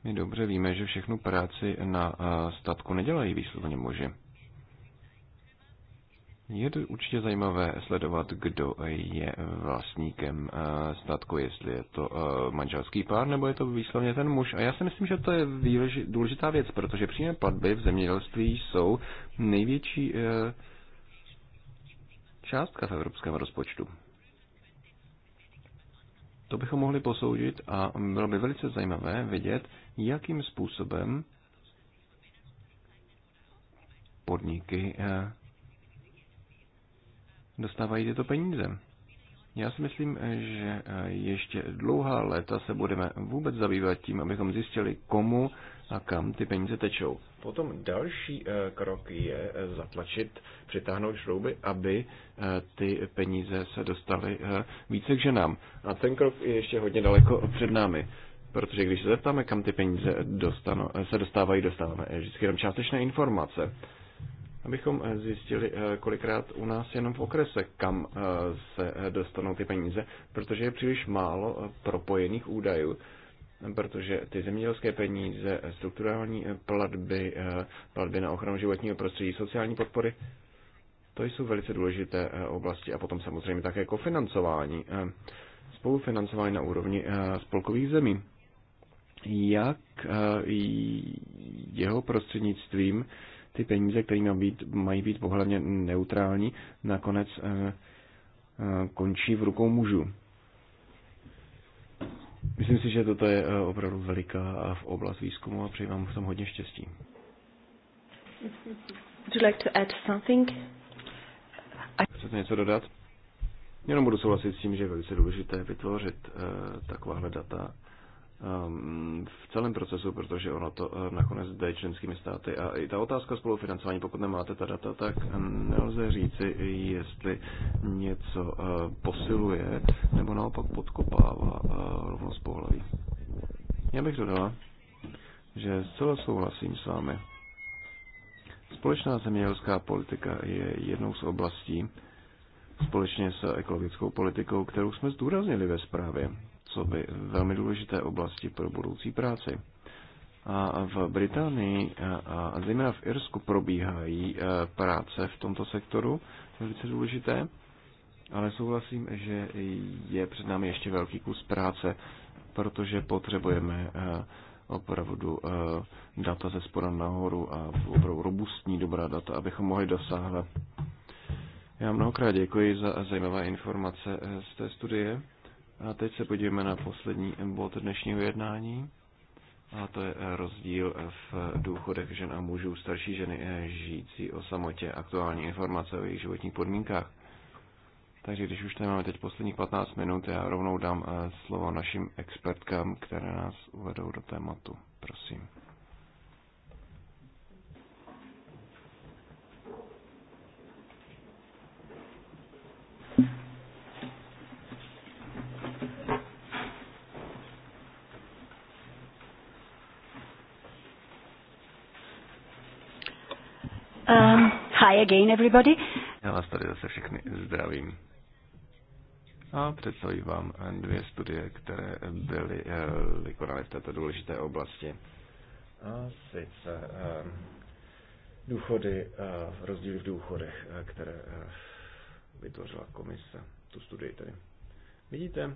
My dobře víme, že všechnu práci na eh, statku nedělají výslovně muži. Je to určitě zajímavé sledovat, kdo je vlastníkem eh, statku, jestli je to manželský pár, nebo je to výslovně ten muž. A já si myslím, že to je důležitá věc, protože přímé platby v zemědělství jsou největší částka v evropském rozpočtu. To bychom mohli posoudit a bylo by velice zajímavé vidět, jakým způsobem podniky eh, dostávají tyto peníze. Já si myslím, že eh, ještě dlouhá léta se budeme vůbec zabývat tím, abychom zjistili, komu a kam ty peníze tečou. Potom další eh, krok je eh, zatlačit, přitáhnout šrouby, aby ty peníze se dostaly více k ženám. A ten krok je ještě hodně daleko před námi. Protože když se zeptáme, kam ty peníze dostanou, se dostávají, dostáváme vždycky jenom částečné informace abychom eh, zjistili, eh, kolikrát u nás jenom v okrese, kam eh, se dostanou ty peníze, protože je příliš málo propojených údajů, protože ty zemědělské peníze, strukturální platby, platby na ochranu životního prostředí, sociální podpory, to jsou velice důležité oblasti a potom samozřejmě také kofinancování, spolufinancování na úrovni spolkových zemí. Jak jeho prostřednictvím ty peníze, které mají být, mají být pohledně neutrální, nakonec eh, eh, končí v rukou mužů. Myslím si, že toto je eh, opravdu veliká v oblast výzkumu a přeji vám v tom hodně štěstí. Would you like to add something? Chcete něco dodat? Jenom budu souhlasit s tím, že je velice důležité vytvořit uh, takováhle data Ehm, v celém procesu, protože ono to eh, nakonec jde členskými státy. A i ta otázka spolufinancování, pokud nemáte ta data, tak ehm, nelze říci, jestli něco eh, posiluje nebo naopak podkopává eh, rovnost pohlaví. Já bych dodala, že zcela souhlasím s vámi. Společná zemědělská politika je jednou z oblastí, společně s ekologickou politikou, kterou jsme zdůraznili ve zprávě co by velmi důležité oblasti pro budoucí práci. A v Británii a zejména v Irsku probíhají e, práce v tomto sektoru, velice důležité, ale souhlasím, že je před námi ještě velký kus práce, protože potřebujeme e, opravdu e, data ze spora nahoru a opravdu robustní dobrá data, abychom mohli dosáhnout. Já mnohokrát děkuji za zajímavé informace z té studie. A teď se podíváme na poslední bod dnešního jednání. A to je rozdíl v důchodech žen a mužů. Starší ženy žijící o samotě aktuální informace o jejich životních podmínkách. Takže když už tady máme teď posledních 15 minut, já rovnou dám eh, slovo našim expertkám, které nás uvedou do tématu. Prosím. Hi again, everybody. Já vás tady zase všechny zdravím. A představím vám dvě studie, které byly eh, vykonány v této důležité oblasti. A sice eh, důchody, eh, rozdíly v důchodech, které vytvořila komise, tu studii tedy. Vidíte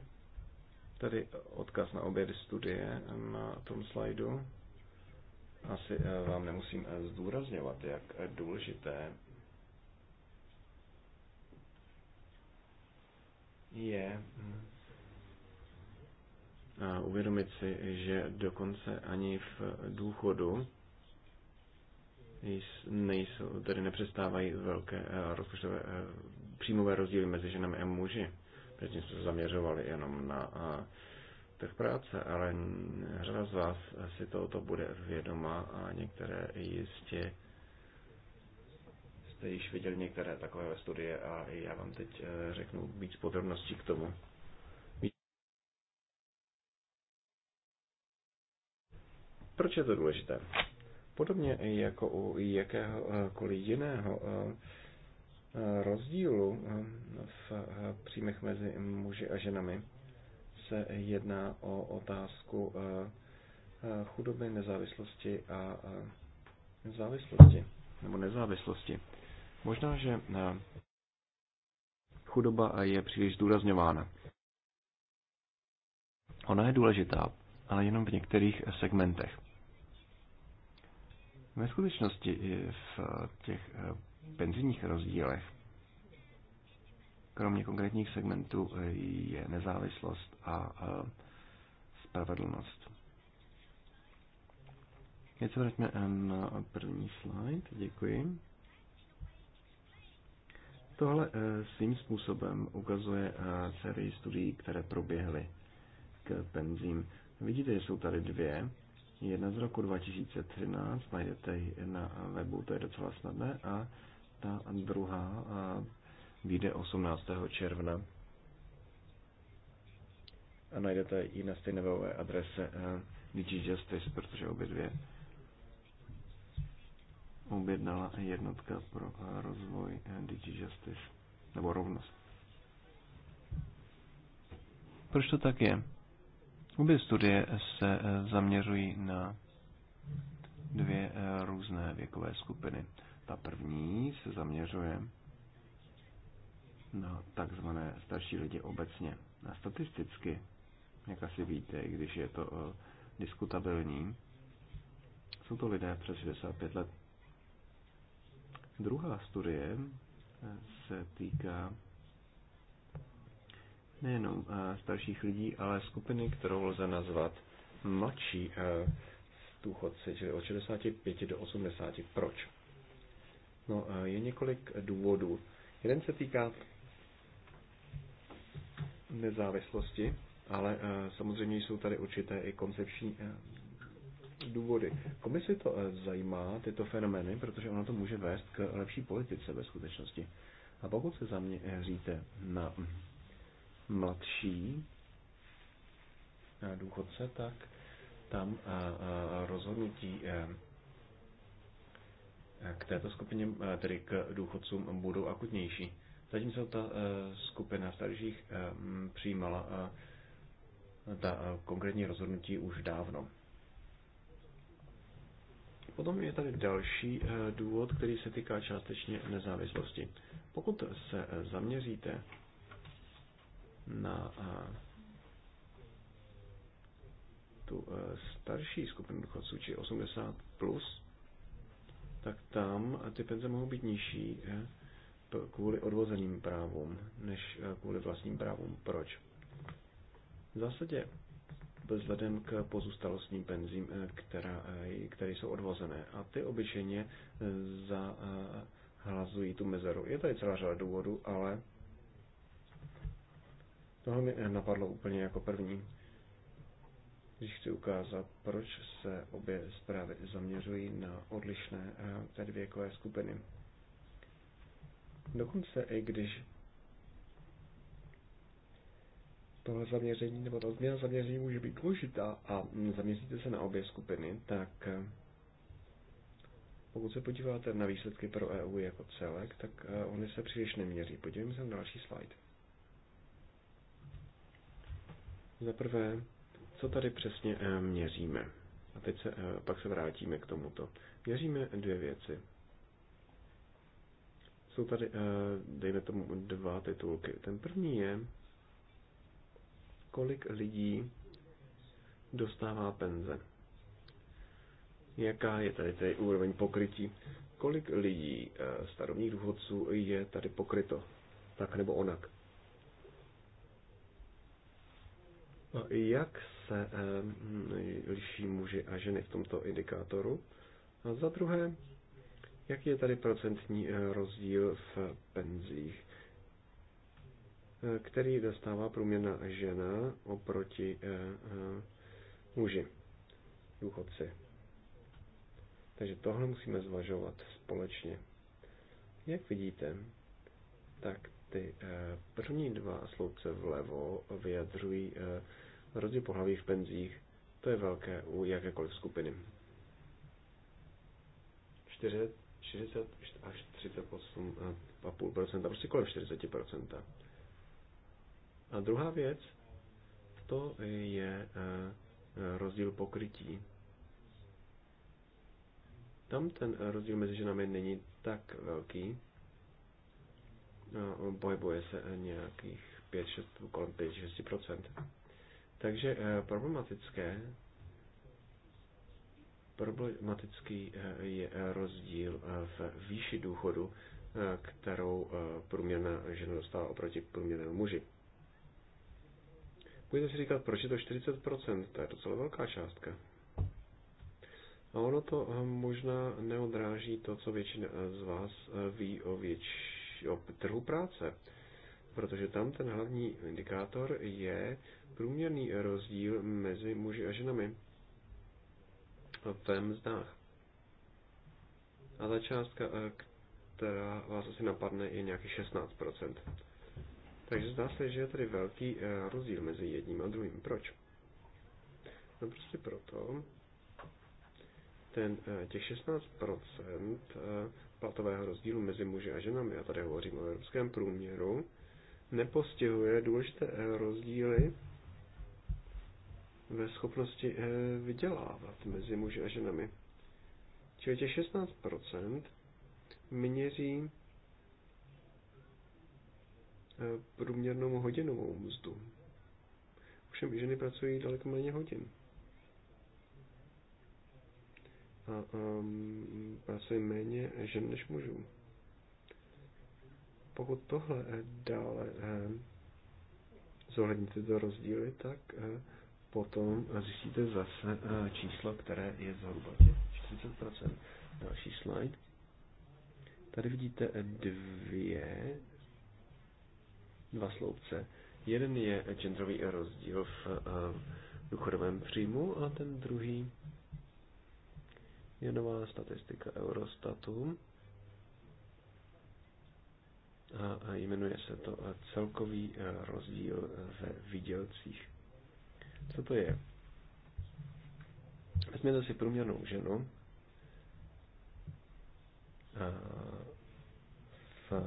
tady odkaz na obě studie na tom slajdu. Asi eh, vám nemusím eh, zdůrazňovat, jak eh, důležité je uvědomit si, že dokonce ani v důchodu nejsou, tedy nepřestávají velké rozpočtové příjmové rozdíly mezi ženami a muži. Předtím jsme se zaměřovali jenom na trh práce, ale řada z vás si tohoto bude vědoma a některé jistě jste již viděli některé takové studie a já vám teď eh, řeknu víc podrobností k tomu. Proč je to důležité? Podobně jako u jakéhokoliv jiného eh, eh, rozdílu v příjmech mezi muži a ženami, se jedná o otázku eh, eh, chudoby, nezávislosti a eh, nezávislosti, nebo nezávislosti. Možná, že chudoba je příliš zdůrazňována. Ona je důležitá, ale jenom v některých segmentech. Ve skutečnosti i v těch penzijních rozdílech kromě konkrétních segmentů eh, je nezávislost a eh, spravedlnost. Teď se vrátíme na první slide. Děkuji. Tohle eh, svým způsobem ukazuje sérii studií, které proběhly k penzím. Vidíte, že jsou tady dvě. Jedna z roku 2013, najdete ji na webu, to je docela snadné, a ta druhá vyjde 18. června a najdete ji na stejné webové adrese eh, DigiJustice, protože obě dvě objednala jednotka pro eh, rozvoj eh, DigiJustice, nebo rovnost. Proč to tak je? Obě studie se zaměřují na dvě různé věkové skupiny. Ta první se zaměřuje na takzvané starší lidi obecně. A statisticky, jak asi víte, i když je to eh, diskutabilní, jsou to lidé přes 65 let. Druhá studie eh, se týká nejenom eh, starších lidí, ale skupiny, kterou lze nazvat mladší důchodci, čili od 65 do 80. Proč? No, je několik důvodů. Jeden se týká nezávislosti, ale eh, samozřejmě jsou tady určité i koncepční eh, důvody. Komisi to eh, zajímá, tyto fenomény, protože ono to může vést k lepší politice ve skutečnosti. A pokud se zaměříte na mladší důchodce, tak tam rozhodnutí k této skupině, tedy k důchodcům, budou akutnější. Zatímco ta eh, skupina starších eh, přijímala eh, ta konkrétní rozhodnutí už dávno. Potom je tady další důvod, který se týká částečně nezávislosti. Pokud se zaměříte na tu starší skupinu důchodců, či 80+, plus, tak tam ty penze mohou být nižší, kvůli odvozeným právům, než eh, kvůli vlastním právům. Proč? V zásadě vzhledem k pozůstalostním penzím, eh, která, eh, které jsou odvozené. A ty obyčejně zahlazují tu mezeru. Je tady celá řada důvodů, ale tohle mi napadlo úplně jako první. Když chci ukázat, proč se obě zprávy zaměřují na odlišné tedy věkové skupiny. Dokonce i když tohle zaměření nebo ta změna zaměření může být důležitá a zaměříte se na obě skupiny, tak eh, pokud se podíváte na výsledky pro EU jako celek, tak eh, oni se příliš neměří. Podívejme se na další slide. Za prvé, co tady přesně eh, měříme? A teď se, pak se vrátíme k tomuto. Měříme dvě věci jsou tady, eh, dejme tomu, dva titulky. Ten první je, kolik lidí dostává penze. Jaká je tady tady úroveň pokrytí? Kolik lidí eh, starovních důchodců je tady pokryto? Tak nebo onak? Jak se eh, liší muži a ženy v tomto indikátoru? A za druhé, Jaký je tady procentní eh, rozdíl v penzích, eh, který dostává průměrná žena oproti eh, muži, důchodci? Takže tohle musíme zvažovat společně. Jak vidíte, tak ty první dva sloupce vlevo vyjadřují rozdíl pohlaví v penzích. To je velké u jakékoliv skupiny. 40 40 až 38,5%, prostě kolem 40%. A druhá věc, to je e, rozdíl pokrytí. Tam ten rozdíl mezi ženami není tak velký. No, pohybuje se nějakých 5, 6, kolem 5-6%. Takže e, problematické Problematický eh, je eh, rozdíl eh, v výši důchodu, kterou průměrná žena dostává oproti průměrnému muži. Můžete si říkat, proč je to 40%, to je docela velká částka. A ono to možná neodráží to, co většina z vás ví o, věč, o trhu práce, protože tam ten hlavní indikátor je průměrný rozdíl mezi muži a ženami v mzdách. A ta částka, e, která vás asi napadne, je nějaký 16%. Takže zdá se, že je tady velký e, rozdíl mezi jedním a druhým. Proč? No prostě proto, ten, e, těch 16% platového rozdílu mezi muži a ženami, já tady hovořím o evropském průměru, nepostihuje důležité rozdíly ve schopnosti eh, vydělávat mezi muži a ženami. Čili těch 16% měří eh, průměrnou hodinovou mzdu. Všem ženy pracují daleko méně hodin. A um, pracují méně žen než mužů. Pokud tohle eh, dále eh, zohledníte do rozdíly, tak eh, potom zjistíte zase eh, číslo, které je zhruba 40%. Další slide. Tady vidíte dvě, dva sloupce. Jeden je genderový rozdíl v eh, důchodovém příjmu a ten druhý je nová statistika Eurostatu. A jmenuje se to eh, celkový rozdíl ve vidělcích co to je? Vezměte si průměrnou ženu v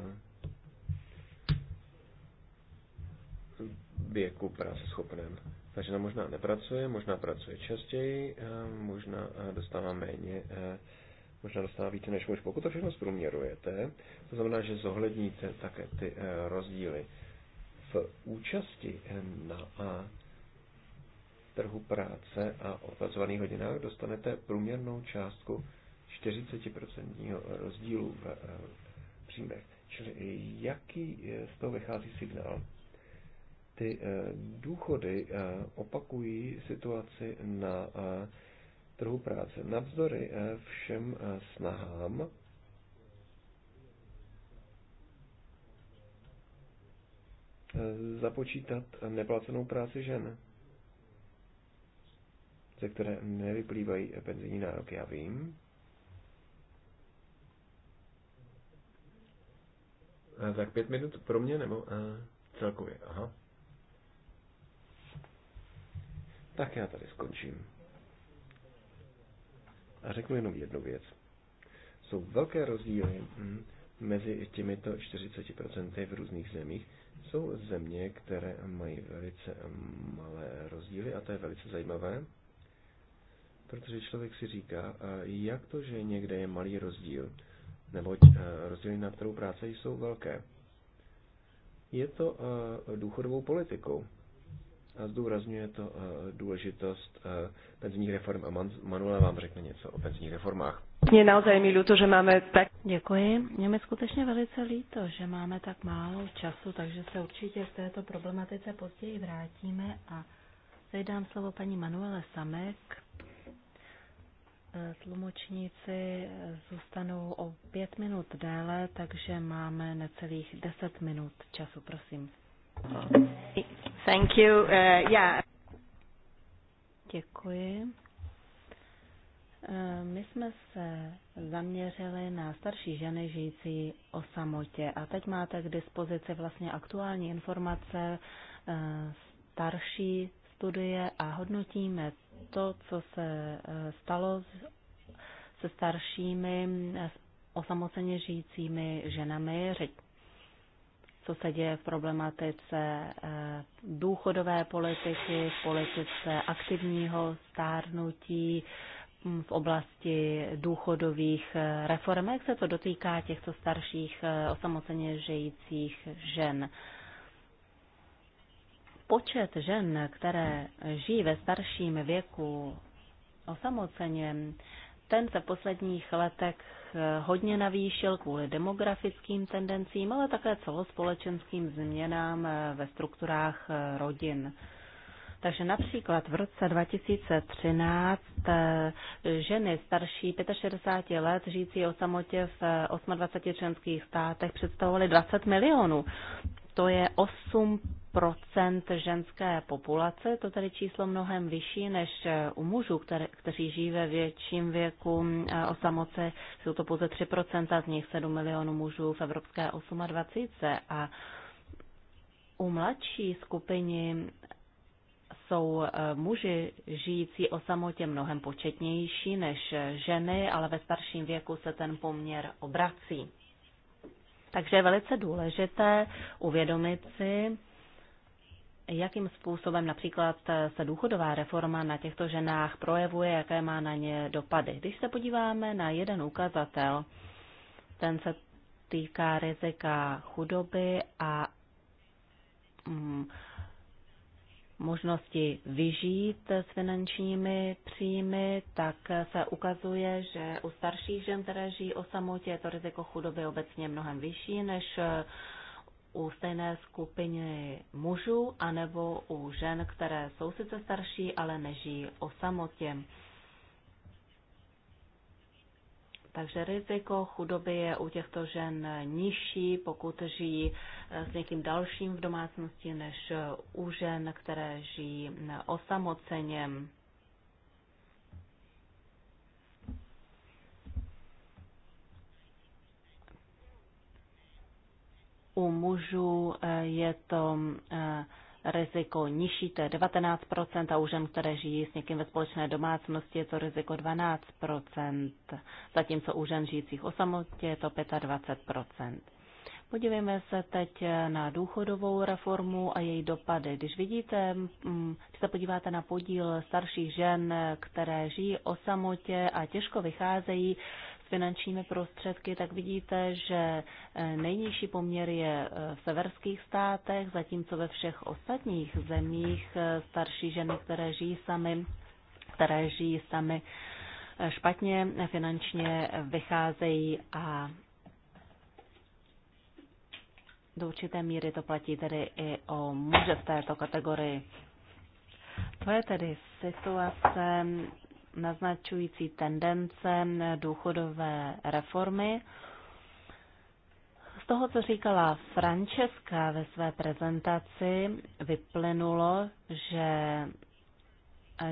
věku práceschopném. Ta žena možná nepracuje, možná pracuje častěji, možná dostává méně, možná dostává více než muž. Pokud to všechno zprůměrujete, to znamená, že zohledníte také ty e, rozdíly v účasti e, na trhu práce a opracovaných hodinách dostanete průměrnou částku 40% rozdílu v eh, příjmech. Čili jaký eh, z toho vychází signál? Ty eh, důchody opakují situaci na trhu práce. Navzdory všem snahám započítat neplacenou práci žen ze které nevyplývají penzijní nároky, já vím. A tak pět minut pro mě nebo a, eh, celkově? Aha. Tak já tady skončím. A řeknu jenom jednu věc. Jsou velké rozdíly hm, mezi těmito 40% v různých zemích. Jsou země, které mají velice malé rozdíly a to je velice zajímavé. Protože člověk si říká, jak to, že někde je malý rozdíl, neboť rozdíly na trhu práce jsou velké. Je to důchodovou politikou a zdůrazňuje to důležitost penzijních reform a Manuela vám řekne něco o penzijních reformách. Mě naozaj mi líto, že máme tak... Děkuji. Mě mi skutečně velice líto, že máme tak málo času, takže se určitě v této problematice později vrátíme a teď dám slovo paní Manuele Samek, Tlumočníci zůstanou o pět minut déle, takže máme necelých deset minut času, prosím. Thank you. Uh, yeah. Děkuji. Eh, my jsme se zaměřili na starší ženy žijící o samotě a teď máte k dispozici vlastně aktuální informace eh, starší studie a hodnotíme to, co se eh, stalo se staršími eh, osamoceně žijícími ženami, co se děje v problematice eh, důchodové politiky, v politice aktivního stárnutí, mm, v oblasti důchodových reform, jak se to dotýká těchto starších osamoceně žijících žen počet žen, které žijí ve starším věku osamoceně, ten se v posledních letech eh, hodně navýšil kvůli demografickým tendencím, ale také celospolečenským změnám eh, ve strukturách eh, rodin. Takže například v roce 2013 ženy starší 65 let žijící o samotě v 28 členských státech představovaly 20 milionů. To je 8 procent ženské populace. to tedy číslo mnohem vyšší než eh, u mužů, které, kteří žijí ve větším věku eh, o samoce. Jsou to pouze 3 z nich 7 milionů mužů v Evropské 28. A u mladší skupiny jsou eh, muži žijící o samotě mnohem početnější než ženy, ale ve starším věku se ten poměr obrací. Takže je velice důležité uvědomit si, jakým způsobem například eh, se důchodová reforma na těchto ženách projevuje, jaké má na ně dopady. Když se podíváme na jeden ukazatel, ten se týká rizika chudoby a mm, možnosti vyžít s finančními příjmy, tak se ukazuje, že u starších žen, které žijí o samotě, je to riziko chudoby obecně mnohem vyšší než eh, u stejné skupině mužů anebo u žen, které jsou sice starší, ale nežijí o samotě. Takže riziko chudoby je u těchto žen nižší, pokud žijí eh, s někým dalším v domácnosti, než u žen, které žijí eh, osamoceně. U mužů eh, je to eh, riziko nižší, to je 19%, a u žen, které žijí s někým ve společné domácnosti, je to riziko 12%, zatímco u žen žijících o samotě je to 25%. Podívejme se teď eh, na důchodovou reformu a její dopady. Když vidíte, mm, když se podíváte na podíl starších žen, které žijí o samotě a těžko vycházejí finančními prostředky, tak vidíte, že eh, nejnižší poměr je eh, v severských státech, zatímco ve všech ostatních zemích eh, starší ženy, které žijí sami, které žijí sami špatně finančně vycházejí a do určité míry to platí tedy i o muže v této kategorii. To je tedy situace, naznačující tendence důchodové reformy. Z toho, co říkala Francesca ve své prezentaci, vyplynulo, že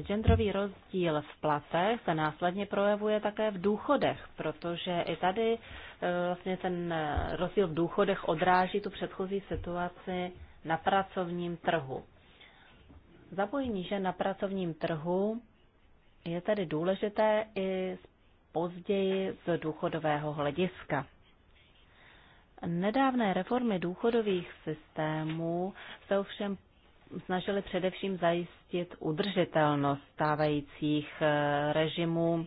Genderový rozdíl v platech se následně projevuje také v důchodech, protože i tady e, vlastně ten rozdíl v důchodech odráží tu předchozí situaci na pracovním trhu. Zapojení žen na pracovním trhu je tedy důležité i později z důchodového hlediska. Nedávné reformy důchodových systémů se ovšem snažily především zajistit udržitelnost stávajících eh, režimů.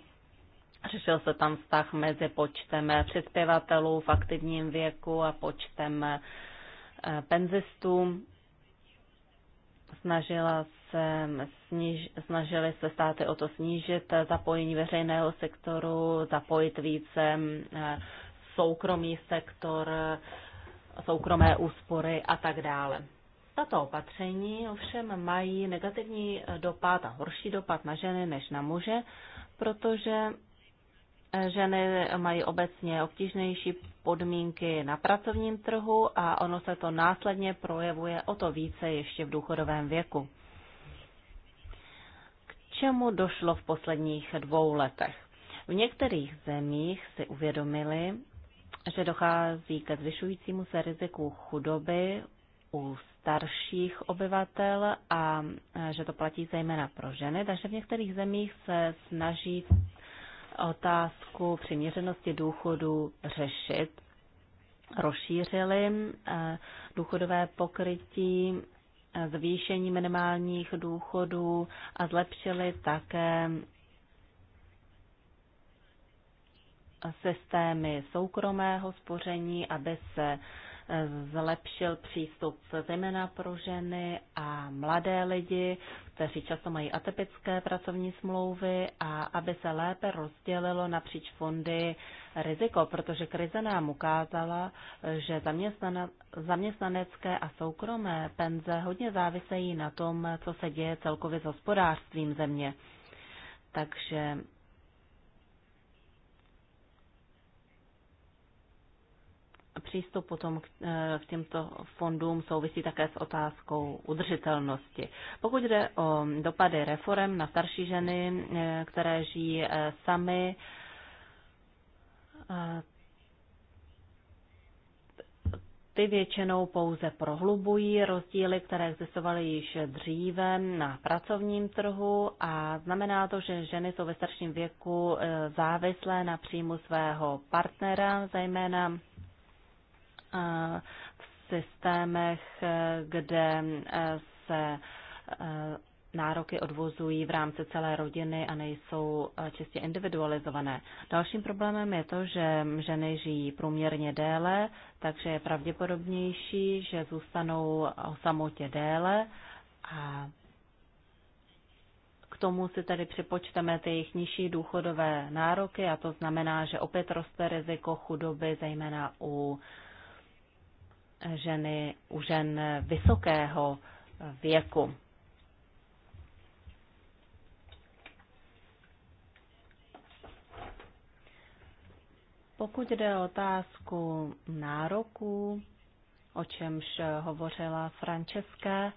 Řešil se tam vztah mezi počtem přispěvatelů v aktivním věku a počtem eh, penzistů. Snažila se sniž, snažili se státy o to snížit zapojení veřejného sektoru, zapojit více eh, soukromý sektor, soukromé úspory a tak dále. Tato opatření ovšem mají negativní dopad a horší dopad na ženy než na muže, protože ženy mají obecně obtížnější podmínky na pracovním trhu a ono se to následně projevuje o to více ještě v důchodovém věku čemu došlo v posledních dvou letech. V některých zemích si uvědomili, že dochází ke zvyšujícímu se riziku chudoby u starších obyvatel a že to platí zejména pro ženy, takže v některých zemích se snaží otázku přiměřenosti důchodu řešit. Rozšířili eh, důchodové pokrytí zvýšení minimálních důchodů a zlepšili také systémy soukromého spoření, aby se zlepšil přístup zejména pro ženy a mladé lidi, kteří často mají atypické pracovní smlouvy a aby se lépe rozdělilo napříč fondy riziko, protože krize nám ukázala, že zaměstnanecké a soukromé penze hodně závisejí na tom, co se děje celkově s hospodářstvím země. Takže přístup potom k, eh, k těmto fondům souvisí také s otázkou udržitelnosti. Pokud jde o dopady reform na starší ženy, eh, které žijí eh, samy, ty většinou pouze prohlubují rozdíly, které existovaly již dříve na pracovním trhu a znamená to, že ženy jsou ve starším věku závislé na příjmu svého partnera, zejména Eh, v systémech, eh, kde eh, se nároky odvozují v rámci celé rodiny a nejsou čistě individualizované. Dalším problémem je to, že ženy žijí průměrně déle, takže je pravděpodobnější, že zůstanou o samotě déle a k tomu si tedy připočteme ty jejich nižší důchodové nároky a to znamená, že opět roste riziko chudoby, zejména u ženy u žen vysokého věku. Pokud jde o otázku nároků, o čemž hovořila Francesca,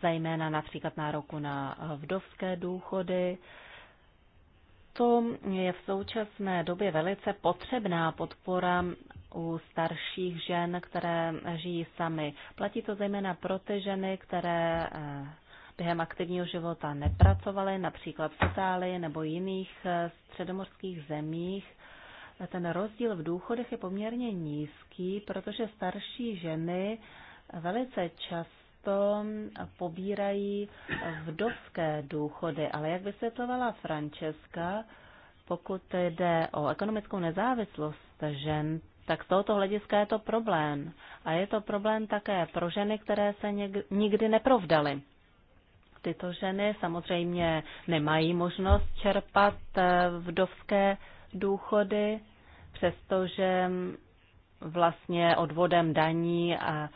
zejména například nároku na vdovské důchody, to je v současné době velice potřebná podpora u starších žen, které žijí sami. Platí to zejména pro ty ženy, které eh, během aktivního života nepracovaly, například v Itálii nebo jiných eh, středomorských zemích. Ten rozdíl v důchodech je poměrně nízký, protože starší ženy velice často pobírají vdovské důchody. Ale jak vysvětlovala Francesca, pokud jde o ekonomickou nezávislost žen, tak z tohoto hlediska je to problém. A je to problém také pro ženy, které se nikdy neprovdaly. Tyto ženy samozřejmě nemají možnost čerpat eh, vdovské důchody, přestože mm, vlastně odvodem daní a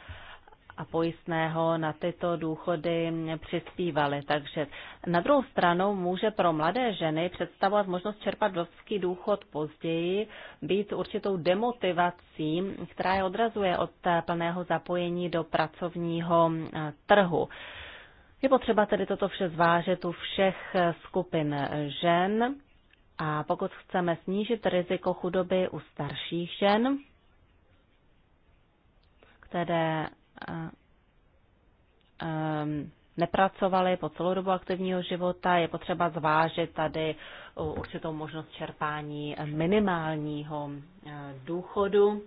a pojistného na tyto důchody přispívaly. Takže na druhou stranu může pro mladé ženy představovat možnost čerpat vdovský důchod později, být určitou demotivací, která je odrazuje od plného zapojení do pracovního eh, trhu. Je potřeba tedy toto vše zvážet u všech eh, skupin žen a pokud chceme snížit riziko chudoby u starších žen, které nepracovali po celou dobu aktivního života, je potřeba zvážit tady určitou možnost čerpání minimálního důchodu.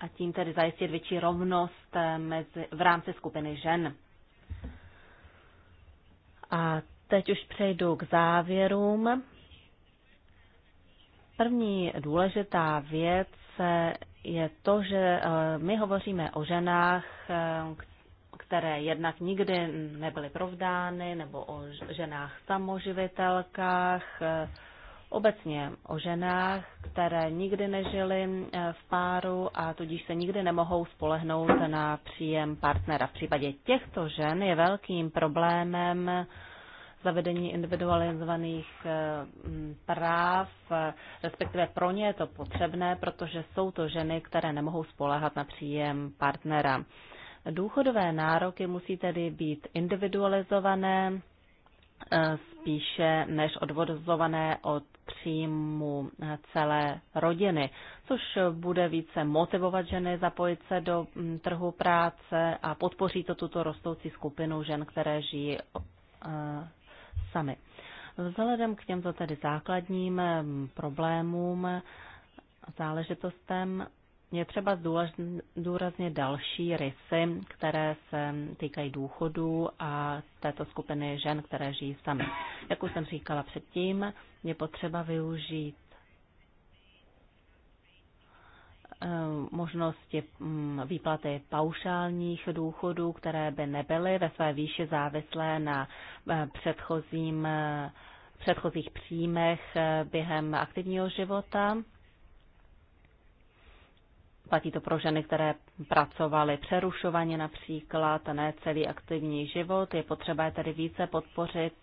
A tím tedy zajistit větší rovnost mezi, v rámci skupiny žen. A teď už přejdu k závěrům. První důležitá věc se je to, že eh, my hovoříme o ženách, eh, které jednak nikdy nebyly provdány, nebo o ženách samoživitelkách, eh, obecně o ženách, které nikdy nežily v páru a tudíž se nikdy nemohou spolehnout na příjem partnera. V případě těchto žen je velkým problémem zavedení individualizovaných eh, mm, práv, eh, respektive pro ně je to potřebné, protože jsou to ženy, které nemohou spolehat na příjem partnera. Důchodové nároky musí tedy být individualizované eh, spíše než odvozované od příjmu celé rodiny, což bude více motivovat ženy zapojit se do mm, trhu práce a podpoří to tuto rostoucí skupinu žen, které žijí sami. Vzhledem k těmto tedy základním mm, problémům a záležitostem je třeba důrazně další rysy, které se týkají důchodů a této skupiny žen, které žijí sami. Jak už jsem říkala předtím, je potřeba využít Eh, možnosti mm, výplaty paušálních důchodů, které by nebyly ve své výši závislé na eh, předchozím, eh, předchozích příjmech během aktivního života. Platí to pro ženy, které pracovaly přerušovaně například, ne celý aktivní život. Je potřeba je tedy více podpořit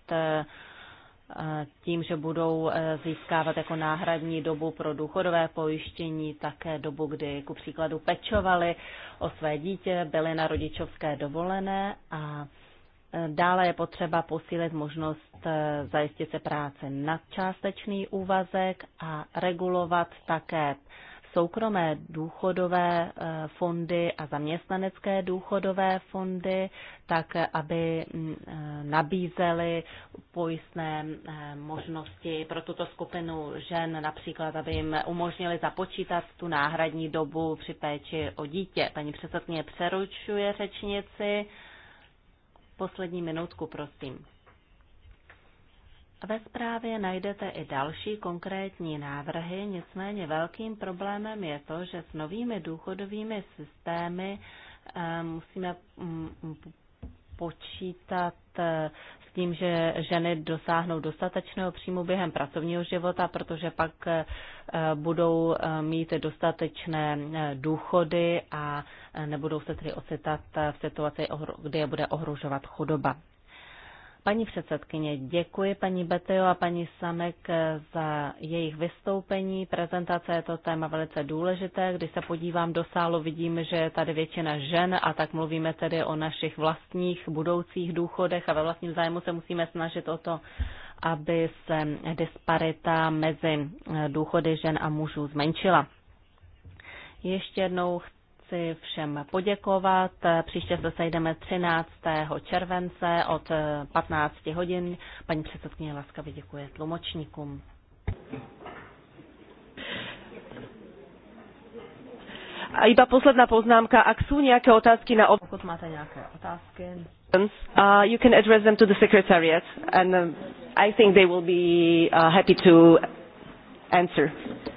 tím, že budou e, získávat jako náhradní dobu pro důchodové pojištění, také dobu, kdy ku příkladu pečovali o své dítě, byli na rodičovské dovolené a e, dále je potřeba posílit možnost e, zajistit se práce na částečný úvazek a regulovat také soukromé důchodové eh, fondy a zaměstnanecké důchodové fondy, tak eh, aby mm, eh, nabízely pojistné možnosti pro tuto skupinu žen, například aby jim umožnili započítat tu náhradní dobu při péči o dítě. Paní předsedkyně přerušuje řečnici. Poslední minutku, prosím. Ve zprávě najdete i další konkrétní návrhy, nicméně velkým problémem je to, že s novými důchodovými systémy eh, musíme mm, mm, počítat eh, s tím, že ženy dosáhnou dostatečného příjmu během pracovního života, protože pak eh, budou mít dostatečné důchody a nebudou se tedy ocitat v situaci, kdy je bude ohrožovat chudoba. Paní předsedkyně, děkuji paní Beteo a paní Samek za jejich vystoupení. Prezentace je to téma velice důležité. Když se podívám do sálu, vidím, že je tady většina žen a tak mluvíme tedy o našich vlastních budoucích důchodech a ve vlastním zájmu se musíme snažit o to, aby se disparita mezi důchody žen a mužů zmenšila. Ještě jednou chci všem poděkovat. Příště se sejdeme 13. července od 15 eh, hodin. Paní předsedkyně laskavě děkuje tlumočníkům. A iba posledná poznámka, ak jsou nějaké otázky na ob... Pokud máte nějaké otázky... Uh, you can address them to the secretariat and um, I think they will be uh, happy to answer.